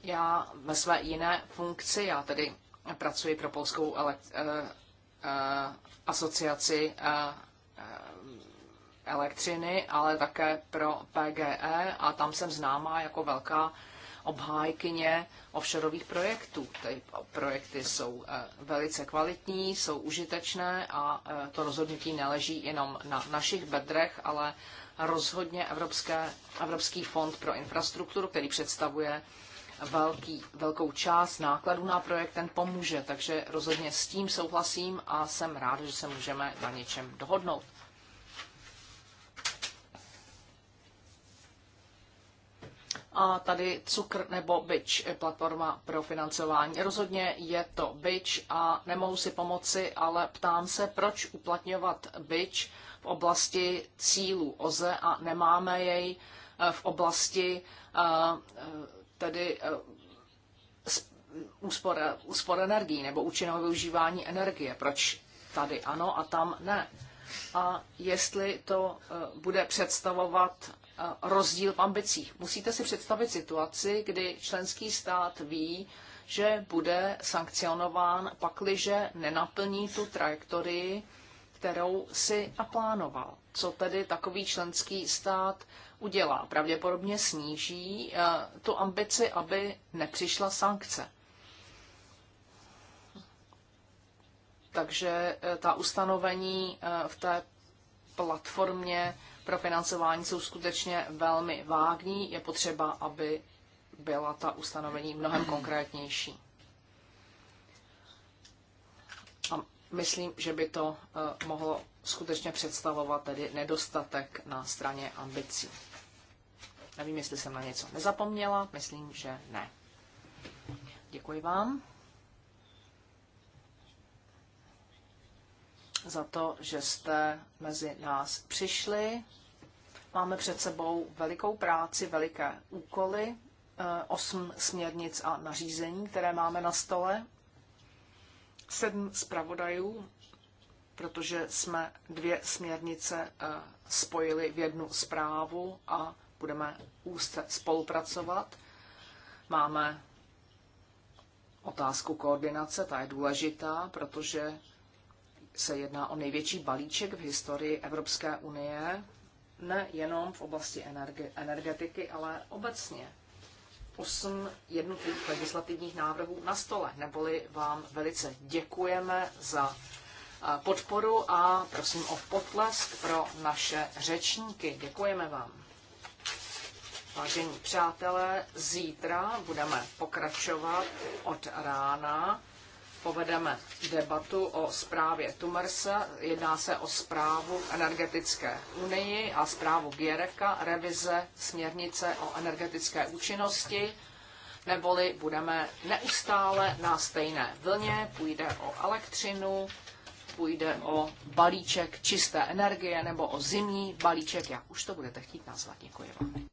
Já ve své jiné funkci, já tedy pracuji pro Polskou elekt, eh, eh, asociaci eh, elektřiny, ale také pro PGE a tam jsem známá jako velká obhájkyně offshoreových projektů. Ty projekty jsou velice kvalitní, jsou užitečné a to rozhodnutí neleží jenom na našich bedrech, ale rozhodně Evropské, Evropský fond pro infrastrukturu, který představuje velký, velkou část nákladů na projekt, ten pomůže. Takže rozhodně s tím souhlasím a jsem rád, že se můžeme na něčem dohodnout. a tady cukr nebo byč, platforma pro financování. Rozhodně je to byč a nemohu si pomoci, ale ptám se, proč uplatňovat byč v oblasti cílů OZE a nemáme jej eh, v oblasti eh, eh, tedy eh, úspora, úspor energií nebo účinného využívání energie. Proč tady ano a tam ne? A jestli to eh, bude představovat eh, rozdíl v ambicích. Musíte si představit situaci, kdy členský stát ví, že bude sankcionován, pakliže nenaplní tu trajektorii, kterou si naplánoval. Co tedy takový členský stát udělá. Pravděpodobně sníží eh, tu ambici, aby nepřišla sankce. Takže eh, ta ustanovení eh, v té platformě pro financování jsou skutečně velmi vágní. Je potřeba, aby byla ta ustanovení mnohem konkrétnější. A myslím, že by to mohlo skutečně představovat tedy nedostatek na straně ambicí. Nevím, jestli jsem na něco nezapomněla, myslím, že ne. Děkuji vám za to, že jste mezi nás přišli. Máme před sebou velikou práci, veliké úkoly, eh, osm směrnic a nařízení, které máme na stole, sedm zpravodajů, protože jsme dvě směrnice eh, spojili v jednu zprávu a budeme úzce spolupracovat. Máme otázku koordinace, ta je důležitá, protože se jedná o největší balíček v historii Evropské unie, nejenom v oblasti energetiky, ale obecně. Osm jednotlivých legislativních návrhů na stole, neboli vám velice děkujeme za podporu a prosím o potlesk pro naše řečníky. Děkujeme vám. Vážení přátelé, zítra budeme pokračovat od rána. Povedeme debatu o zprávě Tumersa. Jedná se o zprávu k energetické unii a zprávu Giereka, revize směrnice o energetické účinnosti. Neboli budeme neustále na stejné vlně, půjde o elektřinu, půjde o balíček čisté energie nebo o zimní balíček, jak už to budete chtít nazvat. Děkuji vám.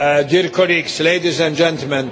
Uh, dear colleagues, ladies and gentlemen,